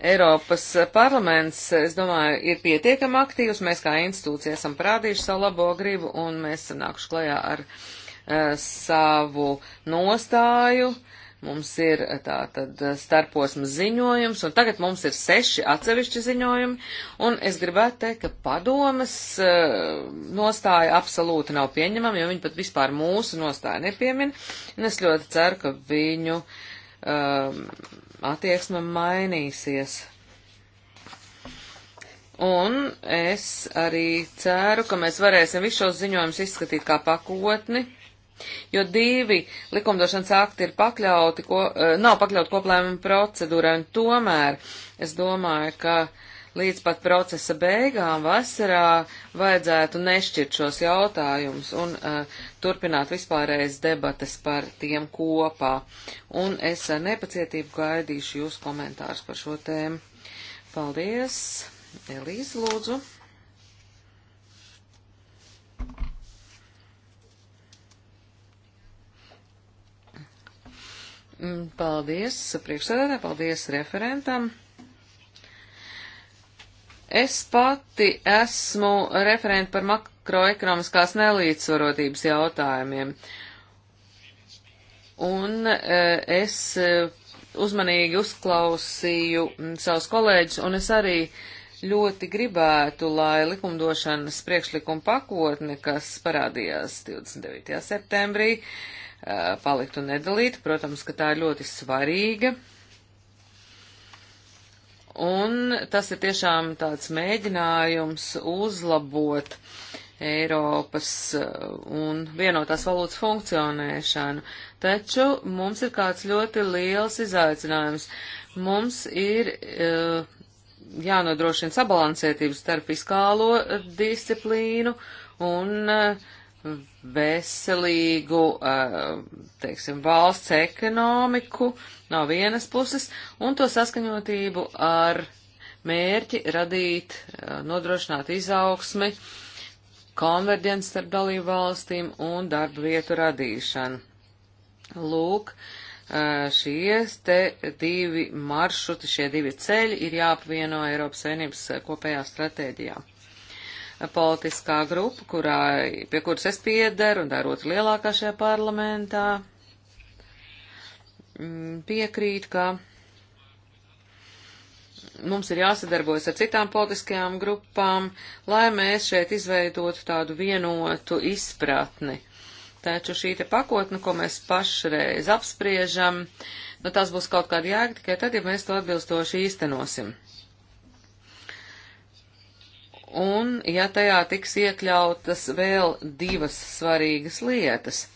Eiropas eh, parlaments, eh, es domāju, ir pietiekami aktīvs. Mēs kā institūcija esam parādījuši savu labo gribu un mēs nākuši klajā ar uh, savu nostāju. Uh, Mums ir eh, tā tad eh, starposmas ziņojums, un tagad mums ir seši atsevišķi ziņojumi, un es gribētu teikt, ka padomas eh, nostāja absolūti nav pieņemama, jo viņi pat vispār mūsu nostāju nepiemina, un es ļoti ceru, ka viņu um, attieksme mainīsies. Un es arī ceru, ka mēs varēsim visus šos ziņojumus izskatīt kā pakotni jo divi likumdošanas akti ir pakļauti, ko, eh, nav pakļauti koplēmuma procedūrai, un tomēr es domāju, ka līdz pat procesa beigām vasarā vajadzētu nešķirt šos jautājumus un uh, turpināt vispārējais debates par tiem kopā. Un es ar nepacietību gaidīšu jūs komentārus par šo tēmu. Paldies! Elīze, lūdzu! Mm, paldies priekšsēdētājai, paldies referentam. Es pati esmu referenti par makroekonomiskās nelīdzsvarotības jautājumiem. Un eh, es eh, uzmanīgi uzklausīju mm, savus kolēģus, un es arī ļoti gribētu, lai likumdošanas priekšlikuma pakotne, kas parādījās 29. septembrī, uh, Uh, paliktu nedalīta. Protams, ka tā ir ļoti svarīga. Un tas ir tiešām tāds mēģinājums uzlabot Eiropas uh, un vienotās valūtas funkcionēšanu. Taču mums ir kāds ļoti liels izaicinājums. Mums ir uh, jānodrošina sabalansētības starp fiskālo disciplīnu un uh, veselīgu, eh, teiksim, valsts ekonomiku no vienas puses un to saskaņotību ar mērķi radīt, eh, nodrošināt izaugsmi, konverģents starp dalību valstīm un darba vietu radīšanu. Lūk, eh, šie te divi maršruti, šie divi ceļi ir jāapvieno Eiropas Savienības kopējā stratēģijā politiskā grupa, kurā, pie kuras es piederu, un tā ir otra lielākā šajā parlamentā, mm, piekrīt, ka mums ir jāsadarbojas ar citām politiskajām grupām, lai mēs šeit izveidotu tādu vienotu izpratni. Taču šī te pakotne, ko mēs pašreiz apspriežam, nu tas būs kaut kāda jēga tikai tad, ja mēs to atbilstoši īstenosim un ja tajā tiks iekļautas vēl divas svarīgas lietas.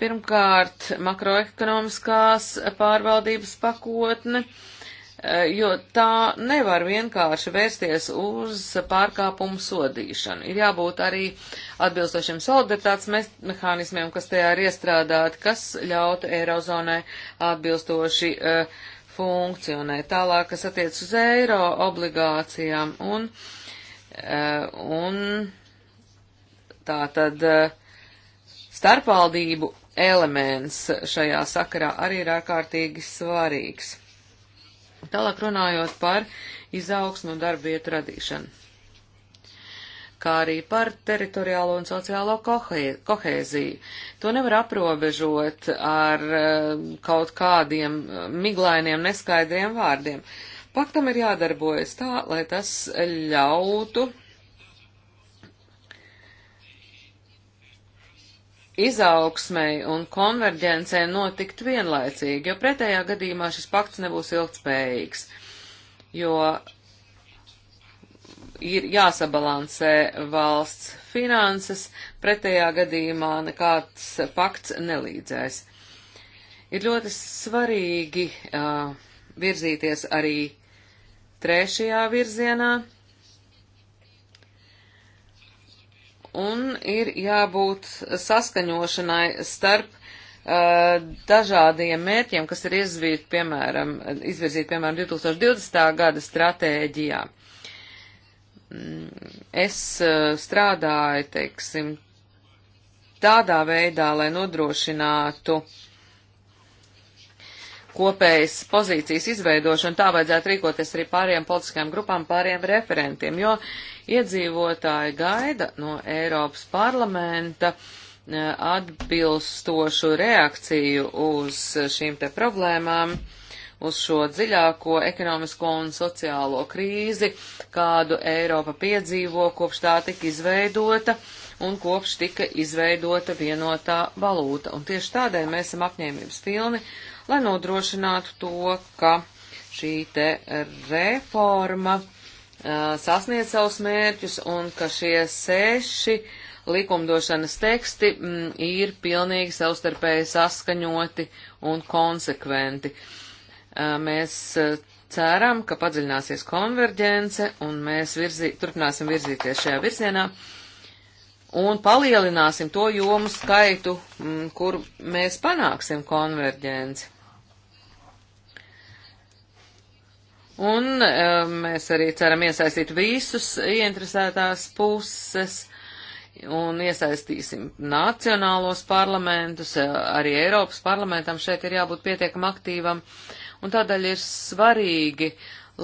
Pirmkārt, makroekonomiskās pārvaldības pakotne, e, jo tā nevar vienkārši vērsties uz pārkāpumu sodīšanu. Ir jābūt arī atbilstošiem solidaritātes mehānismiem, kas tajā ir iestrādāti, kas ļautu Eirozonai atbilstoši uh, funkcionē. Tālāk, kas attiec uz eiro obligācijām un, eh, un tā tad eh, starpvaldību elements šajā sakarā arī ir ārkārtīgi svarīgs. Tālāk runājot par izaugsmu un darbvietu radīšanu kā arī par teritoriālo un sociālo kohēziju. To nevar aprobežot ar eh, kaut kādiem eh, miglainiem, neskaidriem vārdiem. Paktam ir jādarbojas tā, lai tas ļautu izaugsmei un konverģencei notikt vienlaicīgi, jo pretējā gadījumā šis pakts nebūs ilgtspējīgs. Jo ir jāsabalansē valsts finanses, pretējā gadījumā nekāds pakts nelīdzēs. Ir ļoti svarīgi uh, virzīties arī trešajā virzienā, un ir jābūt saskaņošanai starp uh, dažādiem mērķiem, kas ir izvirzīti, piemēram, izvirzīt, piemēram, 2020. gada stratēģijā. Uh, es eh, strādāju, teiksim, tādā veidā, lai nodrošinātu kopējas pozīcijas izveidošanu, tā vajadzētu rīkoties arī pāriem politiskajām grupām, pāriem referentiem, jo iedzīvotāji gaida no Eiropas parlamenta eh, atbilstošu reakciju uz šīm te problēmām. Uh, uz šo dziļāko ekonomisko un sociālo krīzi, kādu Eiropa piedzīvo kopš tā tika izveidota un kopš tika izveidota vienotā valūta. Un tieši tādēļ mēs esam apņēmības pilni, lai nodrošinātu to, ka šī te reforma uh, sasniedz savus mērķus un ka šie seši likumdošanas teksti m, mm, ir pilnīgi savstarpēji saskaņoti un konsekventi. Uh, Mēs ceram, ka padziļināsies konverģence un mēs virzī, turpināsim virzīties šajā virzienā un palielināsim to jomu skaitu, kur mēs panāksim konverģenci. Un mēs arī ceram iesaistīt visus ieinteresētās puses un iesaistīsim nacionālos parlamentus, arī Eiropas parlamentam šeit ir jābūt pietiekam aktīvam. Uh, un tādēļ ir svarīgi,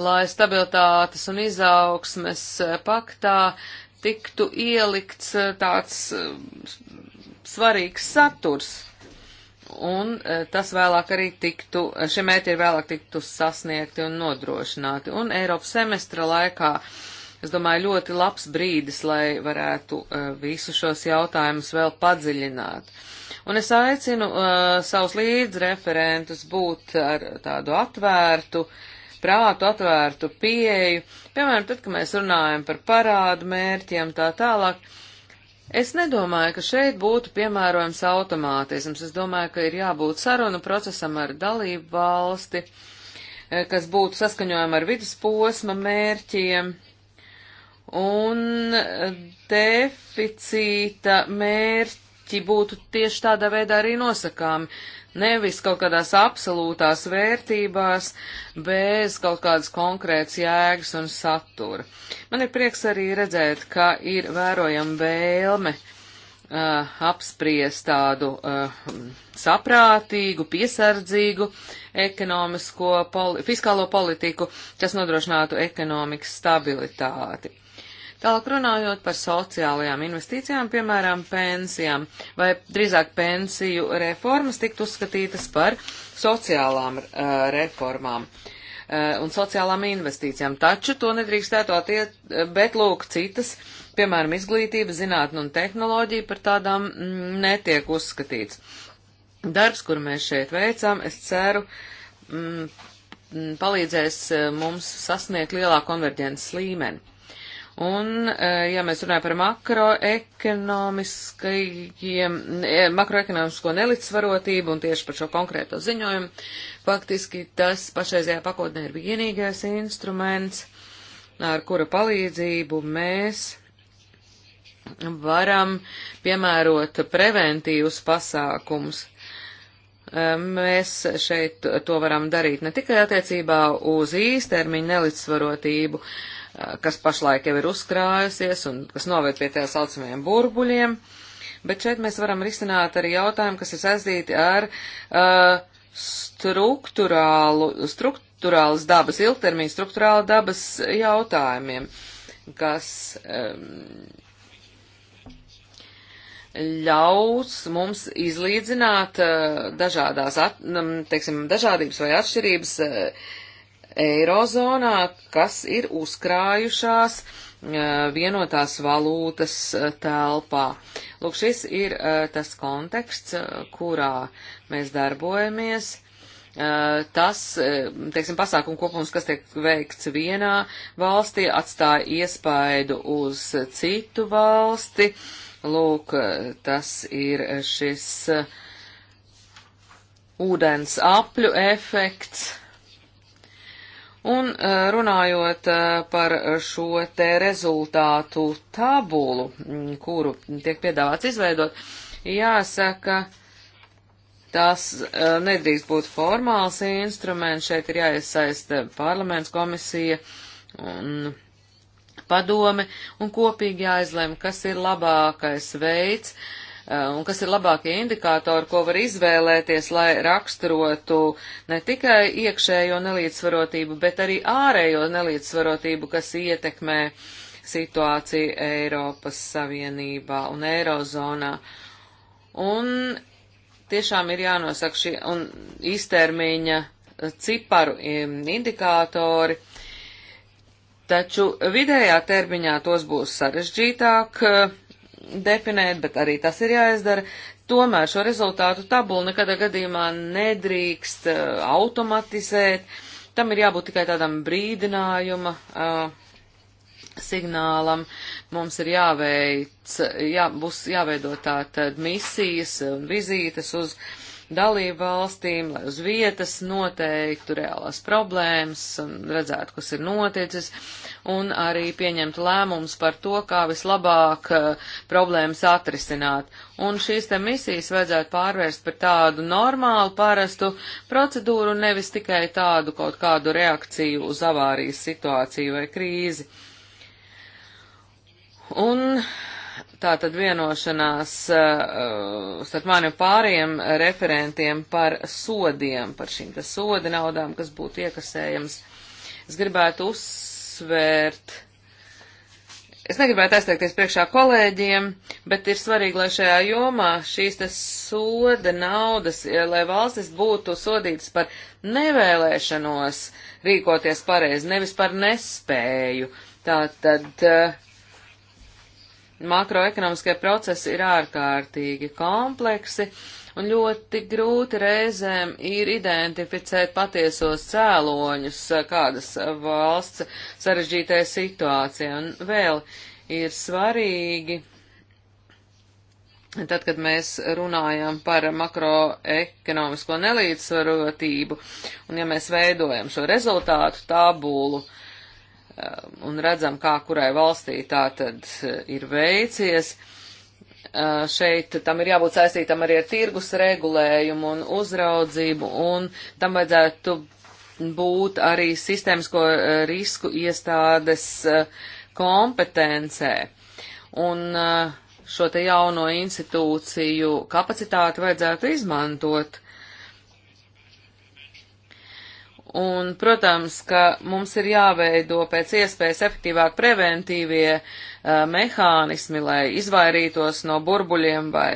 lai stabilitātes un izaugsmes paktā tiktu ielikts eh, tāds eh, svarīgs saturs. Un eh, tas vēlāk arī tiktu, šie mērķi ir vēlāk tiktu sasniegti un nodrošināti. Un Eiropas semestra laikā uh, es domāju, ļoti labs brīdis, lai varētu eh, visu šos jautājumus vēl padziļināt. Un es aicinu uh, savus līdzreferentus būt ar tādu atvērtu prātu, atvērtu pieeju. Piemēram, tad, kad mēs runājam par parādu mērķiem tā tālāk, es nedomāju, ka šeit būtu piemērojams automātisms. Es domāju, ka ir jābūt sarunu procesam ar dalību valsti, eh, kas būtu saskaņojama ar vidusposma mērķiem un deficīta mērķi būtu tieši tādā veidā arī nosakāmi. Nevis kaut kādās absolūtās vērtībās, bez kaut kādas konkrētas jēgas un satura. Man ir prieks arī redzēt, ka ir vērojama vēlme uh, apspriest tādu uh, saprātīgu, piesardzīgu ekonomisko, poli fiskālo politiku, kas nodrošinātu ekonomikas stabilitāti. Tālāk runājot par sociālajām investīcijām, piemēram, pensijām, vai drīzāk pensiju reformas tikt uzskatītas par sociālām uh, reformām uh, un sociālām investīcijām. Taču to nedrīkstētu attiet, bet lūk, citas, piemēram, izglītība, zinātne un tehnoloģija par tādām mm, netiek uzskatīts. Darbs, kur mēs šeit veicam, es ceru, mm, palīdzēs eh, mums sasniegt lielā konverģences līmeni. Un, e, ja mēs runājam par e, makroekonomisko nelīdzsvarotību un tieši par šo konkrēto ziņojumu, faktiski tas pašreizajā pakotnē ir vienīgais instruments, ar kura palīdzību mēs varam piemērot preventīvus pasākumus. E, mēs šeit to varam darīt ne tikai attiecībā uz īstermiņu nelīdzsvarotību, kas pašlaik jau ir uzkrājusies un kas noved pie tā saucamajiem burbuļiem, bet šeit mēs varam risināt arī jautājumu, kas ir saistīti ar uh, struktūrālu, struktūrālas dabas, ilgtermiņa struktūrāla dabas jautājumiem, kas um, ļaus mums izlīdzināt uh, dažādās, at, um, teiksim, dažādības vai atšķirības uh, Eirozonā, kas ir uzkrājušās eh, vienotās valūtas eh, telpā. Lūk, šis ir eh, tas konteksts, kurā mēs darbojamies tas, teiksim, pasākumu kopums, kas tiek veikts vienā valstī, atstāja iespaidu uz citu valsti. Lūk, tas ir šis ūdens apļu efekts. Un eh, runājot eh, par šo te rezultātu tabulu, mm, kuru tiek piedāvāts izveidot, jāsaka, tas eh, nedrīkst būt formāls instruments, šeit ir jāiesaista parlaments komisija un padome, un kopīgi jāizlem, kas ir labākais veids, uh, Eh, un kas ir labākie indikātori, ko var izvēlēties, lai raksturotu ne tikai iekšējo nelīdzsvarotību, bet arī ārējo nelīdzsvarotību, kas ietekmē situāciju Eiropas Savienībā un Eirozonā. Un tiešām ir jānosaka šie un īstermiņa ciparu indikātori, taču vidējā termiņā tos būs sarežģītāk definēt, bet arī tas ir jāizdara. Tomēr šo rezultātu tabulu nekadā gadījumā nedrīkst uh, automatizēt. Tam ir jābūt tikai tādam brīdinājuma uh, signālam. Mums ir jāveic, jā, būs jāveido tātad misijas un vizītes uz dalību valstīm, lai uz vietas noteiktu reālās problēmas un redzētu, kas ir noticis. Uh, un arī pieņemt lēmums par to, kā vislabāk uh, problēmas atrisināt. Un šīs te misijas vajadzētu pārvērst par tādu normālu, parastu procedūru, nevis tikai tādu kaut kādu reakciju uz avārijas situāciju vai krīzi. Un tā tad vienošanās uh, starp mani pāriem referentiem par sodiem, par šīm te soda naudām, kas būtu iekasējams. Es gribētu uzsākt uzsvērt. Es negribētu aizteikties priekšā kolēģiem, bet ir svarīgi, lai šajā jomā šīs tas soda naudas, lai valstis būtu sodītas par nevēlēšanos rīkoties pareizi, nevis par nespēju. Tātad eh, makroekonomiskie procesi ir ārkārtīgi kompleksi ļoti grūti reizēm ir identificēt patiesos cēloņus kādas valsts sarežģītajā situācijā. Un vēl ir svarīgi, tad, kad mēs runājam par makroekonomisko nelīdzsvarotību, un ja mēs veidojam šo rezultātu tabulu, um, un redzam, kā kurai valstī tā tad ir veicies, uh, Eh, šeit tam ir jābūt saistītam arī ar tirgus regulējumu un uzraudzību, un tam vajadzētu būt arī sistēmisko eh, risku iestādes eh, kompetencē. Un šo te jauno institūciju kapacitāti vajadzētu izmantot Un, protams, ka mums ir jāveido pēc iespējas efektīvāk preventīvie uh, mehānismi, lai izvairītos no burbuļiem vai,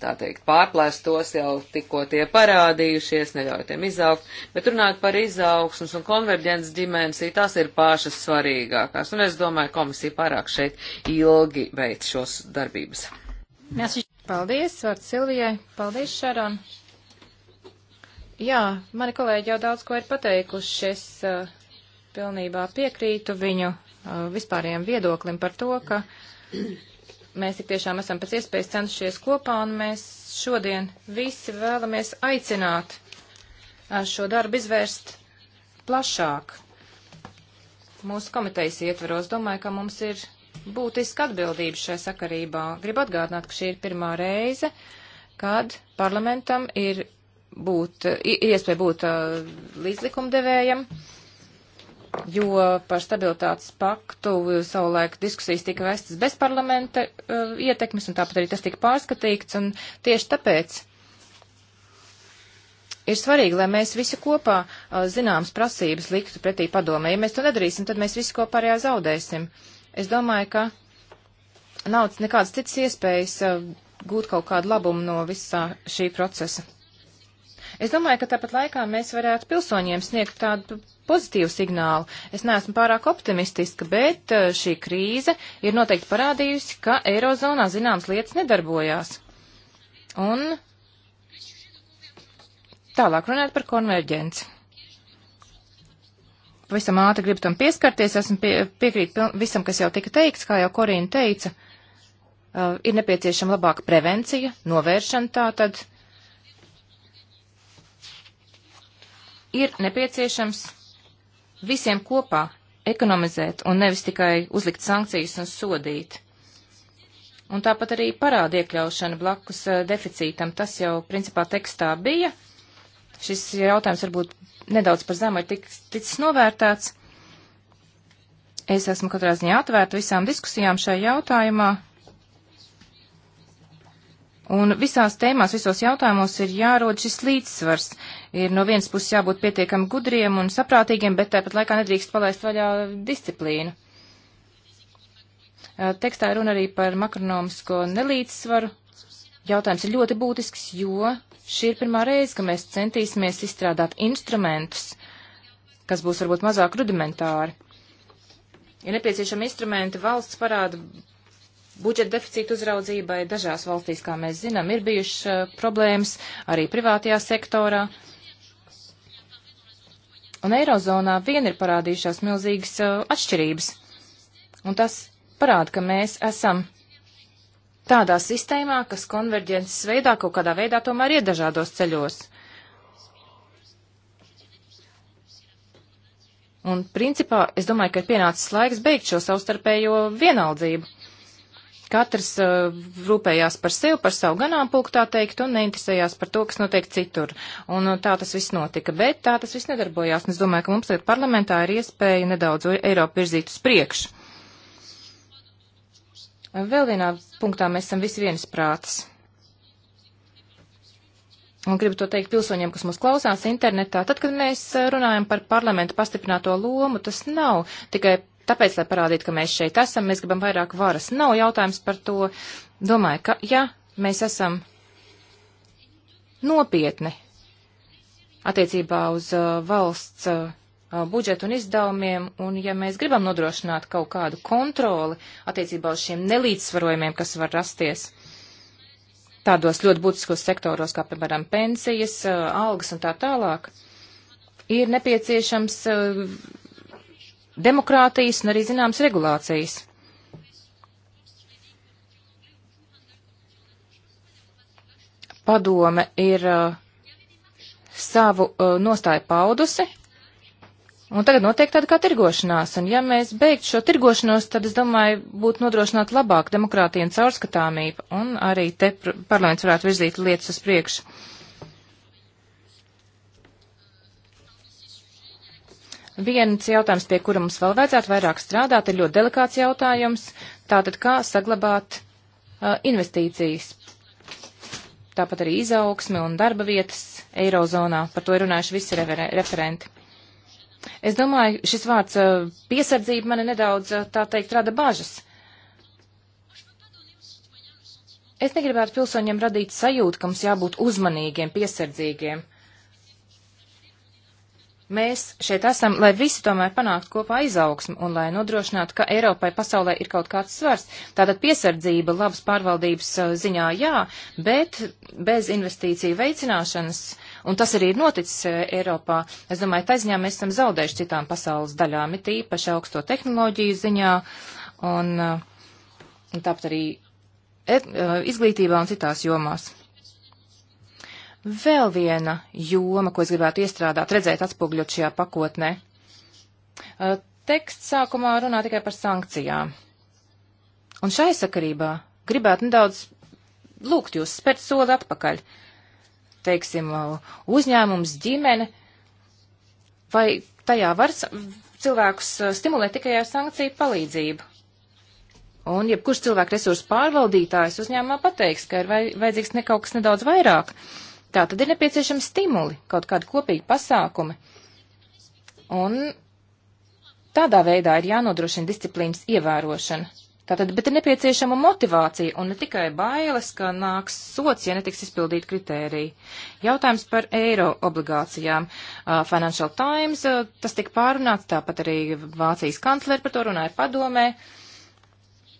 tā teikt, pārplēstos jau tikko tie parādījušies, neļauj tiem izaugt. Bet runāt par izaugsmus un konverģences dimensiju, tās ir pašas svarīgākās. Un es domāju, komisija pārāk šeit ilgi veic šos darbības. Paldies, vārds Silvijai. Paldies, Šaron. Jā, mani kolēģi jau daudz ko ir pateikuši. Es uh, pilnībā piekrītu viņu uh, vispārējiem viedoklim par to, ka mēs tik tiešām esam pēc iespējas centušies kopā un mēs šodien visi vēlamies aicināt uh, šo darbu izvērst plašāk. Mūsu komitejas ietveros domāju, ka mums ir būtiska atbildība šai sakarībā. Gribu atgādināt, ka šī ir pirmā reize, kad parlamentam ir būt, ir iespēja būt uh, līdzlikumdevējam, jo par stabilitātes paktu savulaik diskusijas tika vestas bez parlamenta uh, ietekmes, un tāpat arī tas tika pārskatīts, un tieši tāpēc ir svarīgi, lai mēs visi kopā uh, zināmas prasības liktu pretī padomē. Ja mēs to nedarīsim, tad mēs visi kopā arī zaudēsim. Es domāju, ka nav nekādas citas iespējas uh, gūt kaut kādu labumu no visā šī procesa. Es domāju, ka tāpat laikā mēs varētu pilsoņiem sniegt tādu pozitīvu signālu. Es neesmu pārāk optimistiska, bet eh, šī krīze ir noteikti parādījusi, ka Eirozonā zināmas lietas nedarbojās. Un tālāk runāt par konverģenci. Pavisam ātri gribu tam pieskarties, esmu pie, piekrīt visam, kas jau tika teikts, kā jau Korīna teica. Uh, ir nepieciešama labāka prevencija, novēršana tātad. Uh, ir nepieciešams visiem kopā ekonomizēt un nevis tikai uzlikt sankcijas un sodīt. Un tāpat arī parāda iekļaušana blakus uh, deficītam. Tas jau principā tekstā bija. Šis jautājums varbūt nedaudz par zemu ir tik, ticis novērtēts. Es esmu katrā ziņā atvērta visām diskusijām šajā jautājumā. Un visās tēmās, visos jautājumos ir jārod šis līdzsvars. Ir no vienas puses jābūt pietiekami gudriem un saprātīgiem, bet tāpat laikā nedrīkst palaist vaļā disciplīnu. Tekstā runa arī par makronomisko nelīdzsvaru. Jautājums ir ļoti būtisks, jo šī ir pirmā reize, ka mēs centīsimies izstrādāt instrumentus, kas būs varbūt mazāk rudimentāri. Ir nepieciešami instrumenti valsts parāda budžeta deficīta uzraudzībai. Dažās valstīs, kā mēs zinām, ir bijušas eh, problēmas arī privātajā sektorā. Un Eirozonā vien ir parādījušās milzīgas eh, atšķirības. Un tas parāda, ka mēs esam tādā sistēmā, kas konverģences veidā kaut kādā veidā tomēr ir dažādos ceļos. Un principā es domāju, ka ir pienācis laiks beigt šo savstarpējo vienaldzību. Katrs uh, rūpējās par sevi, par savu ganāmpulku, tā teikt, un neinteresējās par to, kas notiek citur. Un uh, tā tas viss notika, bet tā tas viss nedarbojās. Un es domāju, ka mums tagad parlamentā ir iespēja nedaudz Eiropu virzīt uz priekšu. Vēl vienā punktā mēs esam visi vienas prātas. Un gribu to teikt pilsoņiem, kas mūs klausās internetā. Tad, kad mēs uh, runājam par parlamentu pastiprināto lomu, tas nav tikai Tāpēc, lai parādītu, ka mēs šeit esam, mēs gribam vairāk varas. Nav jautājums par to. Domāju, ka ja mēs esam nopietni attiecībā uz uh, valsts uh, uh, budžetu un izdevumiem, un ja mēs gribam nodrošināt kaut kādu kontroli attiecībā uz šiem nelīdzsvarojumiem, kas var rasties tādos ļoti būtiskos sektoros, kā piemēram pensijas, uh, algas un tā tālāk, ir nepieciešams uh, demokrātijas un arī zināmas regulācijas. Padome ir uh, savu uh, nostāju paudusi, Un tagad notiek tāda kā tirgošanās, un ja mēs beigtu šo tirgošanos, tad es domāju, būtu nodrošināta labāka demokrātija un caurskatāmība, un arī te parlaments varētu virzīt lietas uz priekšu. Viens jautājums, pie kura mums vēl vajadzētu vairāk strādāt, ir ļoti delikāts jautājums. Tātad, kā saglabāt uh, investīcijas, tāpat arī izaugsme un darba vietas Eirozonā. Par to ir runājuši visi refer referenti. Es domāju, šis vārds uh, piesardzība mani nedaudz, uh, tā teikt, rada bažas. Es negribētu pilsoņiem radīt sajūtu, ka mums jābūt uzmanīgiem, piesardzīgiem. Uh, Mēs šeit esam, lai visi tomēr panāktu kopā izaugsmu un lai nodrošinātu, ka Eiropai pasaulē ir kaut kāds svars. Tātad piesardzība labas pārvaldības eh, ziņā jā, bet bez investīciju veicināšanas, un tas arī ir noticis eh, Eiropā, es domāju, taisņā mēs esam zaudējuši citām pasaules daļām, it īpaši augsto tehnoloģiju ziņā, un, eh, un tāpat arī e, izglītībā un citās jomās vēl viena joma, ko es gribētu iestrādāt, redzēt atspogļot šajā pakotnē. Uh, teksts sākumā runā tikai par sankcijām. Un šai sakarībā gribētu nedaudz lūgt jūs spērt soli atpakaļ. Teiksim, uh, uzņēmums, ģimene, vai tajā var cilvēkus uh, stimulēt tikai ar sankciju palīdzību? Un jebkurš cilvēku resursu pārvaldītājs uzņēmumā pateiks, ka ir vajadzīgs ne kaut kas nedaudz vairāk. Uh, Tā tad ir nepieciešami stimuli, kaut kādi kopīgi pasākumi. Un tādā veidā ir jānodrošina disciplīnas ievērošana. Tātad, bet ir nepieciešama motivācija un ne tikai bailes, ka nāks sots, ja netiks izpildīt kritēriju. Jautājums par eiro obligācijām. Uh, Financial Times, uh, tas tika pārunāts, tāpat arī Vācijas kanclere par to runāja padomē. Uh,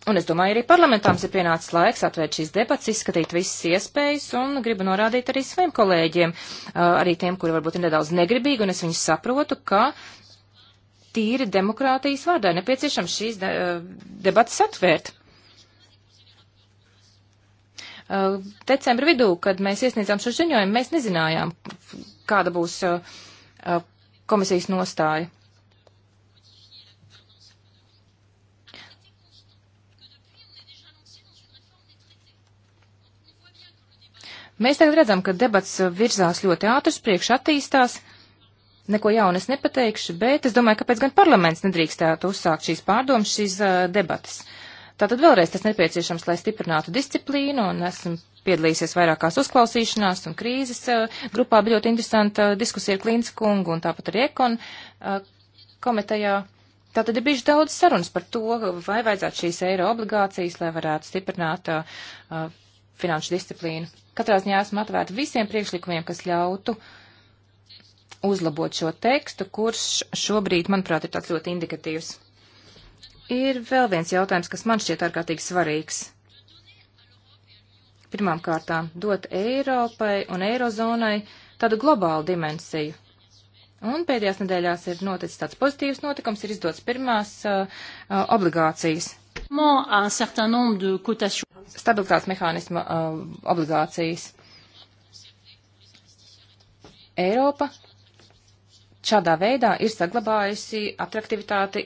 Un es domāju, arī parlamentām ir pienācis laiks atvērt šīs debats, izskatīt visas iespējas un gribu norādīt arī saviem kolēģiem, arī tiem, kuri varbūt ir nedaudz negribīgi, un es viņus saprotu, ka tīri demokrātijas vārdā nepieciešams šīs de debatas atvērt. Decembra vidū, kad mēs iesniedzām šo ziņojumu, mēs nezinājām, kāda būs komisijas nostāja. Mēs tagad redzam, ka debats virzās ļoti ātri, priekš attīstās. Neko jaunu es nepateikšu, bet es domāju, kāpēc gan parlaments nedrīkstētu uzsākt šīs pārdomas, šīs uh, debatas. Tātad vēlreiz tas nepieciešams, lai stiprinātu disciplīnu, un esmu piedalīsies vairākās uzklausīšanās un krīzes uh, grupā, bija ļoti interesanta diskusija ar Klīnas kungu un tāpat arī Ekon uh, komitejā. Tātad ir bijuši daudz sarunas par to, vai vajadzētu šīs eiro obligācijas, lai varētu stiprināt uh, finanšu disciplīnu. Katrā ziņā esmu atvērta visiem priekšlikumiem, kas ļautu uzlabot šo tekstu, kurš šobrīd, manuprāt, ir tāds ļoti indikatīvs. Ir vēl viens jautājums, kas man šķiet ārkārtīgi svarīgs. Pirmām kārtām dot Eiropai un Eirozonai tādu globālu dimensiju. Un pēdējās nedēļās ir noticis tāds pozitīvs notikums, ir izdots pirmās uh, uh obligācijas Stabilitātes mehānisma uh, obligācijas. Eiropa šādā veidā ir saglabājusi atraktivitāti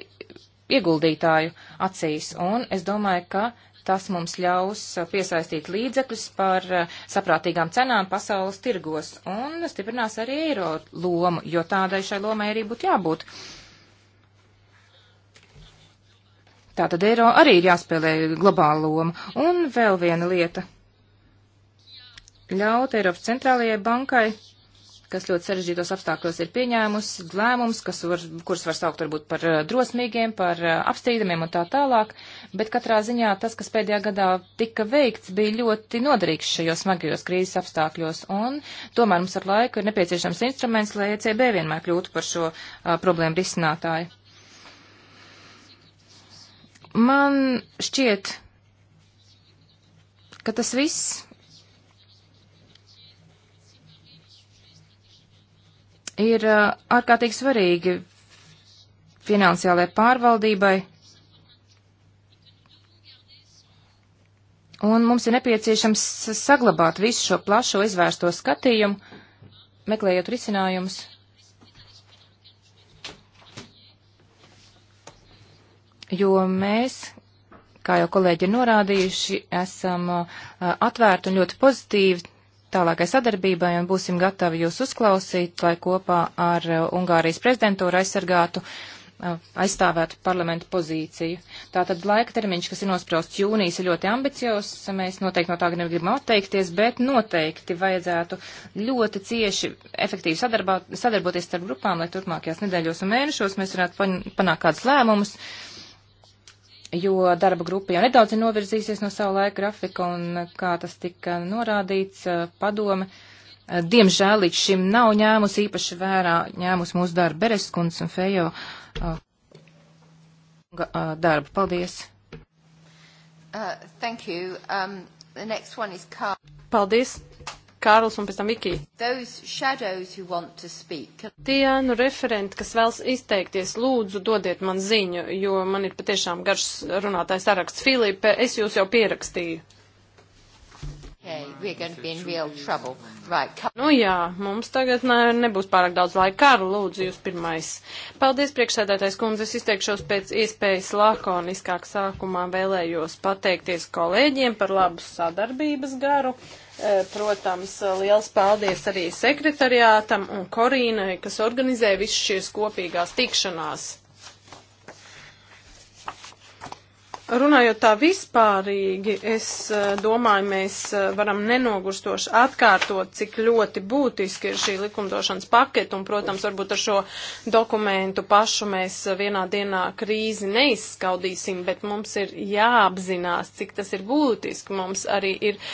ieguldītāju acīs, un es domāju, ka tas mums ļaus uh, piesaistīt līdzekļus par uh, saprātīgām cenām pasaules tirgos un stiprinās arī eiro lomu, jo tādai šai lomai arī būtu jābūt. Uh, Tātad eiro arī ir jāspēlē globāla loma. Un vēl viena lieta. Ļaut Eiropas centrālajai bankai, kas ļoti sarežģītos apstākļos ir pieņēmusi lēmums, kas var, kurus var saukt varbūt par eh, drosmīgiem, par eh, apstrīdamiem un tā tālāk, bet katrā ziņā tas, kas pēdējā gadā tika veikts, bija ļoti noderīgs šajos smagajos krīzes apstākļos, un tomēr mums ar laiku ir nepieciešams instruments, lai ECB vienmēr kļūtu par šo a, eh, problēmu risinātāju. Man šķiet, ka tas viss ir uh, ārkārtīgi svarīgi finansiālajai pārvaldībai. Un mums ir nepieciešams saglabāt visu šo plašo izvērsto skatījumu, meklējot risinājumus jo mēs, kā jau kolēģi ir norādījuši, esam uh, atvērti un ļoti pozitīvi tālākai sadarbībai un būsim gatavi jūs uzklausīt, lai kopā ar uh, Ungārijas prezidentūru aizsargātu uh, aizstāvētu parlamentu pozīciju. Tātad laika termiņš, kas ir nosprausts jūnijas, ir ļoti ambiciozs. Mēs noteikti no tā gribam atteikties, bet noteikti vajadzētu ļoti cieši, efektīvi sadarbā, sadarboties starp grupām, lai turpmākajās nedēļos un mēnešos mēs varētu panākt kādus lēmumus. Uh, jo darba grupa jau nedaudz ir novirzīsies no savu laika grafika, un uh, kā tas tika norādīts, uh, padome, uh, diemžēl līdz šim nav ņēmusi īpaši vērā, ņēmusi mūsu darbu Bereskunds un Fejo darbu. Paldies! Uh, thank you. Um, the next one is Carl. Paldies! Kārls un pēc tam Viki. Tie nu referenti, kas vēlas izteikties, lūdzu dodiet man ziņu, jo man ir patiešām garš runātājs saraksts. Filipe, es jūs jau pierakstīju. Okay, right. Nu jā, mums tagad ne, nebūs pārāk daudz laika. Kārl, lūdzu, jūs pirmais. Paldies, priekšsēdētais kundze. Es izteikšos pēc iespējas lakoniskāk sākumā vēlējos pateikties kolēģiem par labu sadarbības garu. Uh, E, protams, liels paldies arī sekretariātam un Korīnai, kas organizē visus šīs kopīgās tikšanās. Runājot tā vispārīgi, es eh, domāju, mēs eh, varam nenogurstoši atkārtot, cik ļoti būtiski ir šī likumdošanas paketa, un, protams, varbūt ar šo dokumentu pašu mēs eh, vienā dienā krīzi neizskaudīsim, bet mums ir jāapzinās, cik tas ir būtiski. Mums arī ir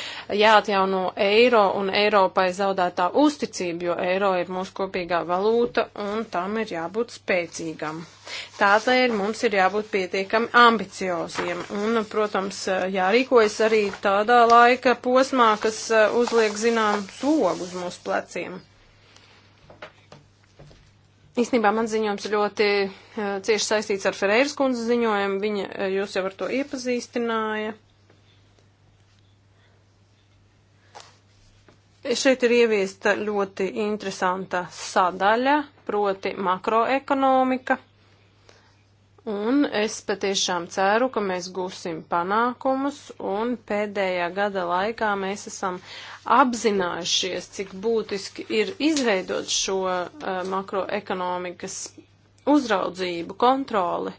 jāatjauno eiro un Eiropai zaudētā uzticība, jo eiro ir mūsu kopīgā valūta, un tam ir jābūt spēcīgam. Tādēļ mums ir jābūt pietiekami ambicioziem un, protams, jārīkojas arī tādā laika posmā, kas eh, uzliek zinām sogu uz mūsu pleciem. Īstenībā man ziņojums ļoti uh, cieši saistīts ar Ferēras kundzes ziņojumu. Viņa uh, jūs jau ar to iepazīstināja. Šeit ir ieviesta ļoti interesanta sadaļa, proti makroekonomika. Un es patiešām ceru, ka mēs gūsim panākumus, un pēdējā gada laikā mēs esam apzinājušies, cik būtiski ir izveidot šo uh, makroekonomikas uzraudzību, kontroli.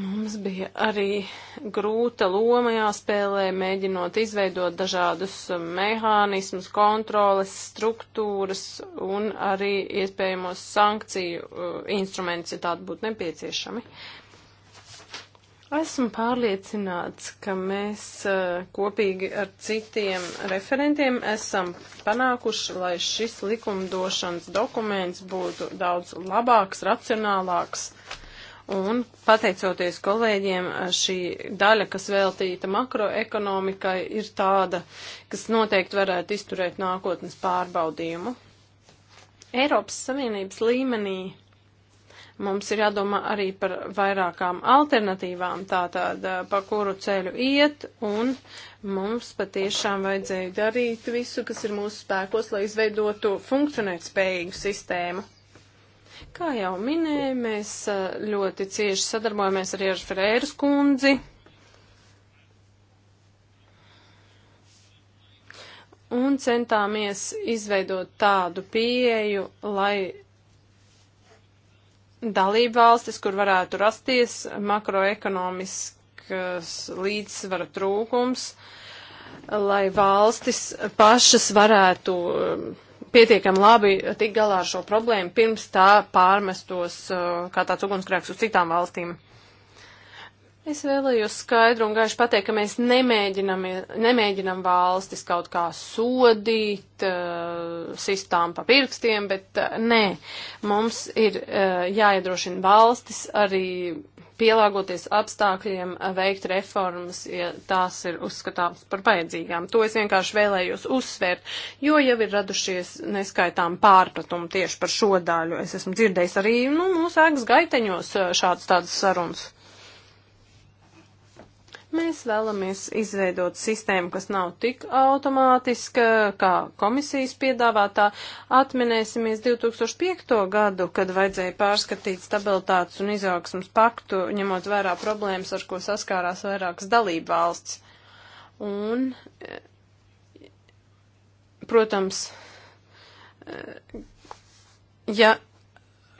Mums bija arī grūta loma jāspēlē, mēģinot izveidot dažādus mehānismus, kontroles, struktūras un arī iespējamos sankciju uh, instrumentus, ja tādi būtu nepieciešami. Esmu pārliecināts, ka mēs uh, kopīgi ar citiem referentiem esam panākuši, lai šis likumdošanas dokuments būtu daudz labāks, racionālāks Un pateicoties kolēģiem, šī daļa, kas veltīta makroekonomikai, ir tāda, kas noteikti varētu izturēt nākotnes pārbaudījumu. Eiropas Savienības līmenī mums ir jādomā arī par vairākām alternatīvām, tātad eh, pa kuru ceļu iet, un mums patiešām vajadzēja darīt visu, kas ir mūsu spēkos, lai izveidotu funkcionēt spējīgu sistēmu. Kā jau minēju, mēs uh, ļoti cieši sadarbojamies arī ar Ferēras kundzi. Un centāmies izveidot tādu pieeju, lai dalība valstis, kur varētu rasties makroekonomiskas līdzsvara trūkums, lai valstis pašas varētu um, pietiekami labi tik galā ar šo problēmu, pirms tā pārmestos uh, kā tāds ugunsgrēks uz citām valstīm. Es vēlējos skaidru un gaišu pateikt, ka mēs nemēģinam, nemēģinam valstis kaut kā sodīt, uh, sistām pa pirkstiem, bet uh, nē, mums ir jāiedrošina valstis arī pielāgoties apstākļiem, veikt reformas, ja tās ir uzskatāmas par vajadzīgām. To es vienkārši vēlējos uzsvērt, jo jau ir radušies neskaitām pārpratumu tieši par šo daļu. Es esmu dzirdējis arī nu, mūsu ēkas gaiteņos šādas tādas sarunas. Mēs vēlamies izveidot sistēmu, kas nav tik automātiska, kā komisijas piedāvātā. Atminēsimies 2005. gadu, kad vajadzēja pārskatīt stabilitātes un izaugsmas paktu, ņemot vērā problēmas, ar ko saskārās vairākas dalība valsts. Un, eh, protams, eh, ja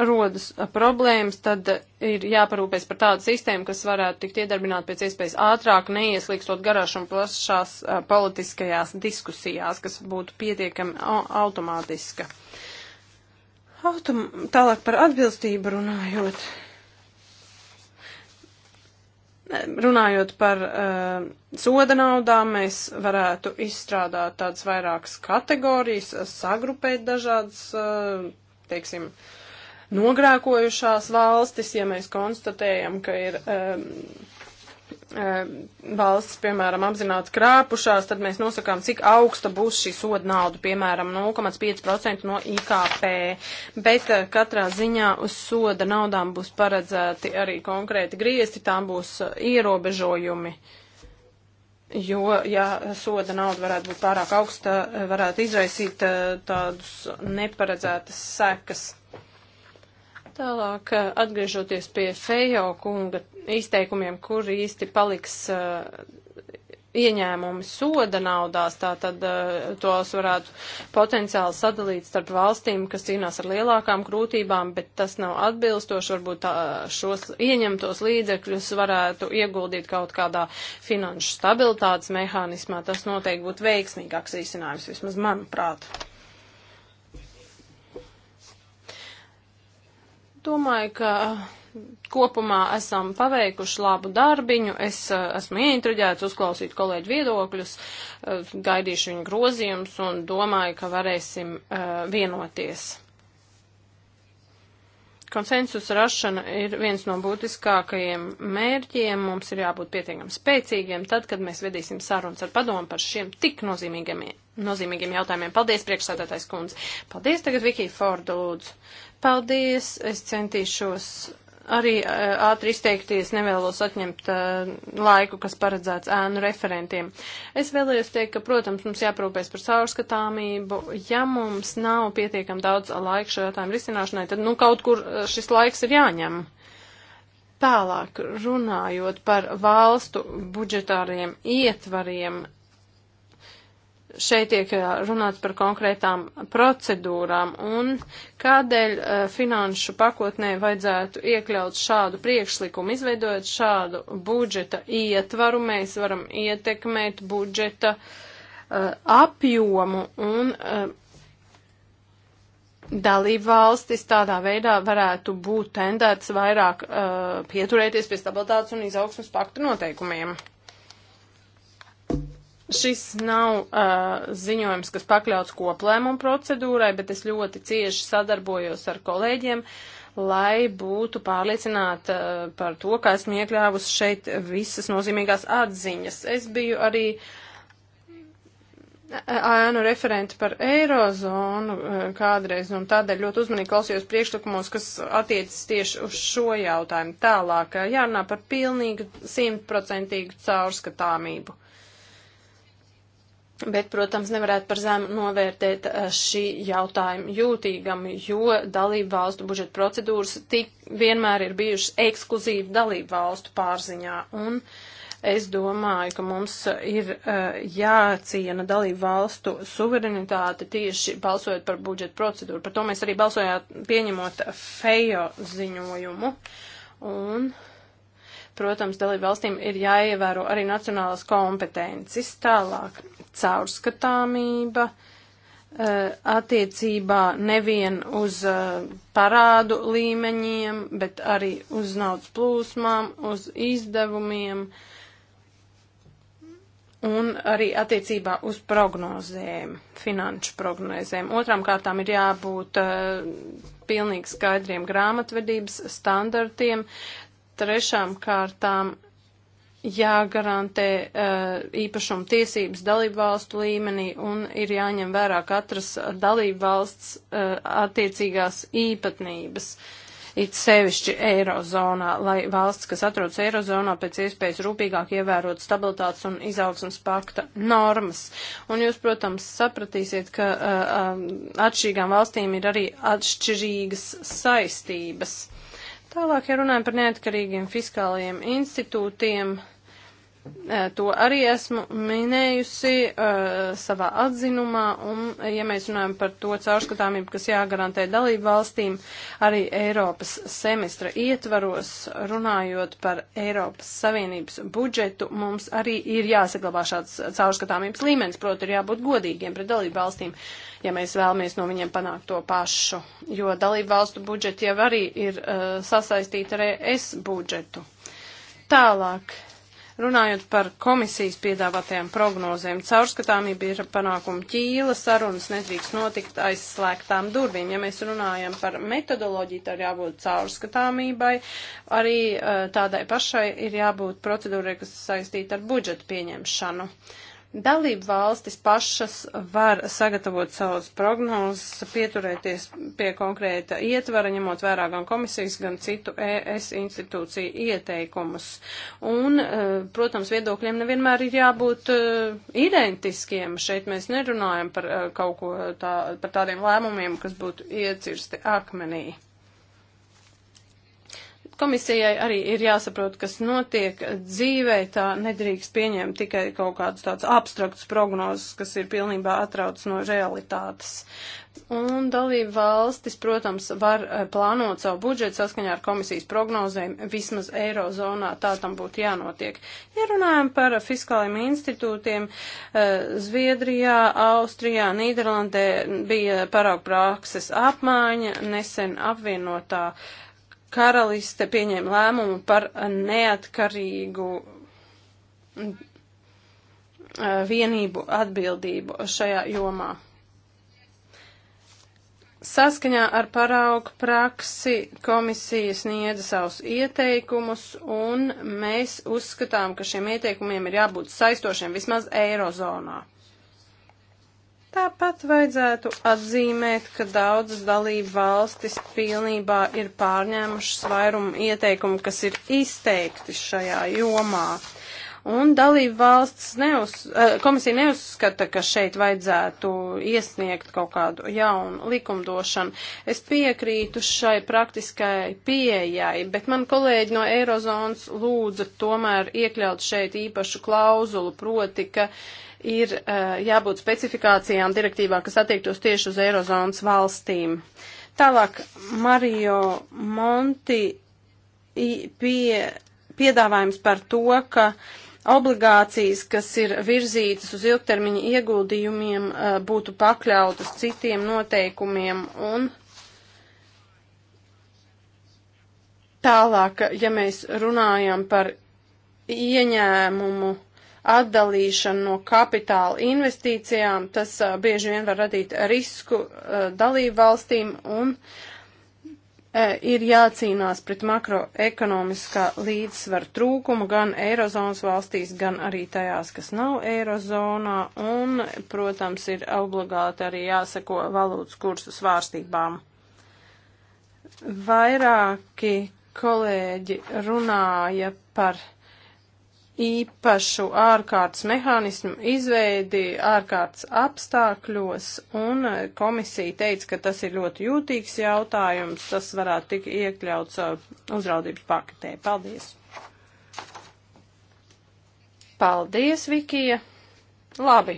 rodas problēmas, tad ir jāparūpēs par tādu sistēmu, kas varētu tikt iedarbināta pēc iespējas ātrāk, neieslīgstot garāš un plašās politiskajās diskusijās, kas būtu pietiekami automātiska. Autom tālāk par atbilstību runājot. Runājot par uh, soda naudām, mēs varētu izstrādāt tādas vairākas kategorijas, sagrupēt dažādas, uh, teiksim, uh, nogrēkojušās valstis, ja mēs konstatējam, ka ir um, um, valsts, piemēram, apzināti krāpušās, tad mēs nosakām, cik augsta būs šī soda nauda, piemēram, 0,5% no IKP. Bet uh, katrā ziņā uz soda naudām būs paredzēti arī konkrēti griezti, tām būs uh, ierobežojumi. Jo, ja soda nauda varētu būt pārāk augsta, eh, varētu izraisīt tādus neparedzētas sekas. Tālāk, eh, atgriežoties pie Fejo kunga izteikumiem, kur īsti paliks uh, ieņēmumi soda naudās, tātad uh, eh, tos varētu potenciāli sadalīt starp valstīm, kas cīnās ar lielākām grūtībām, bet tas nav atbilstoši. Varbūt tā, šos ieņemtos līdzekļus varētu ieguldīt kaut kādā finanšu stabilitātes mehānismā. Tas noteikti būtu veiksmīgāks risinājums, vismaz manuprāt. Domāju, ka eh, kopumā esam paveikuši labu darbiņu. Es eh, esmu ieintriģēts uzklausīt kolēģu viedokļus, eh, gaidīšu viņu grozījumus un domāju, ka varēsim vienoties. Konsensusa rašana ir viens no būtiskākajiem mērķiem. Mums ir jābūt pietiekami spēcīgiem tad, kad mēs vedīsim sarunas ar padomu par šiem tik nozīmīgiem, nozīmīgiem jautājumiem. Paldies, priekšsādātais kundze. Paldies tagad Vikija Forda lūdzu. Paldies, es centīšos arī eh, ātri izteikties, nevēlos atņemt uh, laiku, kas paredzēts ēnu referentiem. Es vēlējos teikt, ka, protams, mums jāprūpēs par saurskatāmību. Ja mums nav pietiekam daudz laika šo jautājumu risināšanai, tad, nu, kaut kur eh, šis laiks ir jāņem. Tālāk runājot par valstu budžetāriem ietvariem, šeit tiek runāts par konkrētām procedūrām un kādēļ uh, finanšu pakotnē vajadzētu iekļaut šādu priekšlikumu. Izveidojot šādu budžeta ietvaru, mēs varam ietekmēt budžeta uh, apjomu un uh, dalību valstis tādā veidā varētu būt tendēts vairāk pieturēties pie stabilitātes un izaugsmas paktu noteikumiem. Šis nav uh, ziņojums, kas pakļauts koplēmumu procedūrai, bet es ļoti cieši sadarbojos ar kolēģiem, lai būtu pārliecināta uh, par to, ka esmu iekļāvusi šeit visas nozīmīgās atziņas. Es biju arī ēnu referenti par eirozonu uh, kādreiz, un tādēļ ļoti uzmanīgi klausījos priekšlikumos, kas attiecas tieši uz šo jautājumu. Tālāk jārunā par pilnīgu, simtprocentīgu caurskatāmību Bet, protams, nevarētu par zemu novērtēt eh, šī jautājuma jūtīgam, jo dalību valstu budžeta procedūras tik vienmēr ir bijušas ekskluzīvi dalību valstu pārziņā. Un es domāju, ka mums ir eh, jāciena dalību valstu suverenitāte tieši balsojot par budžeta procedūru. Par to mēs arī balsojām pieņemot fejo ziņojumu. Un, uh, Protams, dalību valstīm ir jāievēro arī nacionālas kompetences. Tālāk caurskatāmība eh, attiecībā nevien uz eh, parādu līmeņiem, bet arī uz naudas plūsmām, uz izdevumiem un arī attiecībā uz prognozēm, finanšu prognozēm. Otrām kārtām ir jābūt uh, pilnīgi skaidriem grāmatvedības standartiem, Trešām kārtām jāgarantē uh, īpašuma tiesības dalību valstu līmenī un ir jāņem vērā katras dalību valsts uh, attiecīgās īpatnības. It sevišķi Eirozonā, lai valsts, kas atrodas Eirozonā, pēc iespējas rūpīgāk ievērot stabilitātes un izaugsmas pakta normas. Un jūs, protams, sapratīsiet, ka uh, um, atšķirīgām valstīm ir arī atšķirīgas saistības. Tālāk, ja runājam par neatkarīgiem fiskālajiem institūtiem, uh, To arī esmu minējusi uh, savā atzinumā, un, ja mēs runājam par to caurskatāmību, kas jāgarantē dalību valstīm, arī Eiropas semestra ietvaros, runājot par Eiropas Savienības budžetu, mums arī ir jāsaglabā šāds caurskatāmības līmenis, proti ir jābūt godīgiem pret dalību valstīm, ja mēs vēlamies no viņiem panākt to pašu, jo dalību valstu budžeti jau arī ir uh, sasaistīti ar ES budžetu. Tālāk Runājot par komisijas piedāvātajām prognozēm, caurskatāmība ir panākuma ķīla, sarunas nedrīkst notikt aizslēgtām durvīm. Ja mēs runājam par metodoloģiju, tad jābūt caurskatāmībai, arī eh, tādai pašai ir jābūt procedūrai, kas saistīta ar budžetu pieņemšanu. Uh, Dalību valstis pašas var sagatavot savus prognozes, pieturēties pie konkrēta ietvara, ņemot vērā gan komisijas, gan citu ES institūciju ieteikumus. Un, eh, protams, viedokļiem nevienmēr ir jābūt eh, identiskiem. Šeit mēs nerunājam par eh, kaut ko tā, par tādiem lēmumiem, kas būtu iecirsti akmenī komisijai arī ir jāsaprot, kas notiek dzīvē, tā nedrīkst pieņemt tikai kaut kādas tādas abstraktas prognozes, kas ir pilnībā atrauc no realitātes. Un dalība valstis, protams, var eh, plānot savu budžetu saskaņā ar komisijas prognozēm, vismaz eirozonā tā tam būtu jānotiek. Ja runājam par fiskāliem institūtiem, eh, Zviedrijā, Austrijā, Nīderlandē bija parāk prakses apmaiņa, nesen apvienotā uh, karaliste pieņēma lēmumu par neatkarīgu vienību atbildību šajā jomā. Saskaņā ar paraugu praksi komisija sniedza savus ieteikumus, un mēs uzskatām, ka šiem ieteikumiem ir jābūt saistošiem vismaz Eirozonā. Tāpat vajadzētu atzīmēt, ka daudzas dalību valstis pilnībā ir pārņēmušas vairumu ieteikumu, kas ir izteikti šajā jomā. Un dalību valsts neuz, eh, komisija neuzskata, ka šeit vajadzētu iesniegt kaut kādu jaunu likumdošanu. Es piekrītu šai praktiskai pieejai, bet man kolēģi no Eirozonas lūdza tomēr iekļaut šeit īpašu klauzulu, proti, ka uh, ir uh, jābūt specifikācijām direktīvā, kas attiektos tieši uz Eirozonas valstīm. Tālāk Mario Monti pie, piedāvājums par to, ka obligācijas, kas ir virzītas uz ilgtermiņa ieguldījumiem, eh, būtu pakļautas citiem noteikumiem un tālāk, ja mēs runājam par ieņēmumu atdalīšana no kapitāla investīcijām, tas uh, bieži vien var radīt risku uh, dalību valstīm un uh, ir jācīnās pret makroekonomiskā līdzsvaru trūkumu gan Eirozonas valstīs, gan arī tajās, kas nav Eirozonā, un, protams, ir obligāti arī jāseko valūtas kursu svārstībām. Vairāki kolēģi runāja par īpašu ārkārtas mehānismu izveidi ārkārtas apstākļos, un e, komisija teica, ka tas ir ļoti jūtīgs jautājums, tas varētu tik iekļauts e, uzraudzības paketē. Paldies! Paldies, Vikija! Labi!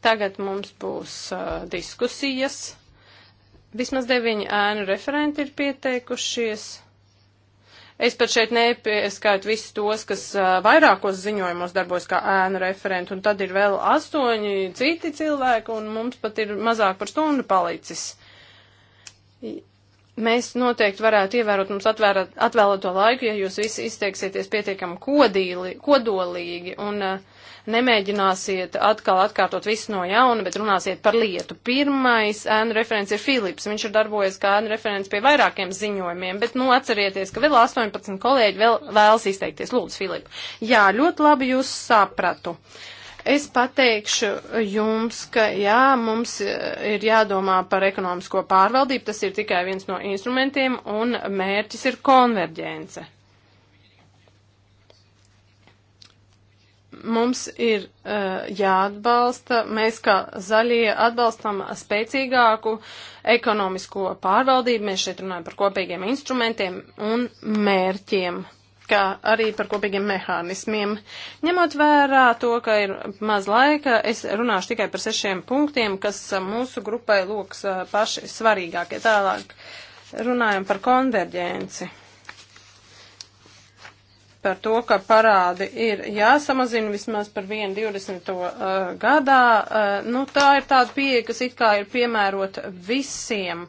Tagad mums būs uh, diskusijas. Vismaz deviņi ēnu referenti ir pieteikušies. Es pat šeit nepieskaitu visus tos, kas vairākos ziņojumos darbojas kā ēnu referenti, un tad ir vēl astoņi citi cilvēki, un mums pat ir mazāk par stundu palicis. Mēs noteikti varētu ievērot mums atvērāt, atvēlēto laiku, ja jūs visi izteiksieties pietiekami kodīli, kodolīgi, un uh, nemēģināsiet atkal atkārtot visu no jauna, bet runāsiet par lietu. Pirmais ēnu referents ir Filips. Viņš ir darbojies kā ēnu referents pie vairākiem ziņojumiem, bet nu atcerieties, ka vēl 18 kolēģi vēl vēlas izteikties. Lūdzu, Filip. Jā, ļoti labi jūs sapratu. Es pateikšu jums, ka jā, mums eh, ir jādomā par ekonomisko pārvaldību, tas ir tikai viens no instrumentiem, un mērķis ir konverģence. mums ir uh, jāatbalsta, mēs kā zaļie atbalstam spēcīgāku ekonomisko pārvaldību, mēs šeit runājam par kopīgiem instrumentiem un mērķiem kā arī par kopīgiem mehānismiem. Ņemot vērā to, ka ir maz laika, es runāšu tikai par sešiem punktiem, kas mūsu grupai lūks eh, paši svarīgākie. Tālāk runājam par konverģenci par to, ka parādi ir jāsamazina vismaz par 1,20 uh, gadā. Uh, nu, tā ir tāda pieeja, kas it kā ir piemērota visiem.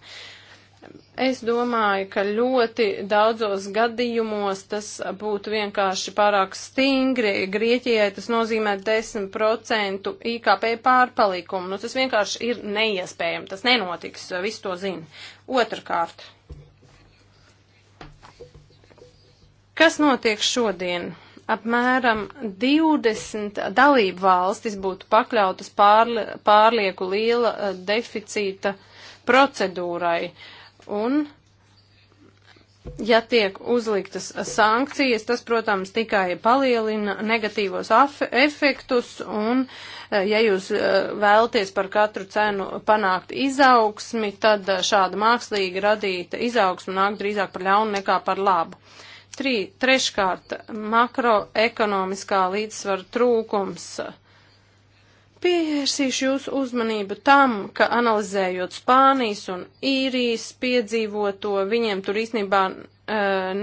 Es domāju, ka ļoti daudzos gadījumos tas būtu vienkārši pārāk stingri. Grieķijai tas nozīmē 10% IKP pārpalikumu. Nu, tas vienkārši ir neiespējami. Tas nenotiks, visu to zina. Otrakārt. Kas notiek šodien? Apmēram 20 dalību valstis būtu pakļautas pārli, pārlieku liela eh, deficīta procedūrai. Un Ja tiek uzliktas sankcijas, tas, protams, tikai palielina negatīvos efektus, un eh, ja jūs eh, vēlties par katru cenu panākt izaugsmi, tad šāda mākslīgi radīta izaugsme nāk drīzāk par ļaunu nekā par labu. Uh, Trī, treškārt, makroekonomiskā līdzsvara trūkums. Pievērsīšu jūsu uzmanību tam, ka analizējot Spānijas un īrijas piedzīvoto, viņiem tur īstenībā e,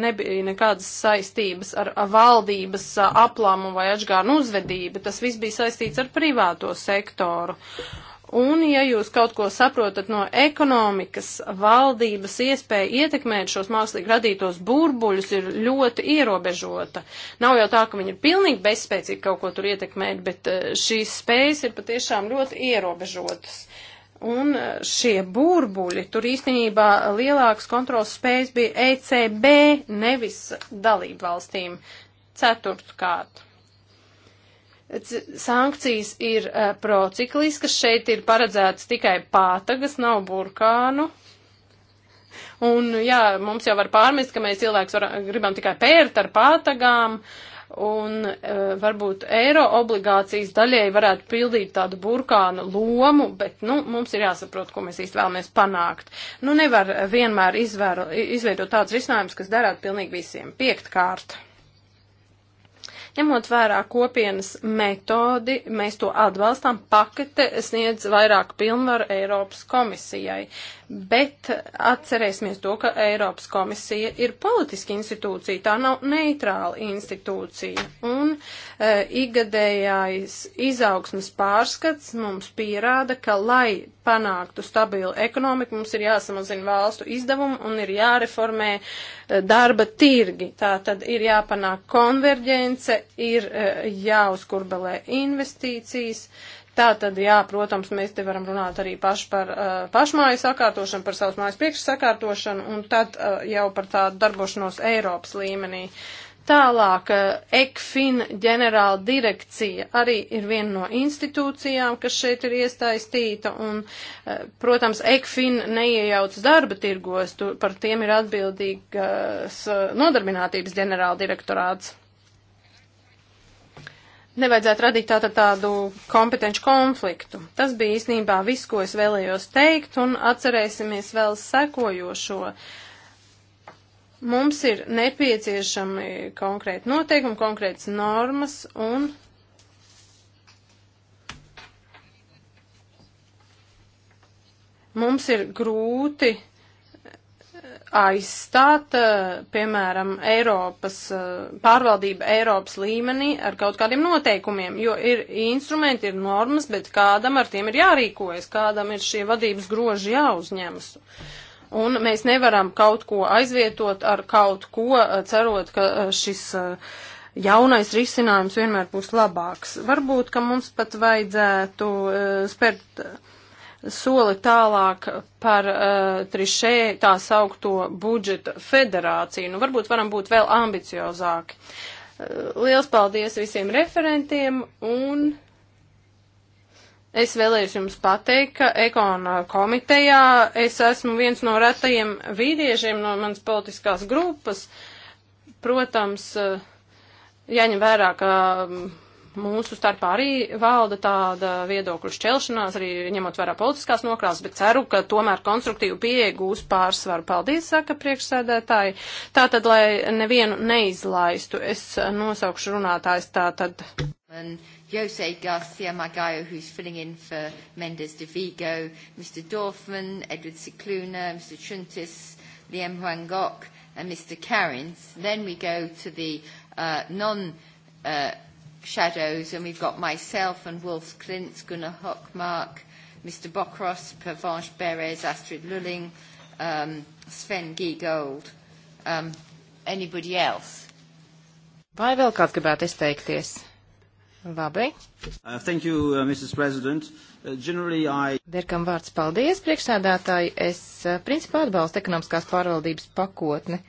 nebija nekādas saistības ar valdības e, aplāmu vai atžgānu uzvedību. Tas viss bija saistīts ar privāto sektoru. Un, ja jūs kaut ko saprotat no ekonomikas, valdības iespēja ietekmēt šos mākslīgi radītos burbuļus ir ļoti ierobežota. Nav jau tā, ka viņi ir pilnīgi bezspēcīgi kaut ko tur ietekmēt, bet eh, šīs spējas ir patiešām ļoti ierobežotas. Un eh, šie burbuļi, tur īstenībā lielākas kontrols spējas bija ECB, nevis dalību valstīm. Ceturtkārt sankcijas ir uh, procikliskas, šeit ir paredzēts tikai pātagas, nav burkānu. Un jā, mums jau var pārmest, ka mēs cilvēks var, gribam tikai pērt ar pātagām, un uh, varbūt eiro obligācijas daļēji varētu pildīt tādu burkānu lomu, bet, nu, mums ir jāsaprot, ko mēs īsti vēlamies panākt. Nu, nevar vienmēr izvēru, izveidot tāds risinājums, kas derētu pilnīgi visiem. Piektkārt. Ņemot vērā kopienas metodi, mēs to atbalstām, pakete sniedz vairāk pilnvaru Eiropas komisijai. Bet atcerēsimies to, ka Eiropas komisija ir politiska institūcija, tā nav neitrāla institūcija. Un e, igadējais izaugsmas pārskats mums pierāda, ka lai panāktu stabilu ekonomiku, mums ir jāsamazina valstu izdevumu un ir jāreformē eh, darba tirgi. Tā tad ir jāpanāk konverģence, ir eh, jāuzkurbelē investīcijas. Tā tad, jā, protams, mēs te varam runāt arī paši par uh, pašmāju sakārtošanu, par savas mājas priekšsakārtošanu un tad uh, jau par tādu darbošanos Eiropas līmenī. Uh, Tālāk, ECFIN eh, ģenerāla direkcija arī ir viena no institūcijām, kas šeit ir iesaistīta, un, eh, protams, ECFIN neiejauc darba tirgos, tu, par tiem ir atbildīgas eh, nodarbinātības ģenerāla direktorāts. Nevajadzētu radīt tātad tādu kompetenci konfliktu. Tas bija īstenībā viss, ko es vēlējos teikt, un atcerēsimies vēl sekojošo. Uh, Mums ir nepieciešami konkrēti noteikumi, konkrētas normas un mums ir grūti aizstāt, piemēram, Eiropas pārvaldību Eiropas līmenī ar kaut kādiem noteikumiem, jo ir instrumenti, ir normas, bet kādam ar tiem ir jārīkojas, kādam ir šie vadības groži jāuzņemas un mēs nevaram kaut ko aizvietot ar kaut ko, eh, cerot, ka eh, šis eh, jaunais risinājums vienmēr būs labāks. Varbūt, ka mums pat vajadzētu spērt soli tālāk par uh, trišē tā saukto budžeta federāciju. Nu, varbūt varam būt vēl ambiciozāki. Uh, liels paldies visiem referentiem un. Es vēlējos jums pateikt, ka ekona komitejā es esmu viens no retajiem vīriešiem no manas politiskās grupas. Protams, eh, jaņem vērā, ka mm, mūsu starpā arī valda tāda viedokļu šķelšanās, arī ņemot vērā politiskās nokrāsas, bet ceru, ka tomēr konstruktīvu pieeja gūs pārsvaru. Paldies, saka priekšsēdētāji. Tātad, lai nevienu neizlaistu, es nosaukšu runātājs tātad. Man. Jose Garcia Magallo, who's filling in for Mendes de Vigo, Mr. Dorfman, Edward Cicluna, Mr. Chuntis, Liam Huangok, and Mr. Karins. Then we go to the uh, non uh, shadows, and we've got myself and Wolf Klintz, Gunnar Hockmark, Mr. Bokros, Pervanche Beres, Astrid Lulling, um, Sven Giegold. Um, anybody else? Vai vēl kāds gribētu izteikties? Labi. Uh, thank you, uh, Mrs. President. Uh, generally, I. Dirkam vārds paldies, priekšsēdētāji. Es uh, principā atbalstu ekonomiskās pārvaldības pakotni.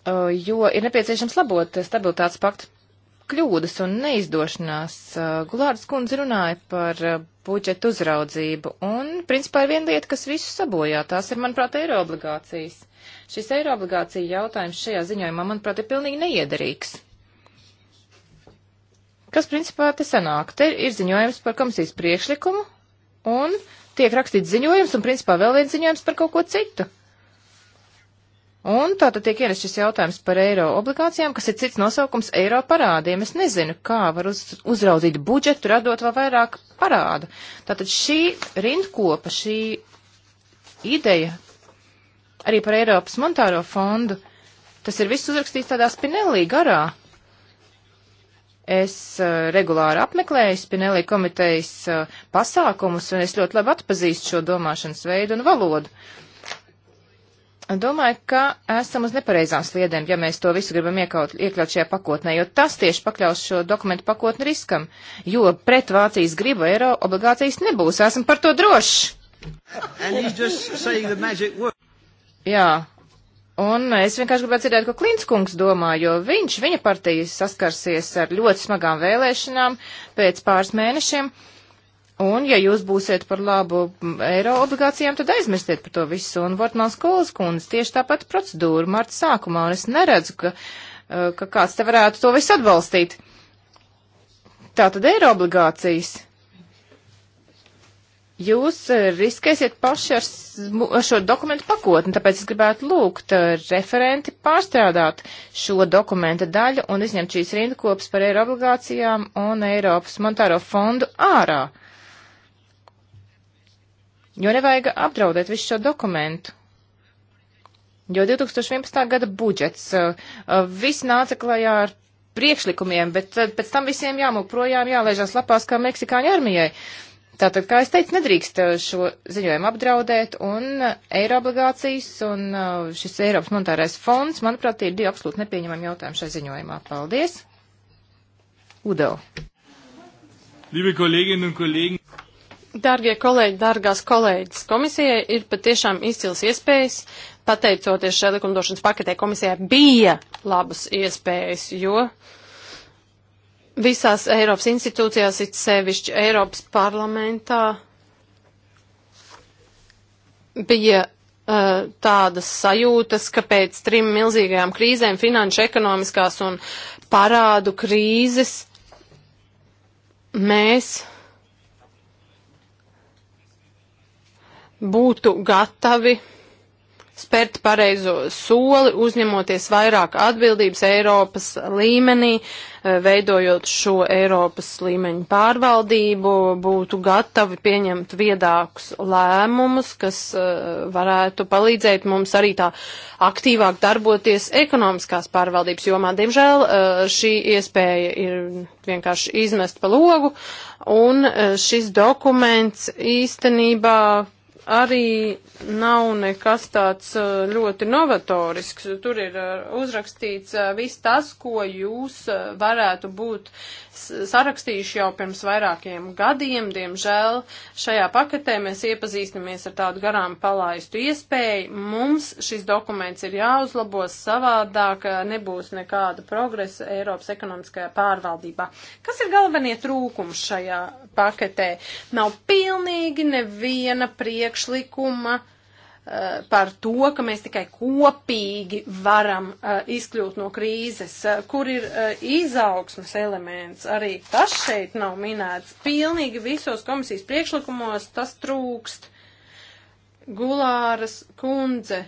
Uh, jo ir nepieciešams labot stabilitātes paktu kļūdas un neizdošanās. Uh, Gulārdas kundze runāja par uh, budžetu uzraudzību, un principā ir viena lieta, kas visu sabojā, tās ir, manuprāt, eiro obligācijas. Šis eiro obligācija jautājums šajā ziņojumā, manuprāt, ir pilnīgi neiederīgs. Kas principā te sanāk? Te ir ziņojums par komisijas priekšlikumu, un tiek rakstīts ziņojums, un principā vēl viens ziņojums par kaut ko citu. Un tātad tiek ierasts šis jautājums par eiro obligācijām, kas ir cits nosaukums eiro parādiem. Es nezinu, kā var uz, uzraudzīt budžetu, radot vēl vairāk parādu. Tātad šī rindkopa, šī ideja arī par Eiropas monetāro fondu, tas ir viss uzrakstīts tādā spinelī garā. Es uh, regulāri apmeklēju spinelī komitejas uh, pasākumus, un es ļoti labi atpazīstu šo domāšanas veidu un valodu. Uh, Domāju, ka esam uz nepareizām sliedēm, ja mēs to visu gribam iekaut, iekļaut šajā pakotnē, jo tas tieši pakļaus šo dokumentu pakotni riskam, jo pret Vācijas gribu eiro obligācijas nebūs. Esam par to droši. Jā, Un es vienkārši gribētu dzirdēt, ko Klinskungs domā, jo viņš, viņa partija saskarsies ar ļoti smagām vēlēšanām pēc pāris mēnešiem. Uh, Un, ja jūs būsiet par labu eiro obligācijām, tad aizmirstiet par to visu. Un Vortmāns Kolas kundze tieši tāpat procedūra marta sākumā, un es neredzu, ka, uh, ka kāds te varētu to visu atbalstīt. Tā tad eiro obligācijas. Jūs uh, riskēsiet paši ar, ar šo dokumentu pakotni, tāpēc es gribētu lūgt uh, referenti pārstrādāt šo dokumenta daļu un izņemt šīs rindakopas par eiro obligācijām un Eiropas monetāro fondu ārā Jo nevajag apdraudēt visu šo dokumentu. Jo 2011. gada budžets, uh, uh, viss nāca klajā ar priekšlikumiem, bet pēc tam visiem jāmūk projām, jālaižās lapās kā Meksikāņu armijai. Tātad, kā es teicu, nedrīkst uh, šo ziņojumu apdraudēt, un eiro obligācijas un šis Eiropas monetārais fonds, manuprāt, ir divi absolūti nepieņemami jautājumi šai ziņojumā. Paldies! Udo! Liebe Kolleginnen und Kollegen! Dārgie kolēģi, dārgās kolēģis, komisijai ir patiešām izcils iespējas, pateicoties šai likumdošanas paketē, komisijai bija labas iespējas, jo visās Eiropas institūcijās, it sevišķi Eiropas parlamentā, bija uh, tādas sajūtas, ka pēc trim milzīgajām krīzēm, finanšu, ekonomiskās un parādu krīzes, mēs būtu gatavi spērt pareizo soli, uzņemoties vairāk atbildības Eiropas līmenī, eh, veidojot šo Eiropas līmeņu pārvaldību, būtu gatavi pieņemt viedākus lēmumus, kas eh, varētu palīdzēt mums arī tā aktīvāk darboties ekonomiskās pārvaldības jomā. Diemžēl eh, šī iespēja ir vienkārši izmest pa logu, un šis dokuments īstenībā arī nav nekas tāds uh, ļoti novatorisks. Tur ir uh, uzrakstīts uh, viss tas, ko jūs varētu būt sarakstījuši jau pirms vairākiem gadiem. Diemžēl šajā paketē mēs iepazīstamies ar tādu garām palaistu iespēju. Mums šis dokuments ir jāuzlabos savādāk, nebūs nekāda progresa Eiropas ekonomiskajā pārvaldībā. Kas ir galvenie trūkumi šajā paketē? Nav pilnīgi neviena priekšlikuma Eh, par to, ka mēs tikai kopīgi varam uh, izkļūt no krīzes, uh, kur ir uh, izaugsmas elements. Arī tas šeit nav minēts. Pilnīgi visos komisijas priekšlikumos tas trūkst. Gulāras kundze.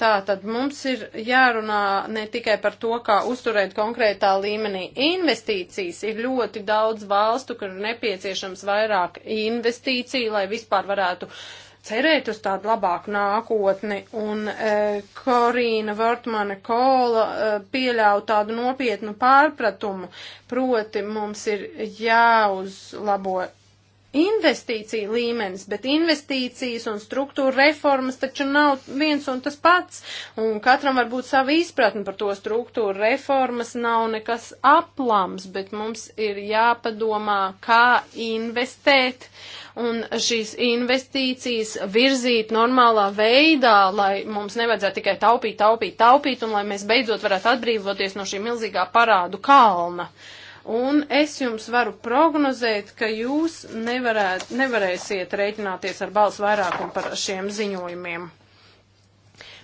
Tātad mums ir jārunā ne tikai par to, kā uzturēt konkrētā līmenī investīcijas. Ir ļoti daudz valstu, kur ir nepieciešams vairāk investīciju, lai vispār varētu uh, cerēt uz tādu labāku nākotni, un e, Korīna Vortmane Kola e, pieļauj tādu nopietnu pārpratumu, proti mums ir jāuzlabo investīcija līmenis, bet investīcijas un struktūra reformas taču nav viens un tas pats, un katram var būt sava izpratne par to struktūra reformas, nav nekas aplams, bet mums ir jāpadomā, kā investēt, uh, un šīs investīcijas virzīt normālā veidā, lai mums nevajadzētu tikai taupīt, taupīt, taupīt, un lai mēs beidzot varētu atbrīvoties no šī milzīgā parādu kalna. Un es jums varu prognozēt, ka jūs nevarēt, nevarēsiet reiķināties ar balsu vairākumu par šiem ziņojumiem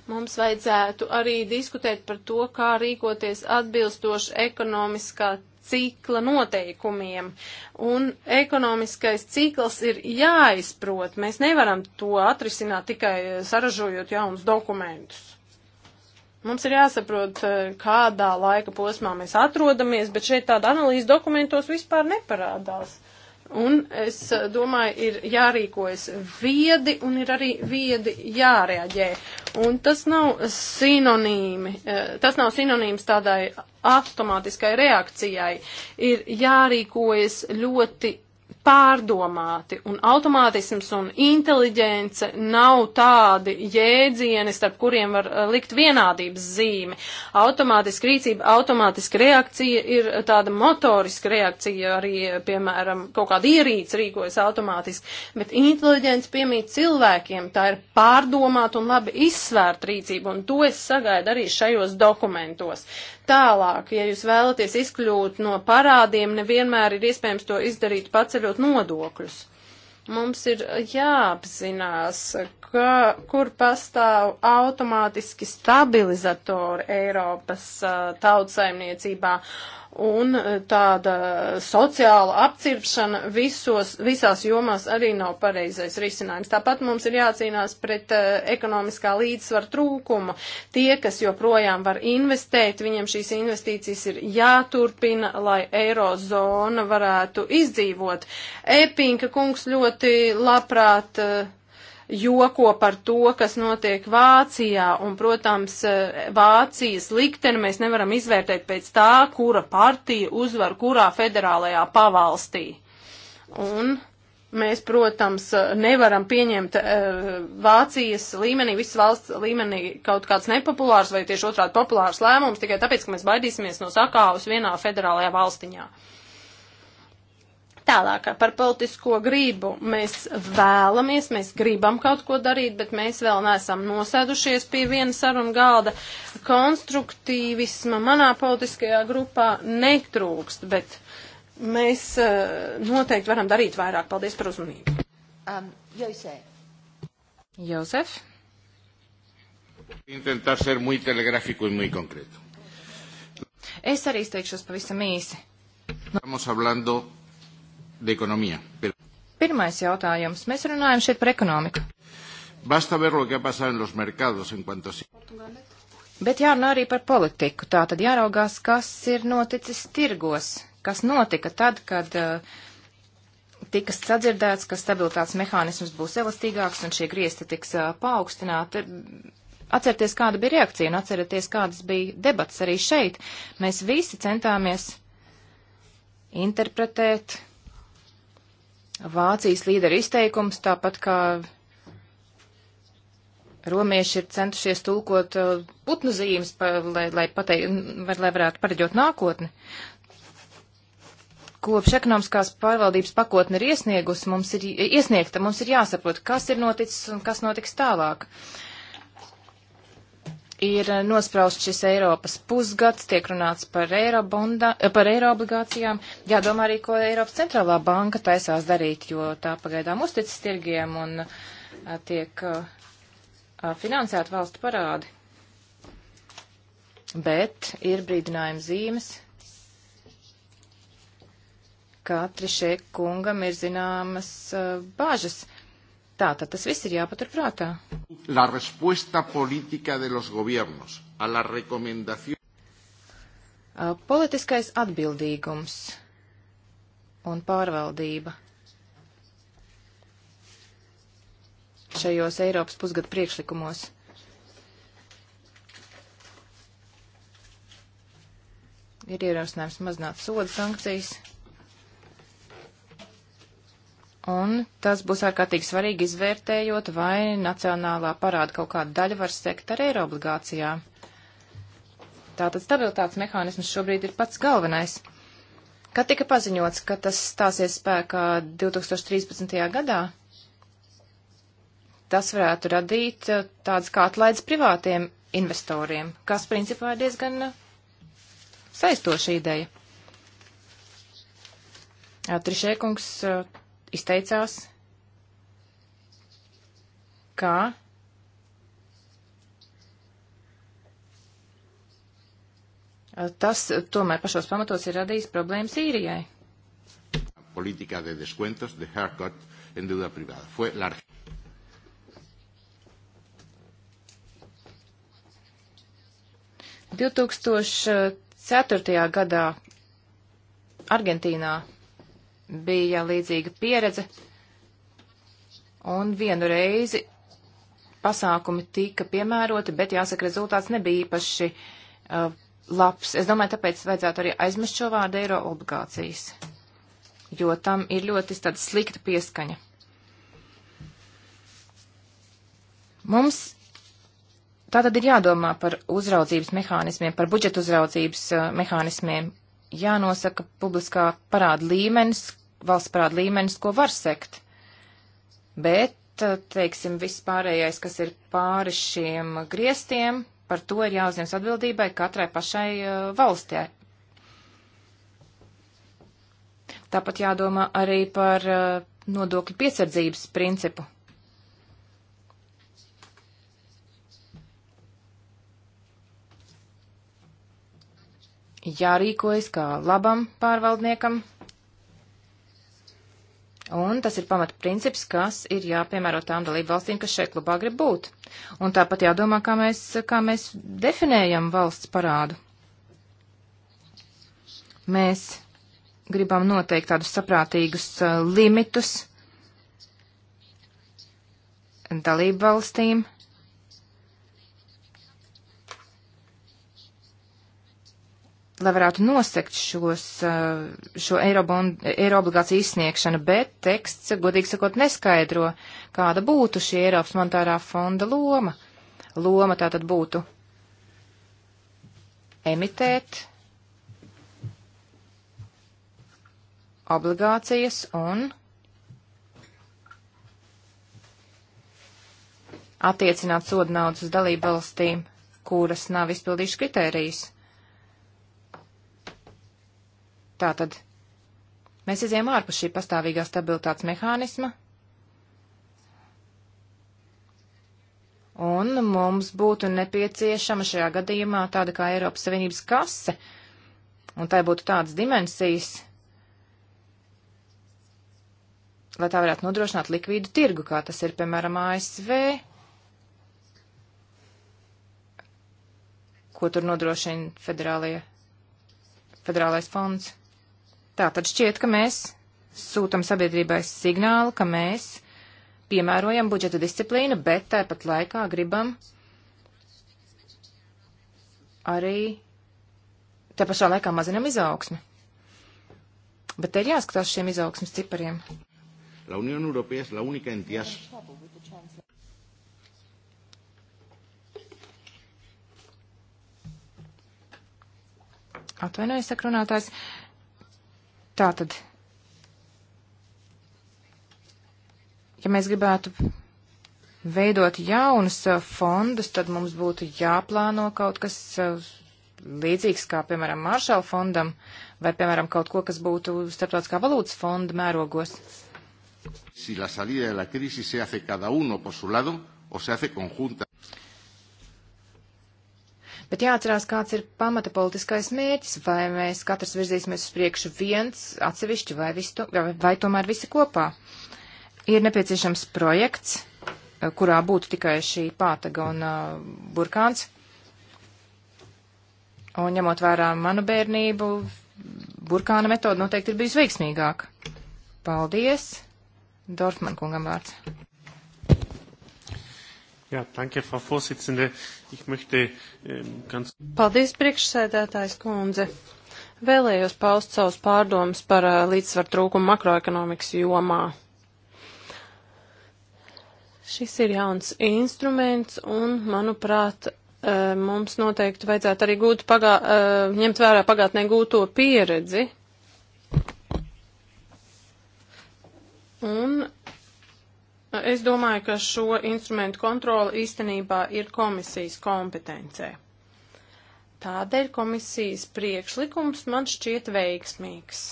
mums vajadzētu arī diskutēt par to, kā rīkoties atbilstoši ekonomiskā cikla noteikumiem. Un ekonomiskais cikls ir jāizprot. Mēs nevaram to atrisināt tikai eh, saražojot jaunus dokumentus. Mums ir jāsaprot, eh, kādā laika posmā mēs atrodamies, bet šeit tāda analīze dokumentos vispār neparādās. Un es eh, domāju, ir jārīkojas viedi un ir arī viedi jārēģē. Un tas nav sinonīmi, eh, tas nav sinonīms tādai automātiskai reakcijai. Ir jārīkojas ļoti pārdomāti, un automātisms un inteliģence nav tādi jēdzieni, starp kuriem var eh, likt vienādības zīme. Automātiska rīcība, automātiska reakcija ir tāda motoriska reakcija, arī, eh, piemēram, kaut kāda ierīca rīkojas automātiski, bet inteliģence piemīt cilvēkiem, tā ir pārdomāta un labi izsvērta rīcība, un to es sagaidu arī šajos dokumentos tālāk. Ja jūs vēlaties izkļūt no parādiem, nevienmēr ir iespējams to izdarīt paceļot nodokļus. Mums ir jāapzinās, ka, kur pastāv automātiski stabilizatori Eiropas uh, tautsaimniecībā un e, tāda sociāla apcirpšana visos, visās jomās arī nav pareizais risinājums. Tāpat mums ir jācīnās pret uh, ekonomiskā līdzsvara trūkumu. Tie, kas joprojām var investēt, viņiem šīs investīcijas ir jāturpina, lai eirozona varētu izdzīvot. Epinka kungs ļoti labprāt. Uh, joko par to, kas notiek Vācijā, un, protams, Vācijas likteni mēs nevaram izvērtēt pēc tā, kura partija uzvar kurā federālajā pavalstī. Un mēs, protams, nevaram pieņemt uh, Vācijas līmenī, visas valsts līmenī kaut kāds nepopulārs vai tieši otrādi populārs lēmums tikai tāpēc, ka mēs baidīsimies no sakāvus vienā federālajā valstiņā. Uh, Tālāk par politisko gribu. Mēs vēlamies, mēs gribam kaut ko darīt, bet mēs vēl neesam nosēdušies pie viena saruna galda. Konstruktīvisma manā politiskajā grupā netrūkst, bet mēs uh, noteikti varam darīt vairāk. Paldies par uzmanību. Um, Josef. Josef. Intentar ser muy telegráfico y muy concreto. Es arī izteikšos pavisam īsi. Estamos hablando de economía. Pero... Pirmais jautājums. Mēs runājam šeit par ekonomiku. Basta ver lo que ha pasado en los mercados en cuanto a... Bet jārunā arī par politiku. Tā tad jāraugās, kas ir noticis tirgos, kas notika tad, kad uh, tika sadzirdēts, ka stabilitātes mehānisms būs elastīgāks un šie griezti tiks uh, paaugstināti. Atcerieties, kāda bija reakcija un atcerieties, kādas bija debats arī šeit. Mēs visi centāmies interpretēt uh, Vācijas līderu izteikums, tāpat kā romieši ir centušies tulkot uh, putnu zīmes, pa, lai, lai, patei, var, lai varētu pareģot nākotni. Kopš ekonomiskās pārvaldības pakotne ir iesniegusi, mums ir iesniegta, mums ir jāsaprot, kas ir noticis un kas notiks tālāk. Uh, ir nospraust šis Eiropas pusgads, tiek runāts par, eiro bonda, eh, par eiro obligācijām. Jādomā arī, ko Eiropas centrālā banka taisās darīt, jo tā pagaidām uzticas tirgiem un eh, tiek eh, finansēt valstu parādi. Bet ir brīdinājuma zīmes, ka Trišē kungam ir zināmas bāžas Tā tad tas viss ir jāpatur prātā. La respuesta politika de los gobiernos a la recomendación. Uh, politiskais atbildīgums un pārvaldība. šajos Eiropas pusgada priekšlikumos. Ir ierosinājums mazināt sodu sankcijas. Un tas būs ārkārtīgi svarīgi izvērtējot, vai nacionālā parāda kaut kāda daļa var sekt ar eiro obligācijām. Tātad stabilitātes mehānisms šobrīd ir pats galvenais. Kad tika paziņots, ka tas stāsies spēkā 2013. gadā, tas varētu radīt eh, tādas kā atlaides privātiem investoriem, kas principā ir diezgan eh, saistoša ideja. Trišēkungs eh, izteicās, kā tas tomēr pašos pamatos ir radījis problēmas īrijai. Politika de descuentos, de haircut en deuda privada. Fue la... Divtūkstoš ceturtajā gadā Argentīnā bija līdzīga pieredze, un vienu reizi pasākumi tika piemēroti, bet jāsaka, rezultāts nebija īpaši uh, labs. Es domāju, tāpēc vajadzētu arī aizmirst šo vārdu eiro obligācijas, jo tam ir ļoti tāda slikta pieskaņa. Mums tātad ir jādomā par uzraudzības mehānismiem, par budžeta uzraudzības uh, mehānismiem, jānosaka publiskā parāda līmenis, valsts parāda līmenis, ko var sekt. Bet, eh, teiksim, viss pārējais, kas ir pāri šiem griestiem, par to ir jāuzņems atbildībai katrai pašai eh, valstī. Tāpat jādomā arī par eh, nodokļu piesardzības principu jārīkojas kā labam pārvaldniekam. Un tas ir pamatprincips, kas ir jāpiemēro tām dalību valstīm, kas šeit klubā grib būt. Un tāpat jādomā, kā mēs, kā mēs definējam valsts parādu. Mēs gribam noteikt tādus saprātīgus uh, limitus dalību valstīm lai varētu nosekt šos, eh, šo eirobligāciju izsniegšanu, bet teksts, godīgi sakot, neskaidro, kāda būtu šī Eiropas monetārā fonda loma. Loma tā tad būtu emitēt obligācijas un attiecināt sodu naudas uz dalību valstīm, kuras nav izpildījušas kritērijas. Tātad mēs izējām ārpus šī pastāvīgā stabilitātes mehānisma, un mums būtu nepieciešama šajā gadījumā tāda kā Eiropas Savienības kase, un tai būtu tādas dimensijas, lai tā varētu nodrošināt likvīdu tirgu, kā tas ir, piemēram, ASV, ko tur nodrošina federālais fonds. Tā tad šķiet, ka mēs sūtam sabiedrībai signālu, ka mēs piemērojam budžeta disciplīnu, bet tāpat laikā gribam arī te pašā laikā mazinam izaugsmi. Bet te ir jāskatās šiem izaugsmas cipariem. La Unión Europea es la única entidad. Atvainojiet, sakrunātājs. Uh, Tātad, ja mēs gribētu veidot jaunus uh, fondus, tad mums būtu jāplāno kaut kas uh, līdzīgs kā, piemēram, Maršala fondam vai, piemēram, kaut ko, kas būtu starptautiskā valūtas fonda mērogos. Si la salida de la crisis se hace cada uno por su lado o se hace conjunta. Bet jāatcerās, kāds ir pamata politiskais mērķis, vai mēs katrs virzīsimies uz priekšu viens atsevišķi vai, visu, vai, vai tomēr visi kopā. Ir nepieciešams projekts, eh, kurā būtu tikai šī pātaga un uh, burkāns. Un ņemot vērā manu bērnību, burkāna metoda noteikti ir bijusi veiksmīgāka. Paldies! Dorfman kungam vārds. Jā, danke, Frau Vorsitzende. Ich möchte um, ganz. Paldies, priekšsēdētājs kundze. Vēlējos paust savus pārdomus par uh, līdzsvaru trūkumu makroekonomikas jomā. Šis ir jauns instruments un, manuprāt, uh, mums noteikti vajadzētu arī gūt pagā, uh, ņemt vērā pagātnē gūto pieredzi. Un Es domāju, ka šo instrumentu kontroli īstenībā ir komisijas kompetencē. Tādēļ komisijas priekšlikums man šķiet veiksmīgs.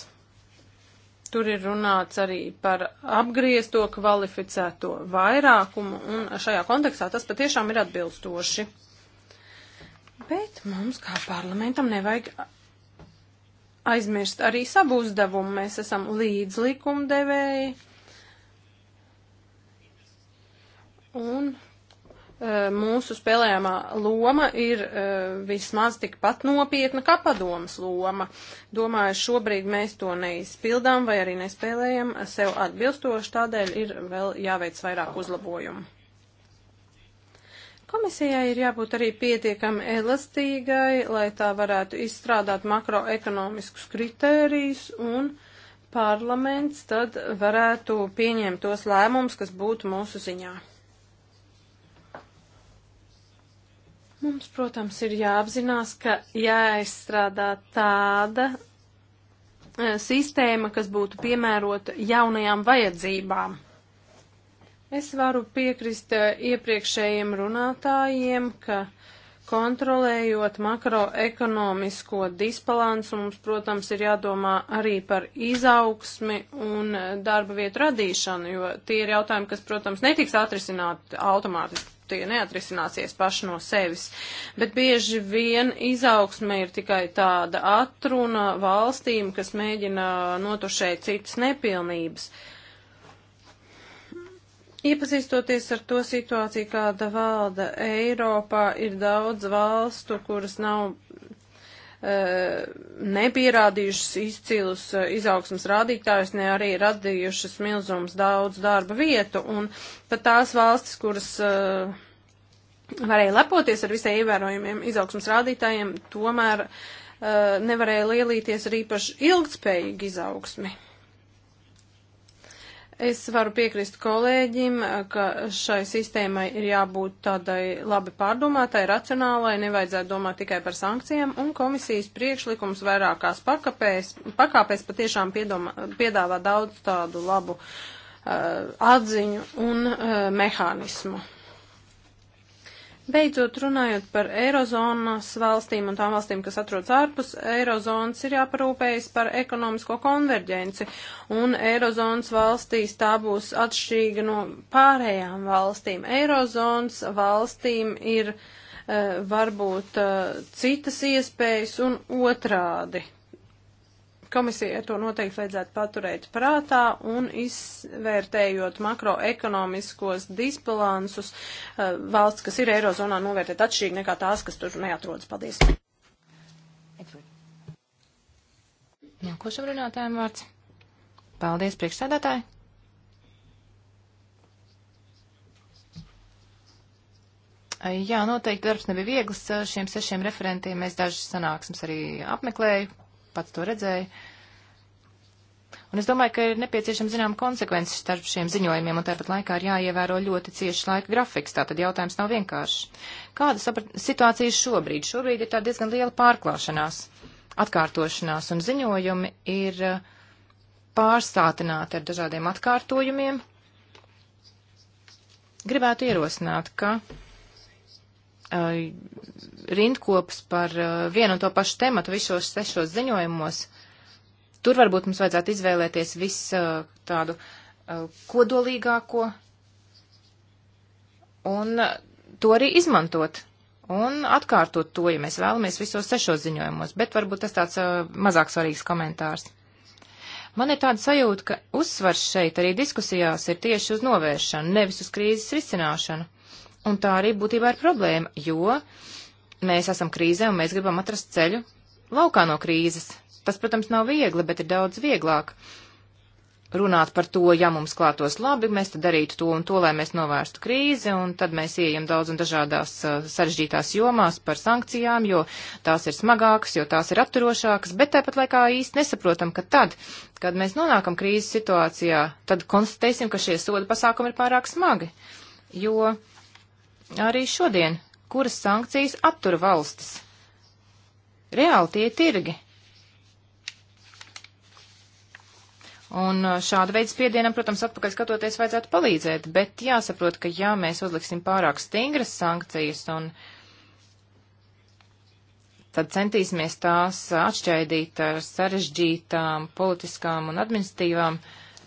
Tur ir runāts arī par apgriezto kvalificēto vairākumu, un šajā kontekstā tas patiešām ir atbilstoši. Bet mums kā parlamentam nevajag aizmirst arī savu uzdevumu. Mēs esam līdzlikumdevēji. Un e, mūsu spēlējamā loma ir e, vismaz tikpat nopietna kā padomas loma. Domāju, šobrīd mēs to neizpildām vai arī nespēlējam sev atbilstoši, tādēļ ir vēl jāveic vairāk uzlabojumu. Komisijai ir jābūt arī pietiekami elastīgai, lai tā varētu izstrādāt makroekonomiskus kritērijus un parlaments tad varētu pieņemt tos lēmumus, kas būtu mūsu ziņā. Mums, protams, ir jāapzinās, ka jāizstrādā tāda e, sistēma, kas būtu piemērota jaunajām vajadzībām. Es varu piekrist e, iepriekšējiem runātājiem, ka kontrolējot makroekonomisko disbalansu, mums, protams, ir jādomā arī par izaugsmi un e, darba vietu radīšanu, jo tie ir jautājumi, kas, protams, netiks atrisināti automātiski tie neatrisināsies paši no sevis. Bet bieži vien izaugsme ir tikai tāda atruna valstīm, kas mēģina notušēt citas nepilnības. Iepazīstoties ar to situāciju, kāda valda Eiropā, ir daudz valstu, kuras nav Eh, nepierādījušas izcilus eh, izaugsmas rādītājus, ne arī radījušas milzums daudz darba vietu. Un pat tās valstis, kuras uh, varēja lepoties ar visai ievērojumiem izaugsmas rādītājiem, tomēr uh, nevarēja lielīties ar īpaši ilgtspējīgu izaugsmi. Es varu piekrist kolēģim, eh, ka šai sistēmai ir jābūt tādai labi pārdomātai, racionālai, nevajadzētu domāt tikai par sankcijām, un komisijas priekšlikums vairākās pakāpēs, pakāpēs patiešām piedomā, piedāvā daudz tādu labu uh, atziņu un uh, mehānismu. Beidzot, runājot par Eirozonas valstīm un tām valstīm, kas atrodas ārpus Eirozonas, ir jāparūpējas par ekonomisko konverģenci, un Eirozonas valstīs tā būs atšķirīga no pārējām valstīm. Eirozonas valstīm ir e, varbūt e, citas iespējas un otrādi. Komisijai to noteikti vajadzētu paturēt prātā un izvērtējot makroekonomiskos disbalansus eh, valsts, kas ir Eirozonā, novērtēt atšķirīgi nekā tās, kas tur neatrodas. Paldies! Nākošam runātājiem vārds. Paldies, priekšsēdētāji! Jā, noteikti darbs nebija viegls šiem sešiem referentiem. Es dažas sanāksmes arī apmeklēju, pats to redzēju. Un es domāju, ka ir nepieciešama zinām konsekvences starp šiem ziņojumiem, un tāpat laikā ir jāievēro ļoti cieši laika grafiks, tātad jautājums nav vienkāršs. Kāda situācija ir šobrīd? Šobrīd ir tā diezgan liela pārklāšanās, atkārtošanās, un ziņojumi ir eh, pārstātināti ar dažādiem atkārtojumiem. Gribētu ierosināt, ka Uh, rindkopas par uh, vienu un to pašu tematu visos sešos ziņojumos. Tur varbūt mums vajadzētu izvēlēties vis uh, tādu kodolīgāko un to arī izmantot un atkārtot to, ja mēs vēlamies visos sešos ziņojumos, bet varbūt tas tāds mazāk svarīgs komentārs. Man ir tāda sajūta, ka uzsvars šeit arī diskusijās ir tieši uz novēršanu, nevis uz krīzes risināšanu. Un tā arī būtībā ir problēma, jo mēs esam krīzē un mēs gribam atrast ceļu laukā no krīzes. Tas, protams, nav viegli, bet ir daudz vieglāk runāt par to, ja mums klātos labi, mēs tad darītu to un to, lai mēs novērstu krīzi, un tad mēs ieejam daudz un dažādās uh, sarežģītās jomās par sankcijām, jo tās ir smagākas, jo tās ir apturošākas, bet tāpat laikā īsti nesaprotam, ka tad, kad mēs nonākam krīzes situācijā, tad konstatēsim, ka šie soda pasākumi ir pārāk smagi, jo uh, arī šodien, kuras sankcijas attur valstis. Reāli tie tirgi. Un uh, šāda veida spiedienam, protams, atpakaļ skatoties vajadzētu palīdzēt, bet jāsaprot, ka jā, mēs uzliksim pārāk stingras sankcijas un tad centīsimies tās atšķaidīt ar sarežģītām politiskām un administīvām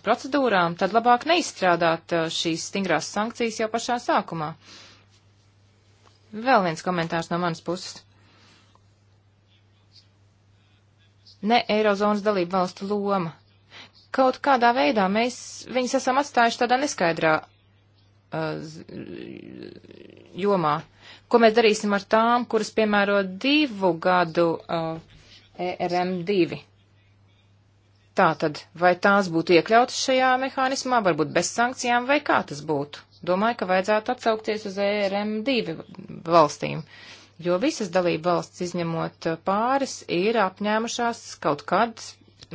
procedūrām, tad labāk neizstrādāt uh, šīs stingrās sankcijas jau pašā sākumā. Uh, Vēl viens komentārs no manas puses. Ne Eirozonas dalību valstu loma. Kaut kādā veidā mēs viņus esam atstājuši tādā neskaidrā uh, jomā. Ko mēs darīsim ar tām, kuras piemēro divu gadu uh, ERM2? Tātad, vai tās būtu iekļautas šajā mehānismā, varbūt bez sankcijām, vai kā tas būtu? Domāju, ka vajadzētu atsaukties uz ERM2 valstīm, jo visas dalība valsts, izņemot pāris, ir apņēmušās kaut kad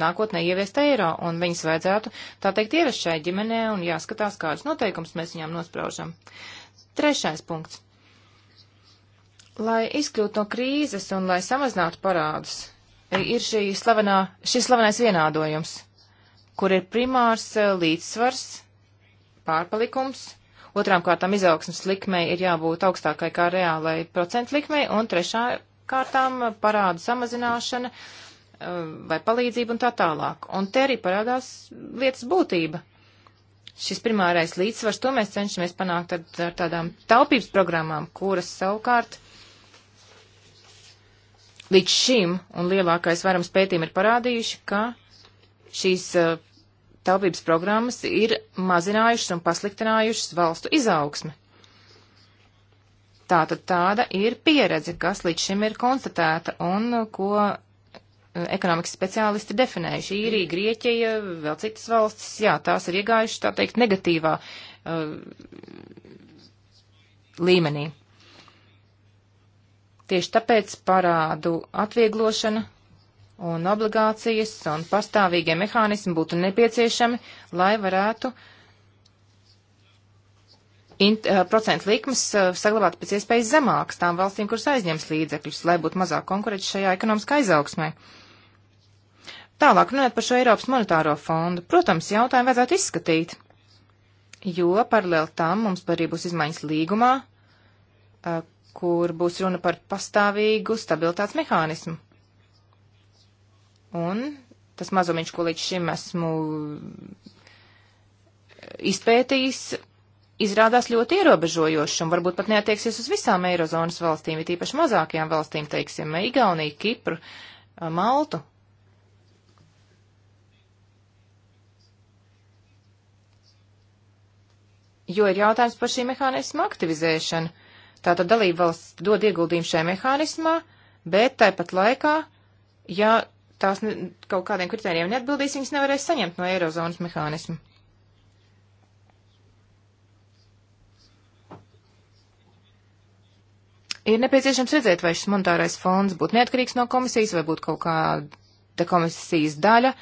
nākotnē ieviest eiro, un viņas vajadzētu, tā teikt, ievest šai ģimenē un jāskatās, kādus noteikumus mēs viņām nospraužam. Trešais punkts. Lai izkļūtu no krīzes un lai samazinātu parādus, ir šī slavenā, šis slavenais vienādojums, kur ir primārs eh, līdzsvars, pārpalikums Otrām kārtām izaugsmas likmei ir jābūt augstākai kā reālai procentu likmei, un trešā kārtām parādu samazināšana eh, vai palīdzība un tā tālāk. Un te arī parādās lietas būtība. Šis primārais līdzsvars, to mēs cenšamies panākt ar, ar tādām taupības programmām, kuras savukārt līdz šim, un lielākais varams pētījumi ir parādījuši, ka šīs uh, taupības programmas ir mazinājušas un pasliktinājušas valstu izaugsmi. Tātad tāda ir pieredze, kas līdz šim ir konstatēta un uh, ko uh, ekonomikas speciālisti definējuši. Īrija, Grieķija, vēl citas valstis, jā, tās ir iegājušas, tā teikt, negatīvā uh, līmenī. Tieši tāpēc parādu atvieglošana un obligācijas un pastāvīgie mehānismi būtu nepieciešami, lai varētu int, eh, procentu likmes eh, saglabāt pēc iespējas zemākas tām valstīm, kuras aizņems līdzekļus, lai būtu mazāk konkurēts šajā ekonomiskā izaugsmē. Tālāk runāt par šo Eiropas monetāro fondu. Protams, jautājumu vajadzētu izskatīt, jo paralēli tam mums arī būs izmaiņas līgumā, eh, kur būs runa par pastāvīgu stabilitātes mehānismu. Un tas mazumiņš, ko līdz šim esmu e, izpētījis, izrādās ļoti ierobežojošs un varbūt pat neatieksies uz visām eirozonas valstīm, it īpaši mazākajām valstīm, teiksim, Igauniju, Kipru, e, Maltu. Jo ir jautājums par šī mehānisma aktivizēšanu. Tātad dalība valsts dod ieguldījumu šajā mehānismā, bet tāpat laikā, ja tās ne, kaut kādiem kritērijiem neatbildīs, viņas nevarēs saņemt no eirozonas mehānismu. Ir nepieciešams redzēt, vai šis monetārais fonds būtu neatkarīgs no komisijas, vai būtu kaut kāda komisijas daļa.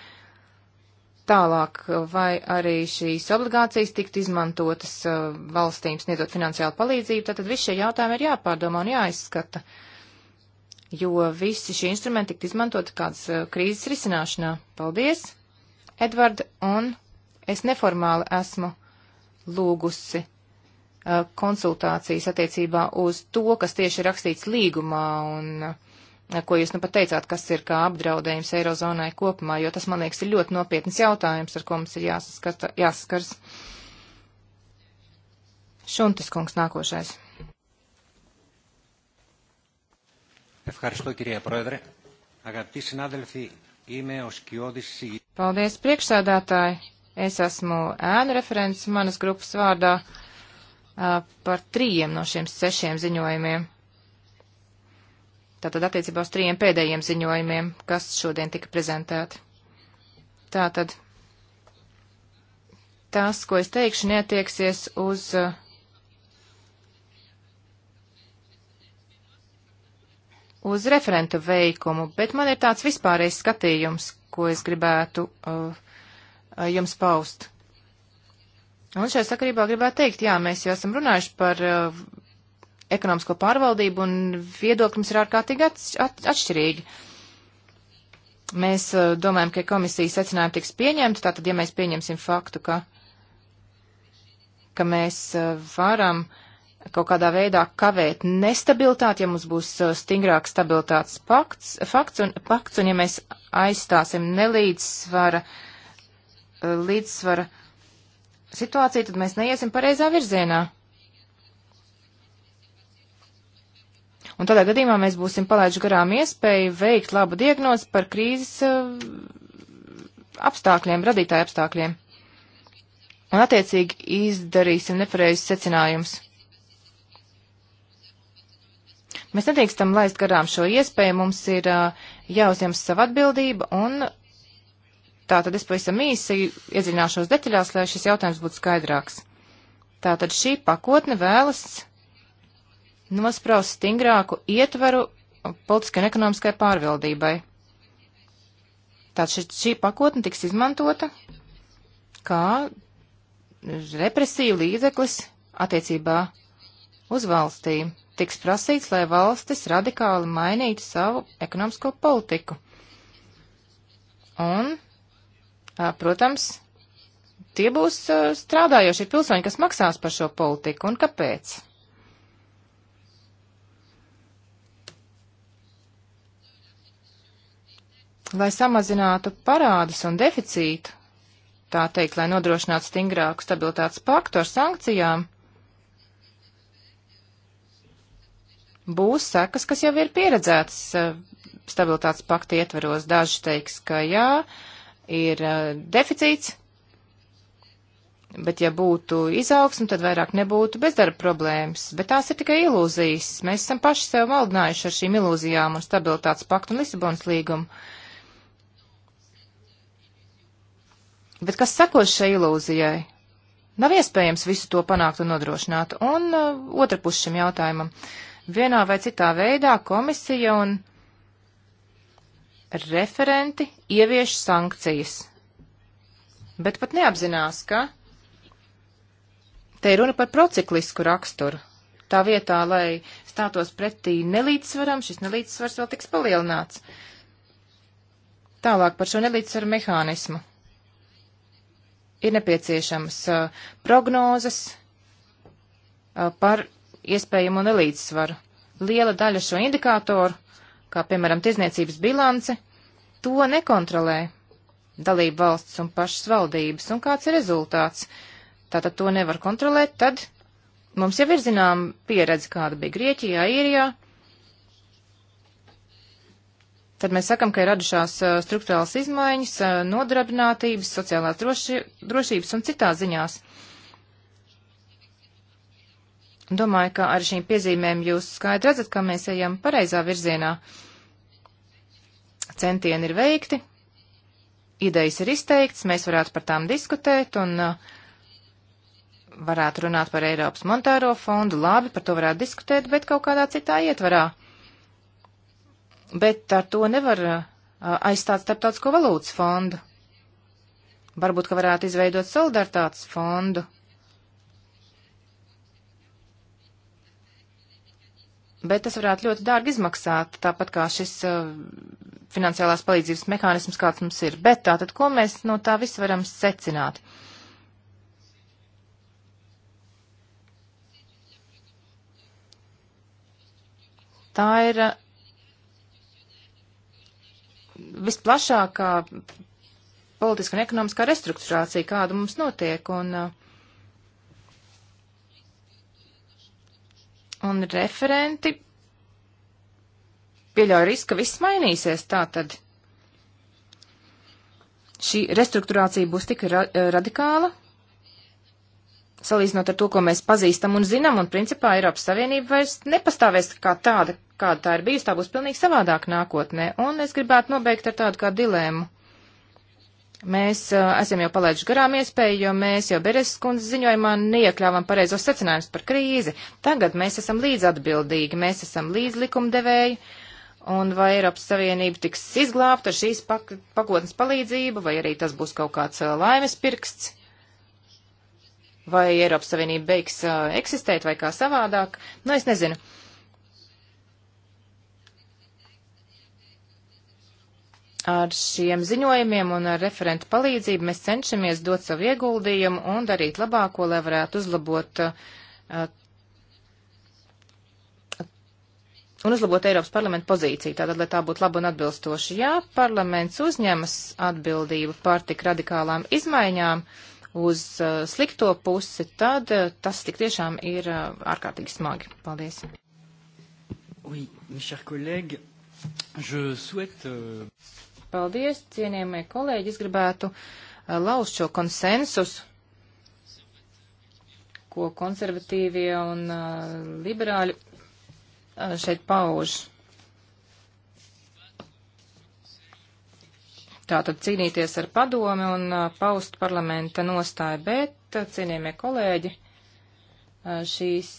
Tālāk, vai arī šīs obligācijas tiktu izmantotas uh, valstīm sniedzot finansiālu palīdzību, tad viss šie jautājumi ir jāpārdomā un jāizskata. Uh, jo visi šie instrumenti tikt izmantoti kādas eh, krīzes risināšanā. Paldies, Edvard, un es neformāli esmu lūgusi eh, konsultācijas attiecībā uz to, kas tieši ir rakstīts līgumā un eh, ko jūs nu pat teicāt, kas ir kā apdraudējums Eirozonai kopumā, jo tas, man liekas, ir ļoti nopietnas jautājums, ar ko mums ir jāsaskars. Šuntas kungs nākošais. Ευχαριστώ, κυρία Πρόεδρε. Αγαπητοί συνάδελφοι, είμαι ο Σκιώδης Paldies, priekšsēdētāji. Es esmu ēnu referents manas grupas vārdā par trījiem no šiem sešiem ziņojumiem. Tātad attiecībā uz trījiem pēdējiem ziņojumiem, kas šodien tika prezentēti. Tātad tas, ko es teikšu, neatieksies uz uh, uz referentu veikumu, bet man ir tāds vispārējs skatījums, ko es gribētu uh, uh, jums paust. Un šajā sakarībā gribētu teikt, jā, mēs jau esam runājuši par uh, ekonomisko pārvaldību un viedoklis ir ārkārtīgi at, at, atšķirīgi. Mēs uh, domājam, ka komisijas secinājumi tiks pieņemti, tātad, ja mēs pieņemsim faktu, ka, ka mēs uh, varam uh, kaut kādā veidā kavēt nestabilitāti, ja mums būs uh, stingrāk stabilitātes pakts, fakts un pakts, un ja mēs aizstāsim nelīdzsvara, uh, līdzsvara situāciju, tad mēs neiesim pareizā virzienā. Un tādā gadījumā mēs būsim palaiduši garām iespēju veikt labu diagnozi par krīzes uh, apstākļiem, radītāju apstākļiem. Un attiecīgi izdarīsim nepareizus secinājumus. Mēs nedrīkstam laist garām šo iespēju, mums ir jāuzņem savu atbildību un tā tad es pavisam īsi iedziļināšos detaļās, lai šis jautājums būtu skaidrāks. Tā tad šī pakotne vēlas nospraust stingrāku ietveru politiskai un ekonomiskai pārvaldībai. Tātad šī pakotne tiks izmantota kā represīvu līdzeklis attiecībā uz valstīm tiks prasīts, lai valstis radikāli mainītu savu ekonomisko politiku. Un, protams, tie būs strādājošie pilsoņi, kas maksās par šo politiku un kāpēc. Lai samazinātu parādus un deficītu, tā teikt, lai nodrošinātu stingrāku stabilitātes paktu ar sankcijām, būs sekas, kas jau ir pieredzētas eh, stabilitātes pakti ietveros. Daži teiks, ka jā, ir eh, deficīts, bet ja būtu izaugsme, tad vairāk nebūtu bezdarba problēmas. Bet tās ir tikai ilūzijas. Mēs esam paši sev maldinājuši ar šīm ilūzijām un stabilitātes paktu un Lisabonas līgumu. Bet kas sekos šai ilūzijai? Nav iespējams visu to panākt un nodrošināt. Un uh, otra puse šim jautājumam. Uh, Vienā vai citā veidā komisija un referenti ievieš sankcijas, bet pat neapzinās, ka te ir runa par prociklisku raksturu. Tā vietā, lai stātos pretī nelīdzsvaram, šis nelīdzsvars vēl tiks palielināts. Tālāk par šo nelīdzsvaru mehānismu. Ir nepieciešamas uh, prognozes uh, par iespējamo nelīdzsvaru. Liela daļa šo indikātoru, kā piemēram tirzniecības bilance, to nekontrolē dalību valsts un pašas valdības, un kāds ir rezultāts. Tātad to nevar kontrolēt, tad mums jau ir zinām pieredze, kāda bija Grieķijā, Īrijā. Tad mēs sakam, ka ir radušās struktūrāls izmaiņas, nodarbinātības, sociālās droši, drošības un citās ziņās. Uh, Domāju, ka ar šīm piezīmēm jūs skaidri redzat, ka mēs ejam pareizā virzienā. Centieni ir veikti, idejas ir izteikts, mēs varētu par tām diskutēt un uh, varētu runāt par Eiropas monetāro fondu, labi, par to varētu diskutēt, bet kaut kādā citā ietvarā. Bet ar to nevar uh, aizstāt starptautisko valūtas fondu. Varbūt, ka varētu izveidot solidaritātes fondu, bet tas varētu ļoti dārgi izmaksāt, tāpat kā šis uh, finansiālās palīdzības mehānisms, kāds mums ir. Bet tātad, ko mēs no tā visa varam secināt? Tā ir uh, visplašākā politiska un ekonomiskā restruktūrācija, kāda mums notiek, un uh, un referenti pieļauj risku, ka viss mainīsies tā tad. Šī restruktūrācija būs tik ra eh, radikāla, salīdzinot ar to, ko mēs pazīstam un zinām, un principā Eiropas Savienība vairs nepastāvēs kā tāda, kāda tā ir bijusi, tā būs pilnīgi savādāk nākotnē, un es gribētu nobeigt ar tādu kā dilēmu. Mēs uh, esam jau palaiduši garām iespēju, jo mēs jau Beres kundzes ziņojumā neiekļāvām pareizos secinājumus par krīzi. Tagad mēs esam līdz atbildīgi, mēs esam līdz likumdevēji, un vai Eiropas Savienība tiks izglābta ar šīs pak pakotnes palīdzību, vai arī tas būs kaut kāds uh, laimes pirksts, vai Eiropas Savienība beigs uh, eksistēt, vai kā savādāk, nu es nezinu. Uh, Ar šiem ziņojumiem un ar referentu palīdzību mēs cenšamies dot savu ieguldījumu un darīt labāko, lai varētu uzlabot uh, un uzlabot Eiropas parlamenta pozīciju, tātad, lai tā būtu laba un atbilstoša. Jā, parlaments uzņemas atbildību par tik radikālām izmaiņām uz uh, slikto pusi, tad uh, tas tik tiešām ir uh, ārkārtīgi smagi. Paldies. Oui, mes chers collègues, je souhaite. Euh... Paldies, cienījamie kolēģi, es gribētu uh, lauzt šo konsensusu ko konservatīvie un uh, liberāļi uh, šeit pauž. Tātad cīnīties ar padomi un uh, paust parlamenta nostāju, bet, uh, cienījamie kolēģi, uh, šīs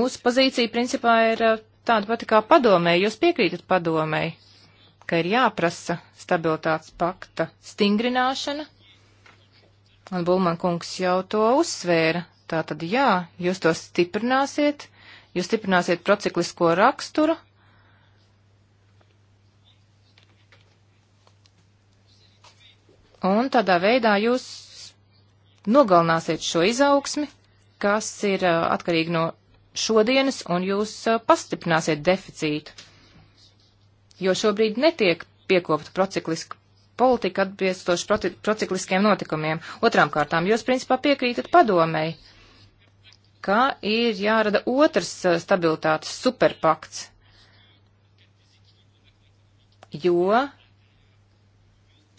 mūsu pozīcija principā ir tāda pati kā padomē. Jūs piekrītat padomēji? ka ir jāprasa stabilitātes pakta stingrināšana, un Bulman kungs jau to uzsvēra. Tā tad jā, jūs to stiprināsiet, jūs stiprināsiet prociklisko raksturu. Un tādā veidā jūs nogalināsiet šo izaugsmi, kas ir uh, atkarīgi no šodienas, un jūs uh, pastiprināsiet deficītu jo šobrīd netiek piekopta procikliska politika atbilstoši procikliskiem notikumiem. Otrām kārtām, jūs principā piekrītat padomēji, ka ir jārada otrs stabilitātes superpakts, jo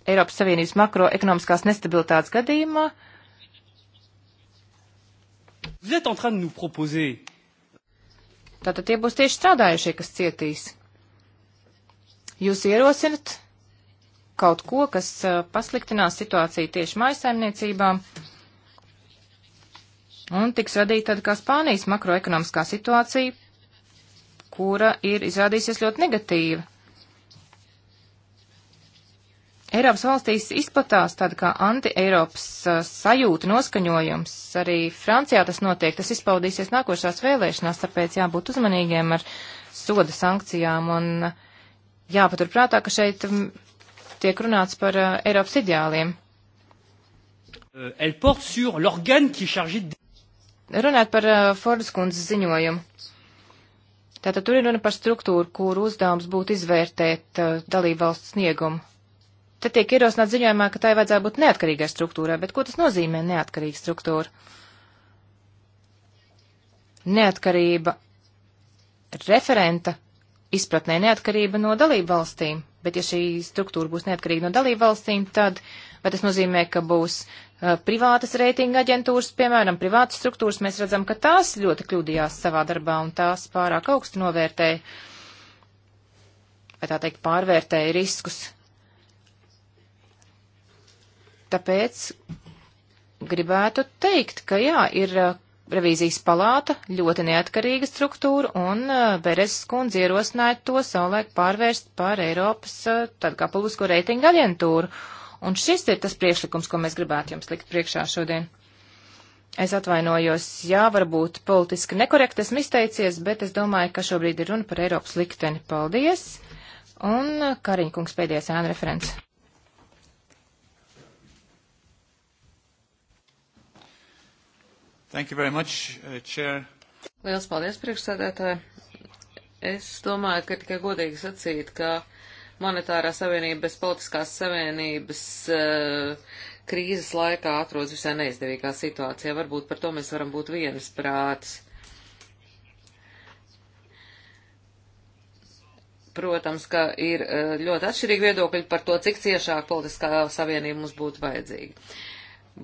Eiropas Savienības makroekonomiskās nestabilitātes gadījumā Tātad tie būs tieši strādājušie, kas cietīs. Jūs ierosinat kaut ko, kas pasliktinās situāciju tieši maisaimniecībām un tiks radīta tāda kā Spānijas makroekonomiskā situācija, kura ir izrādīsies ļoti negatīva. Eiropas valstīs izplatās tāda kā anti-Eiropas sajūta noskaņojums. Arī Francijā tas notiek, tas izpaudīsies nākošās vēlēšanās, tāpēc jābūt uzmanīgiem ar soda sankcijām un uh, jāpaturprātā, ka šeit mm, tiek runāts par uh, Eiropas ideāliem. Euh, Runāt par uh, Fordas kundzes ziņojumu. Tātad tur ir runa par struktūru, kuru uzdevums būtu izvērtēt uh, dalību valsts sniegumu. Te tiek ierosināts ziņojumā, ka tai vajadzētu būt neatkarīgai struktūrai, bet ko tas nozīmē neatkarīga struktūra? Neatkarība referenta izpratnē neatkarība no dalību valstīm, bet ja šī struktūra būs neatkarīga no dalību valstīm, tad vai tas nozīmē, ka būs uh, privātas reitinga aģentūras, piemēram, privātas struktūras, mēs redzam, ka tās ļoti kļūdījās savā darbā un tās pārāk augstu novērtēja, vai tā teikt, pārvērtēja riskus. Tāpēc gribētu teikt, ka jā, ir uh, revīzijas palāta ļoti neatkarīga struktūra, un uh, Beres skundze ierosināja to savulaik pārvērst par Eiropas uh, tādu kā publisko reitingu aģentūru. Un šis ir tas priekšlikums, ko mēs gribētu jums likt priekšā šodien. Es atvainojos, jā, varbūt politiski nekorekti esmu izteicies, bet es domāju, ka šobrīd ir runa par Eiropas likteni. Paldies! Un uh, Kariņkungs pēdējais ēna referents. Thank you very much, uh, Chair. Liels paldies, priekšsēdētāji. Es domāju, ka tikai godīgi sacīt, ka monetārā savienība bez politiskās savienības uh, krīzes laikā atrodas visai neizdevīgā situācijā. Varbūt par to mēs varam būt vienas prātas. Protams, ka ir uh, ļoti atšķirīgi viedokļi par to, cik ciešāk politiskā savienība mums būtu vajadzīga.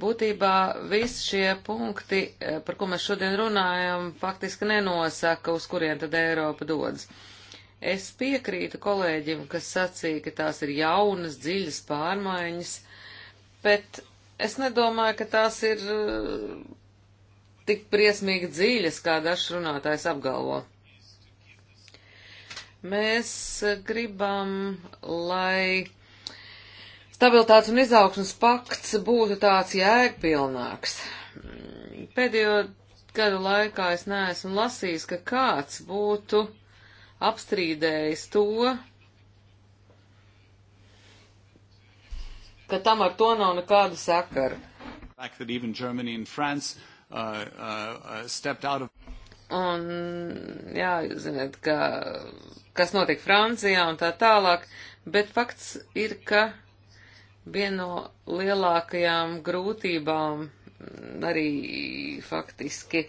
Būtībā visi šie punkti, eh, par ko mēs šodien runājam, faktiski nenosaka, uz kurien tad Eiropa dodas. Es piekrītu kolēģim, kas sacīja, ka tās ir jaunas, dziļas pārmaiņas, bet es nedomāju, ka tās ir eh, tik briesmīgi dziļas, kā dažs runātājs apgalvo. Mēs eh, gribam, lai stabilitātes un izaugsmas pakts būtu tāds jēgpilnāks. Pēdējo gadu laikā es neesmu lasījis, ka kāds būtu apstrīdējis to, ka tam ar to nav nekāda sakara. Uh, uh, uh of... Un, jā, jūs zināt, ka, kas notiek Francijā un tā tālāk, bet fakts ir, ka Viena no lielākajām grūtībām mm, arī faktiski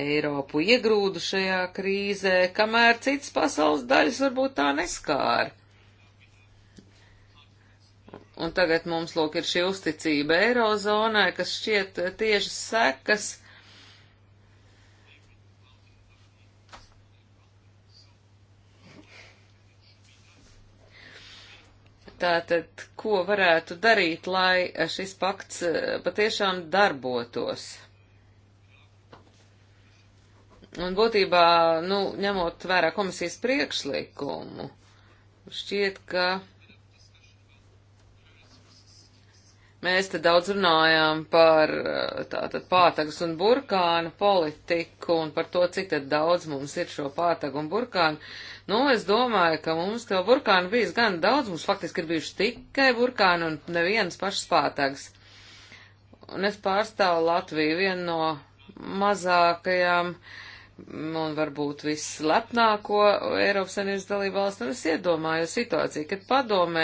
Eiropu iegrūdu šajā krīzē, kamēr citas pasaules daļas varbūt tā neskāra. Un tagad mums lūk ir šī uzticība Eirozonai, kas šķiet tieši sekas Tātad, ko varētu darīt, lai šis pakts eh, patiešām darbotos? Un būtībā, nu, ņemot vērā komisijas priekšlikumu, šķiet, ka Mēs te daudz runājām par eh, tātad pātagas un burkānu politiku un par to, cik tad daudz mums ir šo pātagu un burkānu. Nu, es domāju, ka mums to burkānu bijis gan daudz, mums faktiski ir bijuši tikai burkāni un nevienas pašas pātagas. Un es pārstāvu Latviju, vienu no mazākajām uh, un varbūt vislepnāko Eiropas Savienības dalību valstu, un es iedomājos situāciju, kad padomē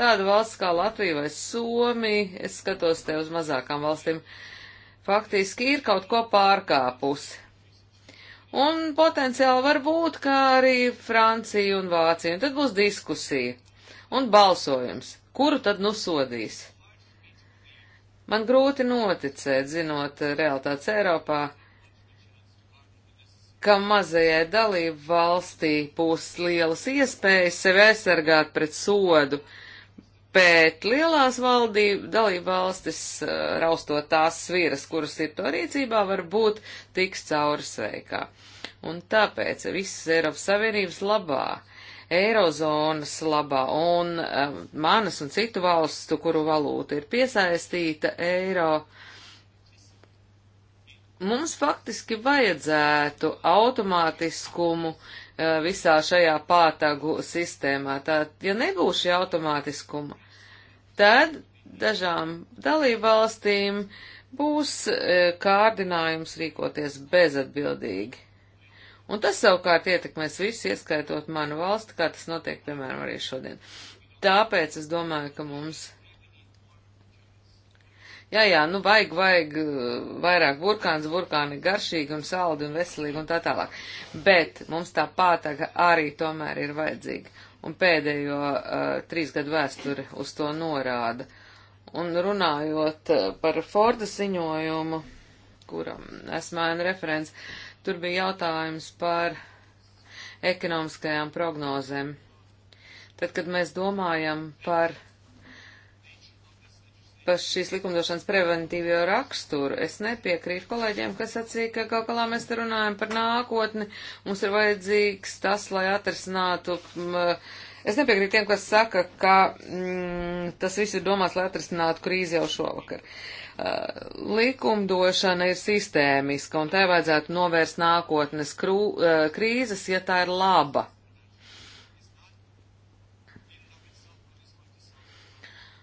tāda valsts kā Latvija vai Somija, es skatos te uz mazākām valstīm, faktiski ir kaut ko pārkāpusi. Un potenciāli var būt, kā arī Francija un Vācija, un tad būs diskusija un balsojums, kuru tad nusodīs. Man grūti noticēt, zinot realitātes Eiropā ka mazajai dalību valstī būs lielas iespējas sevi aizsargāt pret sodu, bet lielās valdību dalību valstis eh, raustot tās sviras, kuras ir to rīcībā, varbūt tiks cauri sveikā. Un tāpēc viss Eiropas Savienības labā. Eirozonas labā un um, manas un citu valstu, kuru valūta ir piesaistīta eiro, uh, Mums faktiski vajadzētu automātiskumu eh, visā šajā pātagu sistēmā. Tātad, ja nebūs šī automātiskuma, tad dažām dalībvalstīm būs eh, kārdinājums rīkoties bezatbildīgi. Un tas savukārt ietekmēs visus, ieskaitot manu valsti, kā tas notiek, piemēram, arī šodien. Tāpēc es domāju, ka mums jā, jā, nu vajag, vajag eh, vairāk burkāns, burkāni garšīgi un saldi un veselīgi un tā tālāk. Bet mums tā pātaga arī tomēr ir vajadzīga. Un pēdējo uh, trīs gadu vēsture uz to norāda. Un runājot eh, par Forda ziņojumu, kuram esmu ēnu referents, tur bija jautājums par ekonomiskajām prognozēm. Tad, kad mēs domājam par par šīs likumdošanas preventīvo raksturu. Es nepiekrītu kolēģiem, kas sacīja, ka kaut galā mēs te runājam par nākotni, mums ir vajadzīgs tas, lai atrisinātu. Es nepiekrītu tiem, kas saka, ka mm, tas viss ir domāts, lai atrisinātu krīzi jau šovakar. Uh, likumdošana ir sistēmiska, un tai vajadzētu novērst nākotnes krū, uh, krīzes, ja tā ir laba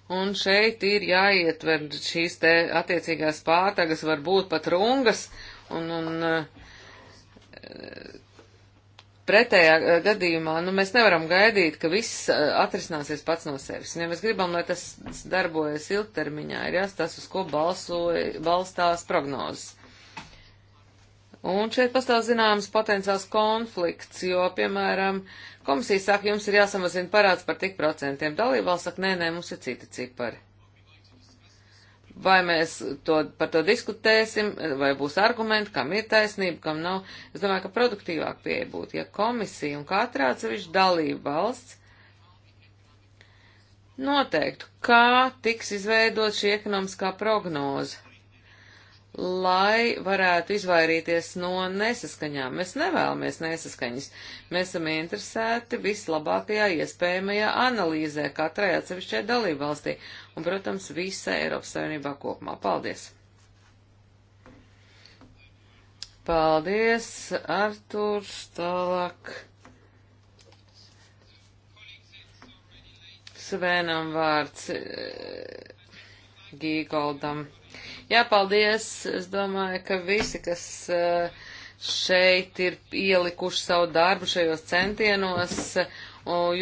Un šeit ir jāietver šīs te attiecīgās pātagas, varbūt pat rungas, un, un eh, pretējā eh, gadījumā, nu, mēs nevaram gaidīt, ka viss eh, atrisināsies pats no sevis. Ja mēs gribam, lai tas darbojas ilgtermiņā, ir jāstās, uz ko balsoja, balstās prognozes. Un šeit pastāv zināms potenciāls konflikts, jo, piemēram, Komisija saka, jums ir jāsamazina parāds par tik procentiem. Dalībvalsts saka, nē, nē, mums ir citi cipari. Vai mēs to, par to diskutēsim, vai būs argumenti, kam ir taisnība, kam nav. Es domāju, ka produktīvāk pieeja būtu, ja komisija un katrā atsevišķa dalība valsts noteiktu, kā tiks izveidot šī ekonomiskā prognoze lai varētu izvairīties no nesaskaņām. Mēs nevēlamies nesaskaņas. Mēs esam interesēti vislabākajā iespējamajā analīzē katrai atsevišķai dalībvalstī un, protams, visai Eiropas Savienībā kopumā. Paldies! Paldies, Arturs, tālāk. Svenam vārds eh, Gīgoldam. E, Jā, paldies. Es domāju, ka visi, kas eh, šeit ir ielikuši savu darbu šajos centienos,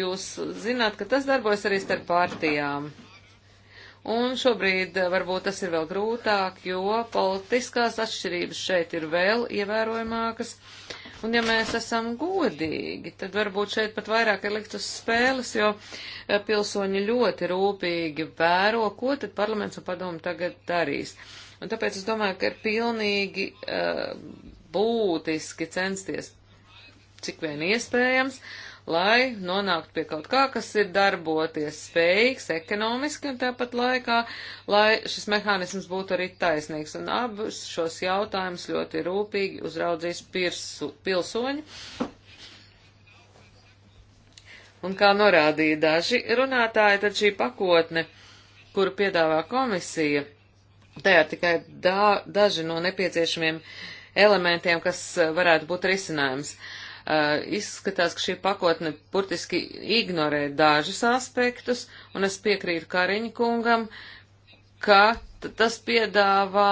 jūs zināt, ka tas darbojas arī starp partijām. Un šobrīd eh, varbūt tas ir vēl grūtāk, jo politiskās atšķirības šeit ir vēl ievērojamākas. Uh, Un ja mēs esam godīgi, tad varbūt šeit pat vairāk ir likt uz spēles, jo e, pilsoņi ļoti rūpīgi vēro, ko tad parlaments un padomu tagad darīs. Un tāpēc es domāju, ka ir pilnīgi uh, būtiski censties, cik vien iespējams, uh, lai nonāktu pie kaut kā, kas ir darboties spējīgs ekonomiski un tāpat laikā, lai šis mehānisms būtu arī taisnīgs. Un abus šos jautājumus ļoti rūpīgi uzraudzīs pirsu, pilsoņi. Un kā norādīja daži runātāji, tad šī pakotne, kuru piedāvā komisija, tajā tikai da, daži no nepieciešamiem elementiem, kas varētu būt risinājums. Uh, Uh, izskatās, ka šī pakotne burtiski ignorē dažus aspektus, un es piekrītu Kariņa kungam, ka tas piedāvā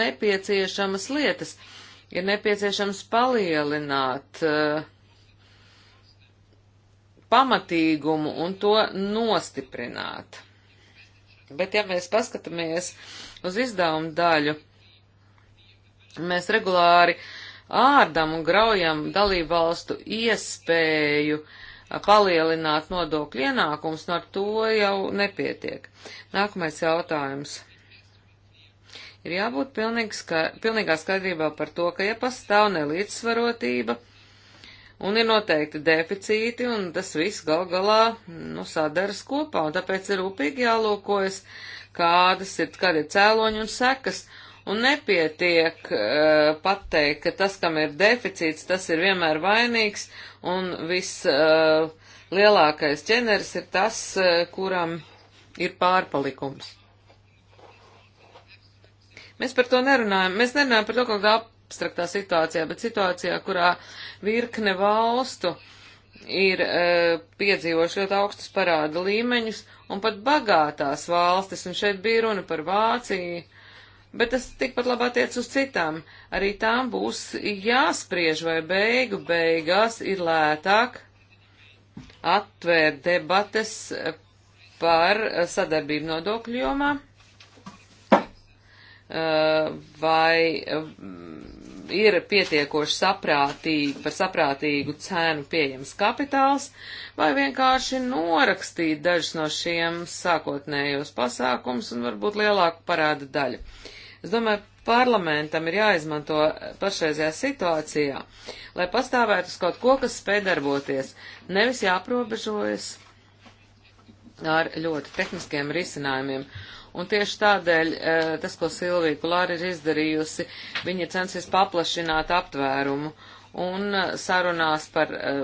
nepieciešamas lietas. Ir nepieciešams palielināt uh, pamatīgumu un to nostiprināt. Bet ja mēs paskatāmies uz izdevumu daļu, mēs regulāri uh, ārdam un graujam dalībvalstu iespēju palielināt nodokļu ienākums, un ar to jau nepietiek. Nākamais jautājums. Ir jābūt ska pilnīgā skaidrībā par to, ka ja pastāv nelīdzsvarotība un ir noteikti deficīti, un tas viss gal galā nu, sadaras kopā, un tāpēc ir rūpīgi jālūkojas, kādas ir, kādi ir cēloņi un sekas, Un nepietiek uh, pateikt, ka tas, kam ir deficīts, tas ir vienmēr vainīgs, un vislielākais eh, uh, ķeneris ir tas, uh, kuram ir pārpalikums. Mēs par to nerunājam. Mēs nerunājam par to kaut kādā abstraktā situācijā, bet situācijā, kurā virkne valstu ir e, piedzīvojuši ļoti augstus parāda līmeņus, un pat bagātās valstis, un šeit bija runa par Vāciju, bet tas tikpat labi attiec uz citām. Arī tām būs jāspriež, vai beigu beigās ir lētāk atvērt debates par sadarbību nodokļu jomā, eh, vai mm, ir pietiekoši saprātīgi, par saprātīgu cēnu pieejams kapitāls, vai vienkārši norakstīt dažus no šiem sākotnējos pasākums un varbūt lielāku parāda daļu. Uh, Es domāju, parlamentam ir jāizmanto pašreizajā situācijā, lai pastāvētu uz kaut ko, kas spēj darboties, nevis jāprobežojas ar ļoti tehniskiem risinājumiem. Un tieši tādēļ e, tas, ko Silvija Kulāra ir izdarījusi, viņa censies paplašināt aptvērumu. Un e, sarunās par e,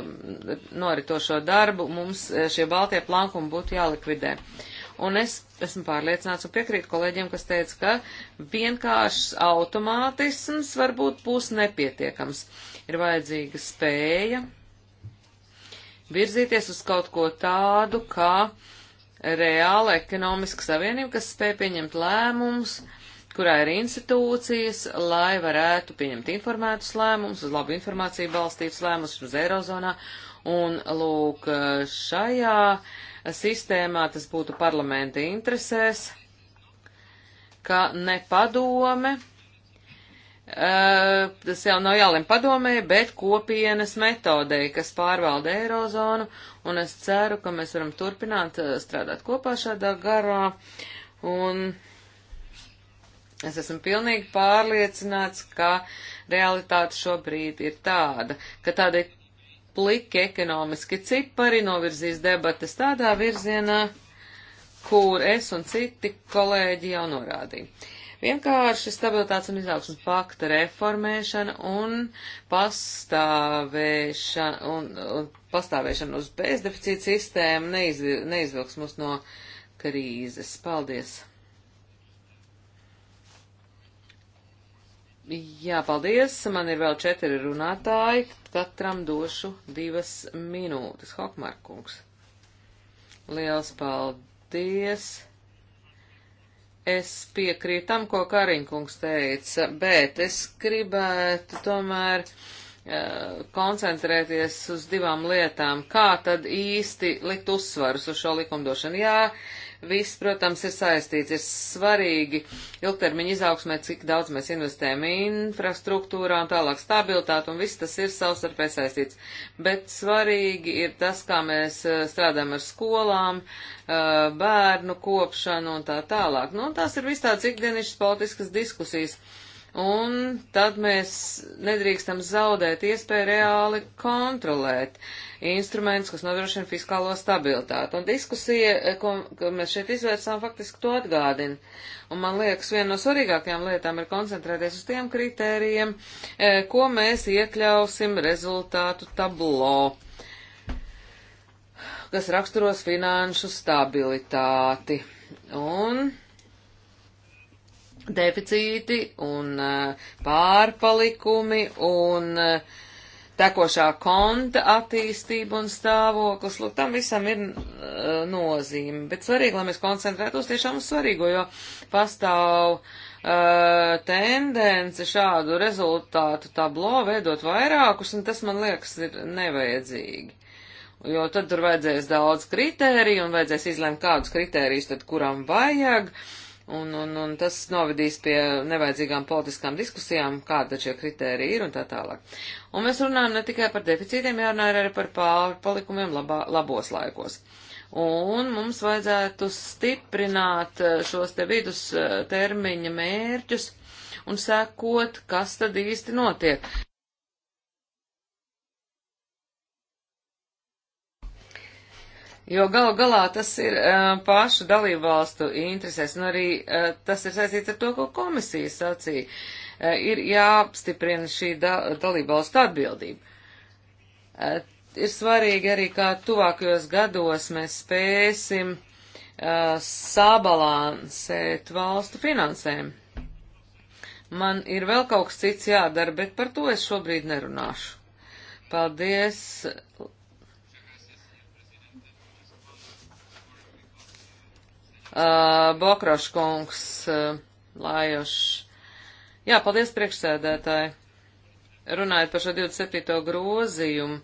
noritošo darbu mums šie baltie plankumi būtu jālikvidē. Uh, Un es esmu pārliecināts un piekrītu kolēģiem, kas teica, ka vienkāršs automātisms varbūt būs nepietiekams. Ir vajadzīga spēja virzīties uz kaut ko tādu, kā reāla ekonomiska savienība, kas spēj pieņemt lēmumus, kurā ir institūcijas, lai varētu pieņemt informētus lēmumus, uz labu informāciju balstītus lēmumus uz Eirozonā. Un, lūk, šajā uh, sistēmā, tas būtu parlamenta interesēs, ka ne padome, eh, tas jau nav jālem padomē, bet kopienas metodei, kas pārvalda Eirozonu, un es ceru, ka mēs varam turpināt eh, strādāt kopā šādā garā, un es esmu pilnīgi pārliecināts, ka realitāte šobrīd ir tāda, ka tāda ir pliki ekonomiski cipari novirzīs debatas tādā virzienā, kur es un citi kolēģi jau norādīja. Vienkārši stabilitātes un izaugsmas pakta reformēšana un pastāvēšana, un, un uh, pastāvēšana uz bezdeficīta sistēmu neizvi, neizvilks mūs no krīzes. Paldies! Jā, paldies. Man ir vēl četri runātāji. Katram došu divas minūtes. Hokmarkungs. Liels paldies. Es piekrītu tam, ko Kariņkungs teica, bet es gribētu tomēr uh, koncentrēties uz divām lietām. Kā tad īsti likt uzsvarus uz šo likumdošanu? Jā, uh, Viss, protams, ir saistīts, ir svarīgi ilgtermiņa izaugsmē, cik daudz mēs investējam infrastruktūrā un tālāk stabilitāte, un viss tas ir savstarpēji saistīts. Bet svarīgi ir tas, kā mēs eh, strādājam ar skolām, eh, bērnu kopšanu un tā tālāk. Nu, un tās ir viss tāds ikdienišas politiskas diskusijas un tad mēs nedrīkstam zaudēt iespēju reāli kontrolēt instrumentus, kas nodrošina fiskālo stabilitāti. Un diskusija, eh, ko, ko mēs šeit izvērsām, faktiski to atgādina. Un man liekas, viena no svarīgākajām lietām ir koncentrēties uz tiem kritērijiem, eh, ko mēs iekļausim rezultātu tablo kas raksturos finanšu stabilitāti. Un deficīti un e, pārpalikumi un e, tekošā konta attīstība un stāvoklis, lūk, tam visam ir e, nozīme, bet svarīgi, lai mēs koncentrētos tiešām uz svarīgo, jo pastāv uh, tendence šādu rezultātu tablo veidot vairākus, un tas, man liekas, ir nevajadzīgi. Jo tad tur vajadzēs daudz kritēriju, un vajadzēs izlemt, kādus kritērijus tad kuram vajag. Uh, Un, un, un tas novedīs pie nevajadzīgām politiskām diskusijām, kāda šie kritēriji ir un tā tālāk. Un mēs runājam ne tikai par deficītiem, jārunā arī par pārpalikumiem labā, labos laikos. Un mums vajadzētu stiprināt eh, šos te vidus eh, termiņa mērķus un sekot, kas tad īsti notiek. Jo gal galā tas ir uh, pašu dalībvalstu interesēs, un arī uh, tas ir saistīts ar to, ko komisija sacīja. Uh, ir jāapstiprina šī da dalībvalstu atbildība. Uh, ir svarīgi arī, kā tuvākajos gados mēs spēsim uh, sabalansēt valstu finansēm. Man ir vēl kaut kas cits jādara, bet par to es šobrīd nerunāšu. Paldies! Uh, Bokroškungs, uh, Lajošs. Jā, paldies priekšsēdētāji. Runājot par šo 27. grozījumu,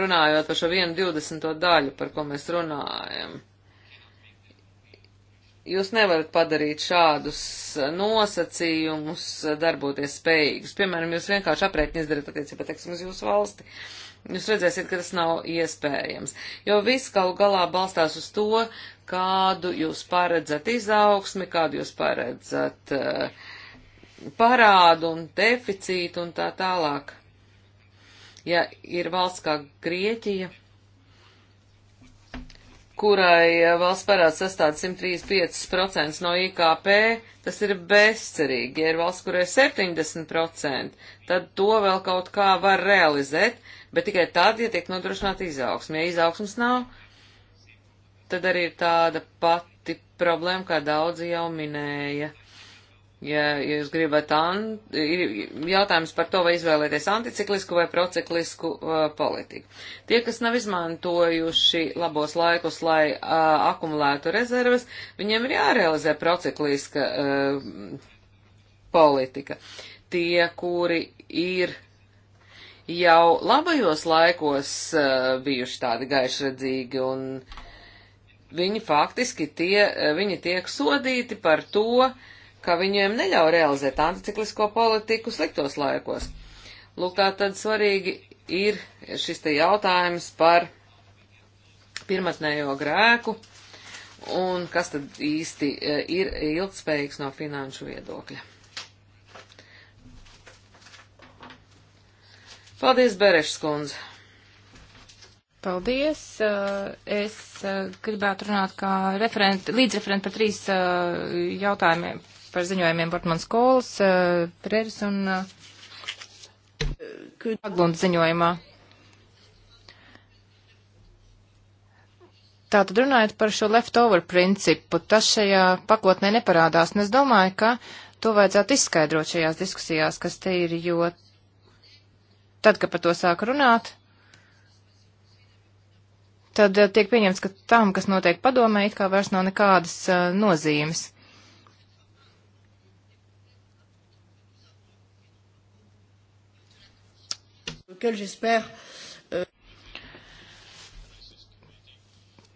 runājot par šo 1.20. daļu, par ko mēs runājam. Jūs nevarat padarīt šādus nosacījumus darboties spējīgus. Piemēram, jūs vienkārši aprēķini izdarat attiecībā, teiksim, uz jūsu valsti. Uh, jūs redzēsiet, ka tas nav iespējams, jo viss galu galā balstās uz to, kādu jūs paredzat izaugsmi, kādu jūs paredzat uh, parādu un deficītu un tā tālāk. Ja ir valsts kā Grieķija, kurai eh, valsts parāds sastāv 135% no IKP, tas ir bezcerīgi. Ja ir valsts, kurai ir 70%, tad to vēl kaut kā var realizēt, bet tikai tad, ja tiek nodrošināta izaugsme. Ja izaugsmas nav, tad arī ir tāda pati problēma, kā daudzi jau minēja. Ja jūs gribat, an, ir jautājums par to, vai izvēlēties anticiklisku vai prociklisku uh, politiku. Tie, kas nav izmantojuši labos laikus, lai uh, akumulētu rezerves, viņiem ir jārealizē procikliska uh, politika. Tie, kuri ir uh, jau labajos laikos uh, bijuši tādi gaišredzīgi un viņi faktiski tie, eh, viņi tiek sodīti par to, ka viņiem neļauj realizēt anticiklisko politiku sliktos laikos. Lūk, tā tad svarīgi ir šis te jautājums par pirmatnējo grēku un kas tad īsti eh, ir ilgspējīgs no finanšu viedokļa. Paldies, Berešs kundze! Paldies! Uh, es uh, gribētu runāt kā referent, līdzreferent par trīs uh, jautājumiem par ziņojumiem Bortmanas skolas, Preres un Aglundas ziņojumā. Tātad runājot par šo leftover principu, tas šajā pakotnē neparādās, un es domāju, ka to vajadzētu izskaidrot šajās diskusijās, kas te ir, jo tad, kad par to sāk runāt, tad eh, tiek pieņemts, ka tam, kas notiek padomē, it kā vairs nav nekādas uh, nozīmes. Euh,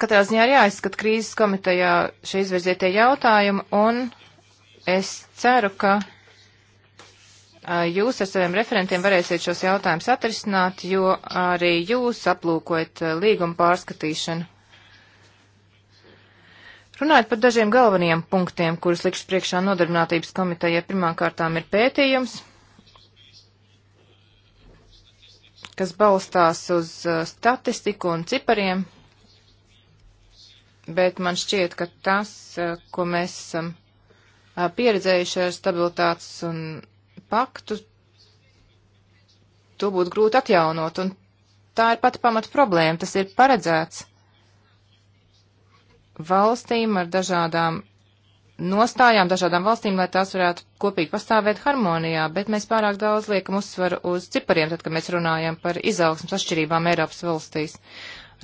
Katrā ziņā ir jāizskat krīzes komitejā šie izvirzītie jautājumi, un es ceru, ka Jūs ar saviem referentiem varēsiet šos jautājumus atrisināt, jo arī jūs aplūkojat līguma pārskatīšanu. Runājot par dažiem galvenajiem punktiem, kurus likšu priekšā nodarbinātības komitejai, pirmkārtām ir pētījums, kas balstās uz statistiku un cipariem, bet man šķiet, ka tas, ko mēs esam pieredzējuši ar stabilitātes un paktu to būtu grūti atjaunot, un tā ir pati pamat problēma. Tas ir paredzēts valstīm ar dažādām nostājām, dažādām valstīm, lai tās varētu kopīgi pastāvēt harmonijā, bet mēs pārāk daudz liekam uzsvaru uz cipariem, tad, kad mēs runājam par izaugsmas atšķirībām Eiropas valstīs.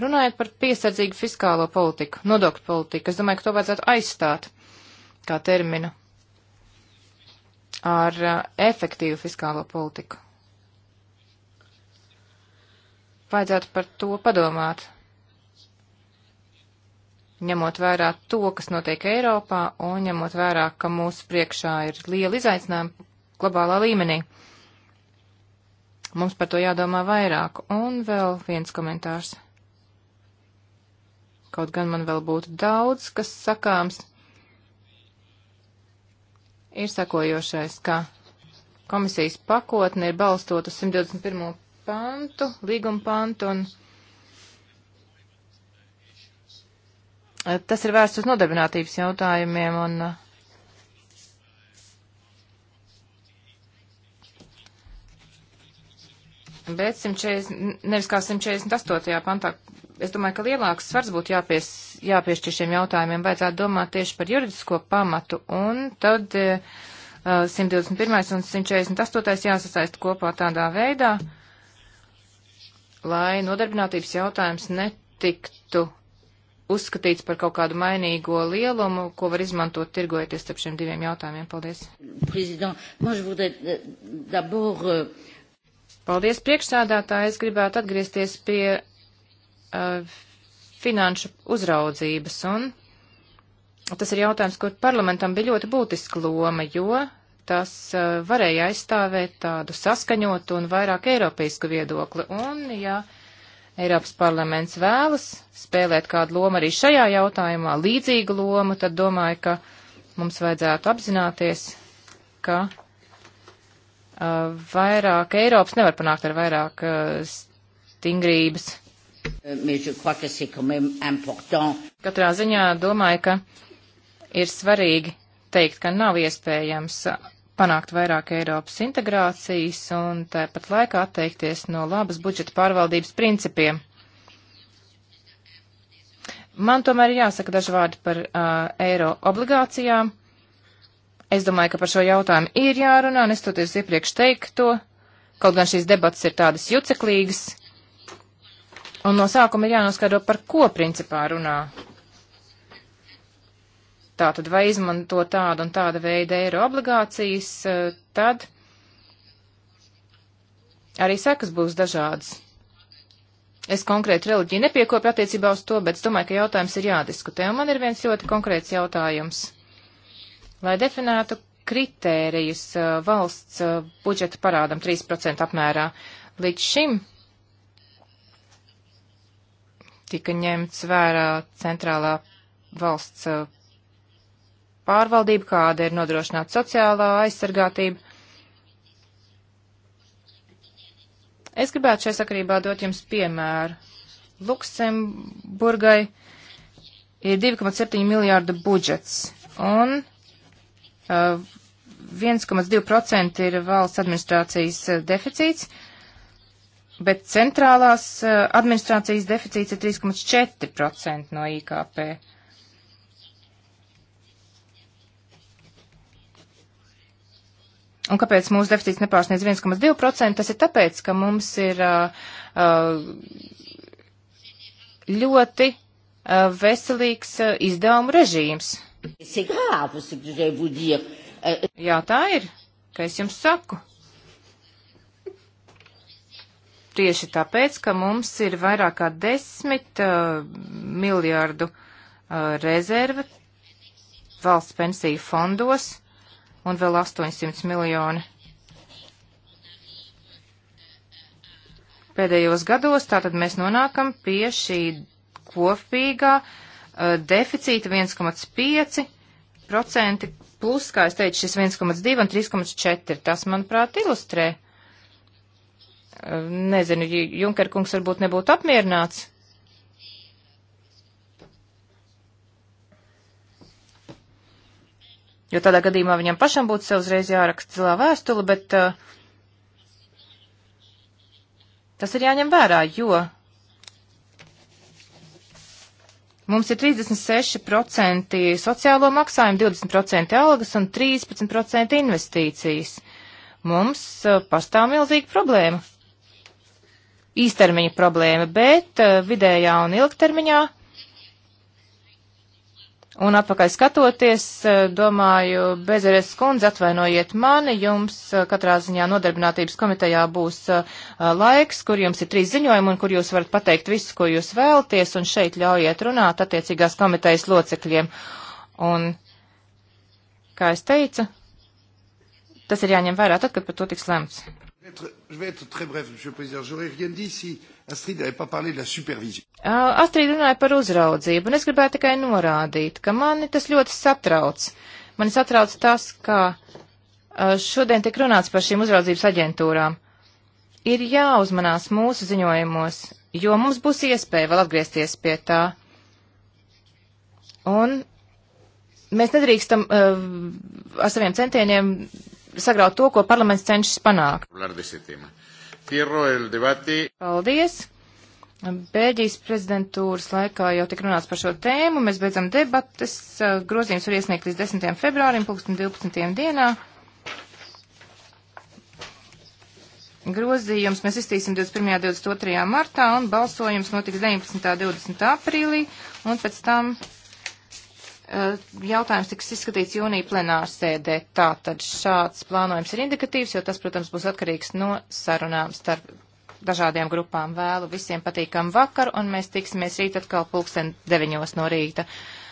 Runājot par piesardzīgu fiskālo politiku, nodokļu politiku, es domāju, ka to vajadzētu aizstāt kā terminu ar uh, efektīvu fiskālo politiku. Vajadzētu par to padomāt, ņemot vērā to, kas notiek Eiropā, un ņemot vērā, ka mūsu priekšā ir liela izaicinājuma globālā līmenī. Mums par to jādomā vairāk. Un vēl viens komentārs. Kaut gan man vēl būtu daudz, kas sakāms, ir sakojošais, ka komisijas pakotne ir balstot uz 121. pantu, līguma pantu, un e, tas ir vērsts uz nodarbinātības jautājumiem, un e, bet 140, nevis kā 148. pantā Es domāju, ka lielāks svars būtu jāpies, jāpiešķir šiem jautājumiem, vajadzētu domāt tieši par juridisko pamatu, un tad uh, eh, 121. Eh, un 148. jāsasaista kopā tādā veidā, lai nodarbinātības jautājums netiktu uzskatīts par kaut kādu mainīgo lielumu, ko var izmantot tirgojoties starp šiem diviem jautājumiem. Paldies. Euh, euh, Paldies, priekšsādātāji. Es gribētu atgriezties pie uh, finanšu uzraudzības. Un tas ir jautājums, kur parlamentam bija ļoti būtiska loma, jo tas uh, varēja aizstāvēt tādu saskaņotu un vairāk eiropeisku viedokli. Un, ja Eiropas parlaments vēlas spēlēt kādu lomu arī šajā jautājumā, līdzīgu lomu, tad domāju, ka mums vajadzētu apzināties, ka uh, vairāk Eiropas nevar panākt ar vairāk uh, stingrības Euh, Katrā ziņā domāju, ka ir svarīgi teikt, ka nav iespējams panākt vairāk Eiropas integrācijas un tāpat laikā atteikties no labas budžeta pārvaldības principiem. Man tomēr jāsaka daži vārdi par uh, eiro obligācijām. Es domāju, ka par šo jautājumu ir jārunā, nestoties iepriekš teikto, kaut gan šīs debats ir tādas juceklīgas. Un no sākuma ir jānoskaidro, par ko principā runā. Tātad, vai izmanto tādu un tāda veida eiro obligācijas, eh, tad arī sekas būs dažādas. Es konkrēti reliģiju nepiekopju attiecībā uz to, bet es domāju, ka jautājums ir jādiskutē. Un man ir viens ļoti konkrēts jautājums. Lai definētu kritērijus eh, valsts eh, budžeta parādam 3% apmērā, līdz šim tika ņemts vērā centrālā valsts uh, pārvaldība, kāda ir nodrošināta sociālā aizsargātība. Es gribētu šajā sakarībā dot jums piemēru. Luksemburgai ir 2,7 miljārda budžets un uh, 1,2% ir valsts administrācijas uh, deficīts. Uh, bet centrālās eh, administrācijas deficīts ir 3,4% no IKP. Un kāpēc mūsu deficīts nepārsniedz 1,2%? Tas ir tāpēc, ka mums ir eh, eh, ļoti veselīgs izdevumu režīms. Jā, tā ir, ka es jums saku. tieši tāpēc, ka mums ir vairāk kā desmit uh, miljārdu uh, rezerve valsts pensiju fondos un vēl 800 miljoni. Pēdējos gados tātad mēs nonākam pie šī kopīgā uh, deficīta 1,5% plus, kā es teicu, šis 1,2 un 3,4. Tas, manuprāt, ilustrē uh, Nezinu, Junker kungs varbūt nebūtu apmierināts. Jo tādā gadījumā viņam pašam būtu sev uzreiz jāraksta zilā vēstule, bet uh, tas ir jāņem vērā, jo mums ir 36% sociālo maksājumu, 20% algas un 13% investīcijas. Mums uh, pastāv milzīga problēma īstermiņa problēma, bet eh, vidējā un ilgtermiņā. Un atpakaļ skatoties, eh, domāju, Bezeres kundze atvainojiet mani, jums eh, katrā ziņā nodarbinātības komitejā būs laiks, kur jums ir trīs ziņojumi un kur jūs varat pateikt visu, ko jūs vēlties, un šeit ļaujiet runāt attiecīgās komitejas locekļiem. Un, kā es teicu, tas ir jāņem vērā tad, kad par to tiks lemts. Je vais être très bref, Monsieur le Président. J'aurais rien dit si Astrid n'avait pas parlé de la supervision. Astrid runāja par uzraudzību, un es gribētu tikai norādīt, ka mani tas ļoti satrauc. Mani satrauc tas, ka šodien tiek runāts par šīm uzraudzības aģentūrām. Ir jāuzmanās mūsu ziņojumos, jo mums būs iespēja vēl atgriezties pie tā. Un mēs nedrīkstam uh, ar saviem centieniem sagraut to, ko parlaments cenšas panākt. Paldies! Bēļģijas prezidentūras laikā jau tik runāts par šo tēmu. Mēs beidzam debates. Grozījums var iesniegt līdz 10. februārim, 2012. dienā. Grozījums mēs izstīsim 21. 22. martā un balsojums notiks 19. 20. aprīlī un pēc tam Eh, jautājums tiks izskatīts jūnija plenārsēdē. Tātad šāds plānojums ir indikatīvs, jo tas, protams, būs atkarīgs no sarunām starp dažādajām grupām. Vēlu visiem patīkamu vakaru, un mēs tiksimies rīt atkal pulksten deviņos no rīta. Uh,